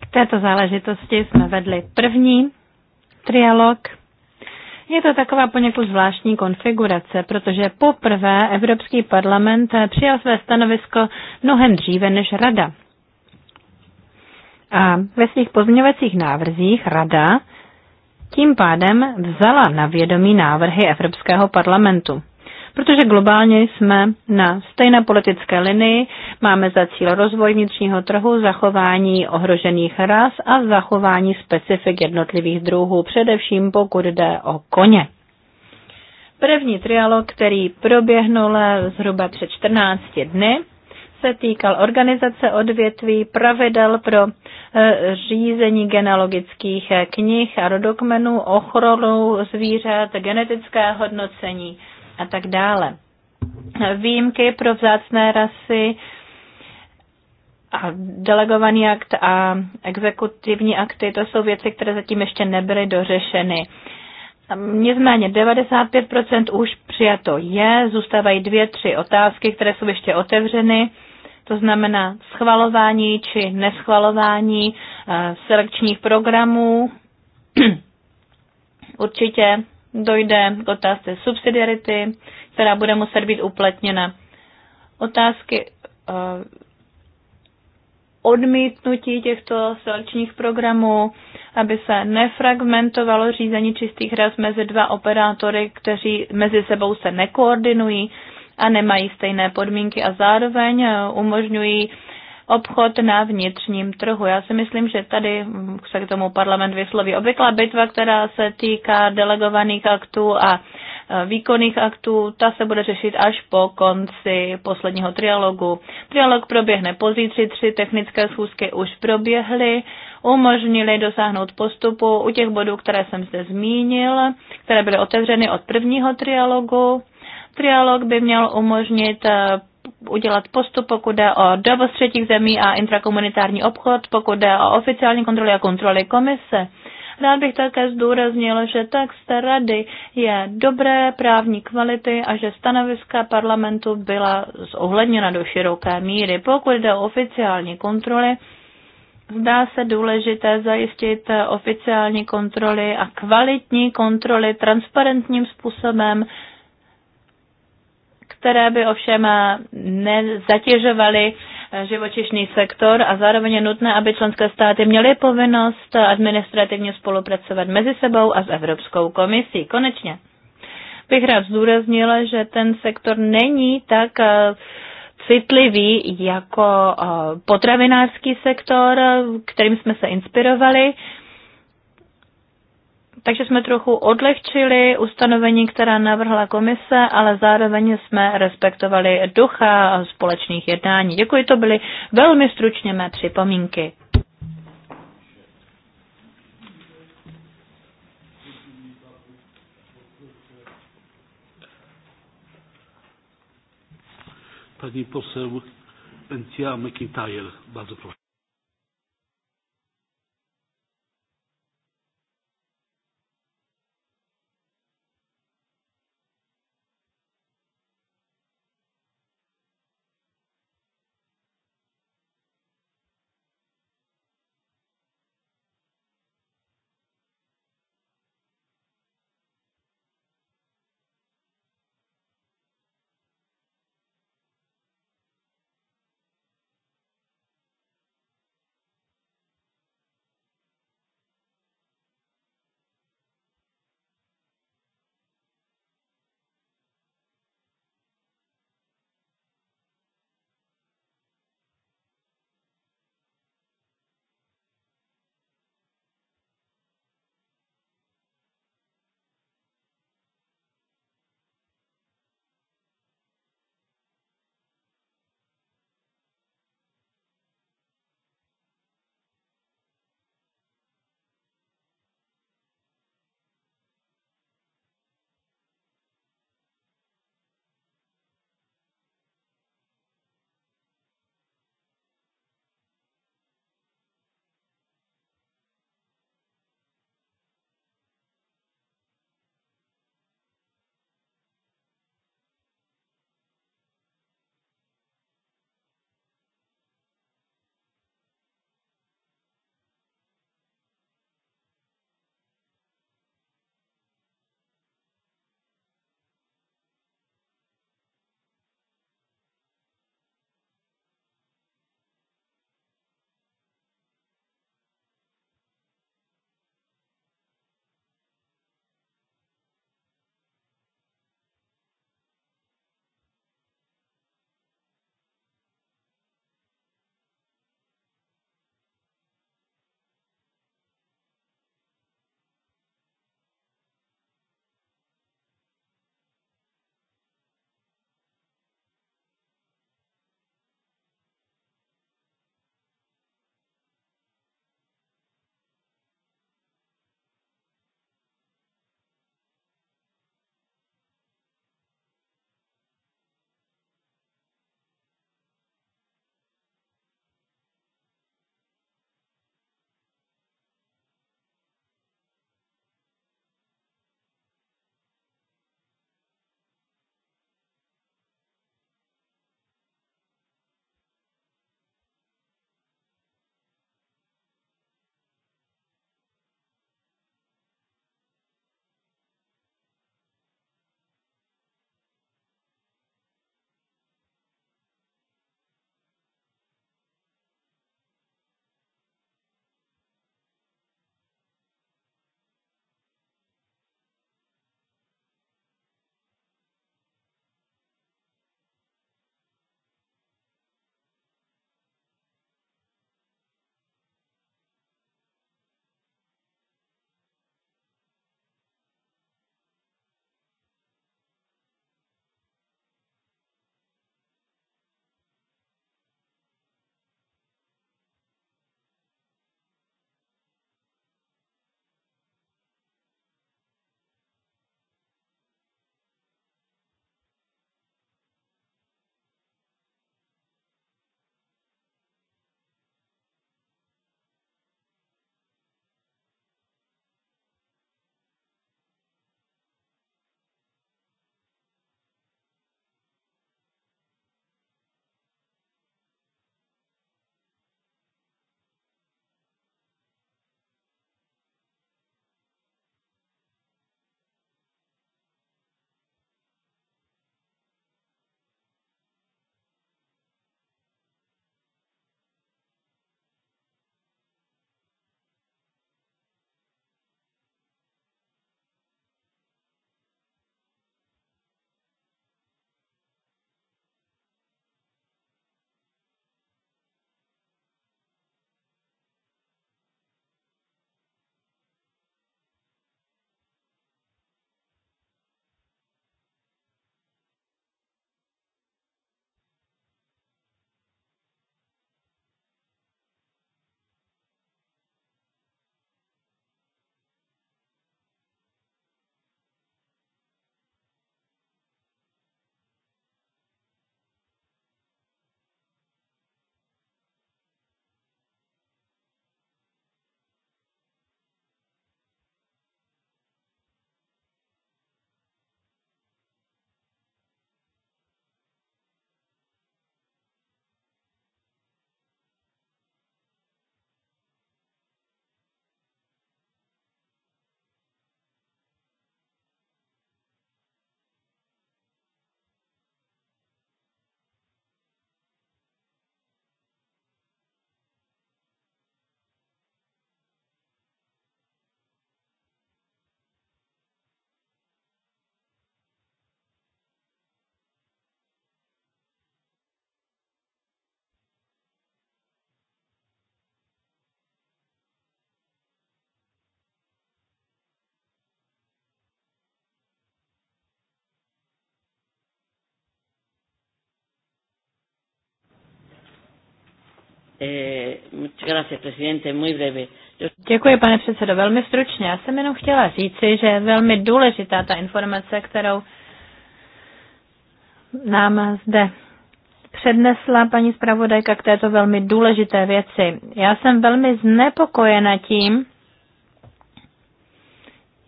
K této záležitosti jsme vedli první trialog. Je to taková poněkud zvláštní konfigurace, protože poprvé Evropský parlament přijal své stanovisko mnohem dříve než Rada. A ve svých pozměňovacích návrzích Rada tím pádem vzala na vědomí návrhy Evropského parlamentu protože globálně jsme na stejné politické linii, máme za cíl rozvoj vnitřního trhu, zachování ohrožených ras a zachování specifik jednotlivých druhů, především pokud jde o koně. První trialog, který proběhnul zhruba před 14 dny, se týkal organizace odvětví, pravidel pro eh, řízení genealogických eh, knih a rodokmenů, ochranu zvířat, genetické hodnocení a tak dále. Výjimky pro vzácné rasy a delegovaný akt a exekutivní akty, to jsou věci, které zatím ještě nebyly dořešeny. Nicméně 95% už přijato je, zůstávají dvě, tři otázky, které jsou ještě otevřeny, to znamená schvalování či neschvalování eh, selekčních programů. Určitě dojde k otázce subsidiarity, která bude muset být uplatněna. Otázky eh, odmítnutí těchto selekčních programů, aby se nefragmentovalo řízení čistých hraz mezi dva operátory, kteří mezi sebou se nekoordinují a nemají stejné podmínky a zároveň eh, umožňují obchod na vnitřním trhu. Já si myslím, že tady se k tomu parlament vysloví obvyklá bitva, která se týká delegovaných aktů a e, výkonných aktů, ta se bude řešit až po konci posledního trialogu. Trialog proběhne pozítří, tři technické schůzky už proběhly, umožnili dosáhnout postupu u těch bodů, které jsem zde zmínil, které byly otevřeny od prvního trialogu. Trialog by měl umožnit e, udělat postup, pokud jde o dovoz třetích zemí a intrakomunitární obchod, pokud jde o oficiální kontroly a kontroly komise. Rád bych také zdůraznil, že text rady je dobré právní kvality a že stanoviska parlamentu byla zohledněna do široké míry. Pokud jde o oficiální kontroly, Zdá se důležité zajistit oficiální kontroly a kvalitní kontroly transparentním způsobem které by ovšem eh, nezatěžovaly eh, živočišný sektor a zároveň je nutné, aby členské státy měly povinnost eh, administrativně spolupracovat mezi sebou a s Evropskou komisí. Konečně bych rád zdůraznila, že ten sektor není tak citlivý jako potravinářský sektor, kterým jsme se inspirovali takže jsme trochu odlehčili ustanovení, která navrhla komise, ale zároveň jsme respektovali ducha společných jednání. Děkuji, to byly velmi stručně mé připomínky. Paní posel Encia McIntyre, bardzo proszę. Eh, Děkuji, pane předsedo. Velmi stručně. Já jsem jenom chtěla říci, že je velmi důležitá ta informace, kterou nám zde přednesla paní zpravodajka k této velmi důležité věci. Já jsem velmi znepokojena tím,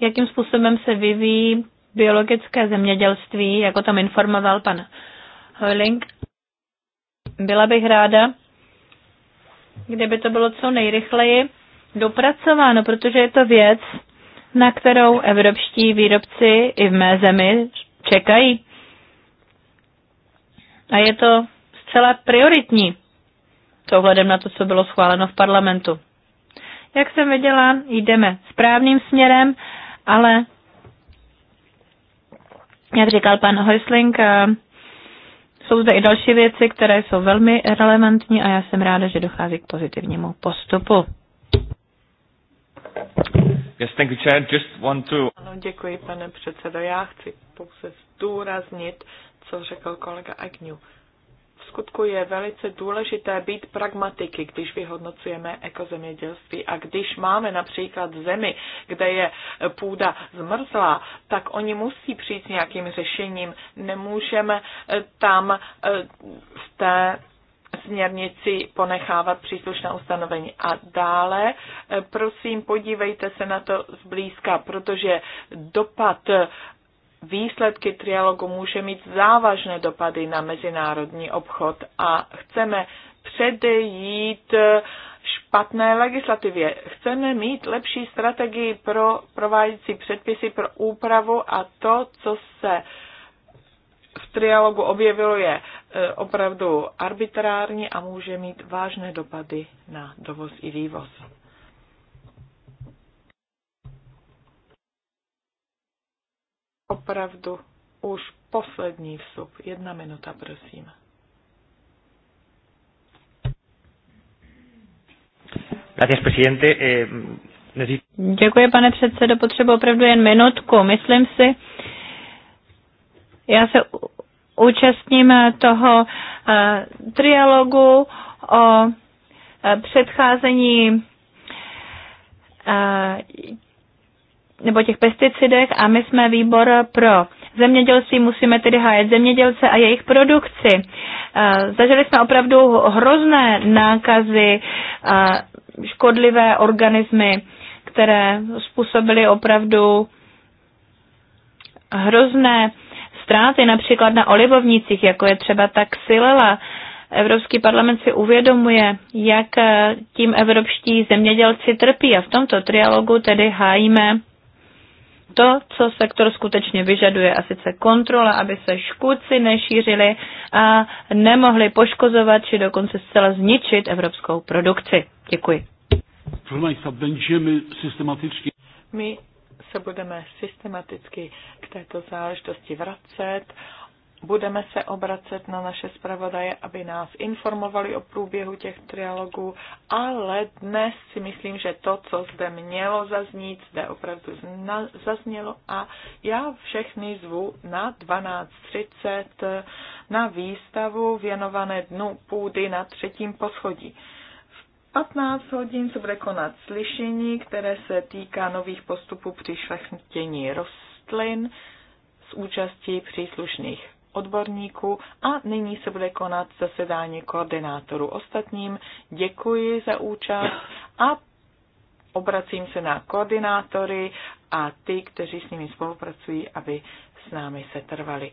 jakým způsobem se vyvíjí biologické zemědělství, jako tam informoval pan Hojling. Byla bych ráda, kdyby to bylo co nejrychleji dopracováno, protože je to věc, na kterou evropští výrobci i v mé zemi čekají. A je to zcela prioritní s ohledem na to, co bylo schváleno v parlamentu. Jak jsem viděla, jdeme správným směrem, ale jak říkal pan Heusling, eh, jsou zde i další věci, které jsou velmi relevantní a já jsem ráda, že dochází k pozitivnímu postupu. Yes, thank you, Chair. Just want to... Ano, děkuji, pane předsedo. Já chci pouze zdůraznit, co řekl kolega Agnew skutku je velice důležité být pragmatiky, když vyhodnocujeme ekozemědělství. A když máme například zemi, kde je půda zmrzlá, tak oni musí přijít s nějakým řešením. Nemůžeme eh, tam v eh, té směrnici ponechávat příslušná ustanovení. A dále, eh, prosím, podívejte se na to zblízka, protože dopad výsledky trialogu může mít závažné dopady na mezinárodní obchod a chceme předejít špatné legislativě. Chceme mít lepší strategii pro prováděcí předpisy pro úpravu a to, co se v trialogu objevilo, je e, opravdu arbitrární a může mít vážné dopady na dovoz i vývoz. opravdu už poslední vstup. Jedna minuta, prosím. Gracias, presidente. Eh, Děkuji, pane předsedo. Potřebuji opravdu jen minutku. Myslím si, já se účastním eh, toho uh, trialogu o uh, předcházení uh, nebo těch pesticidech a my jsme výbor pro zemědělství, musíme tedy hájet zemědělce a jejich produkci. E, zažili jsme opravdu hrozné nákazy, škodlivé organismy, které způsobily opravdu hrozné ztráty, například na olivovnicích, jako je třeba ta xilela. Evropský parlament si uvědomuje, jak tím evropští zemědělci trpí a v tomto trialogu tedy hájíme to, co sektor skutečně vyžaduje, a sice kontrola, aby se škůdci nešířili a nemohli poškozovat či dokonce zcela zničit evropskou produkci. Děkuji. My se budeme systematicky k této záležitosti vracet Budeme se obracet na naše zpravodaje, aby nás informovali o průběhu těch trialogů, ale dnes si myslím, že to, co zde mělo zaznít, zde opravdu zaznělo a já všechny zvu na 12.30 na výstavu věnované Dnu půdy na třetím poschodí. v 15 hodin se bude konat slyšení, které se týká nových postupů při šlechtění rostlin s účastí příslušných odborníků a nyní se bude konat zasedání koordinátorů. Ostatním děkuji za účast a obracím se na koordinátory a ty, kteří s nimi spolupracují, aby s námi se trvali.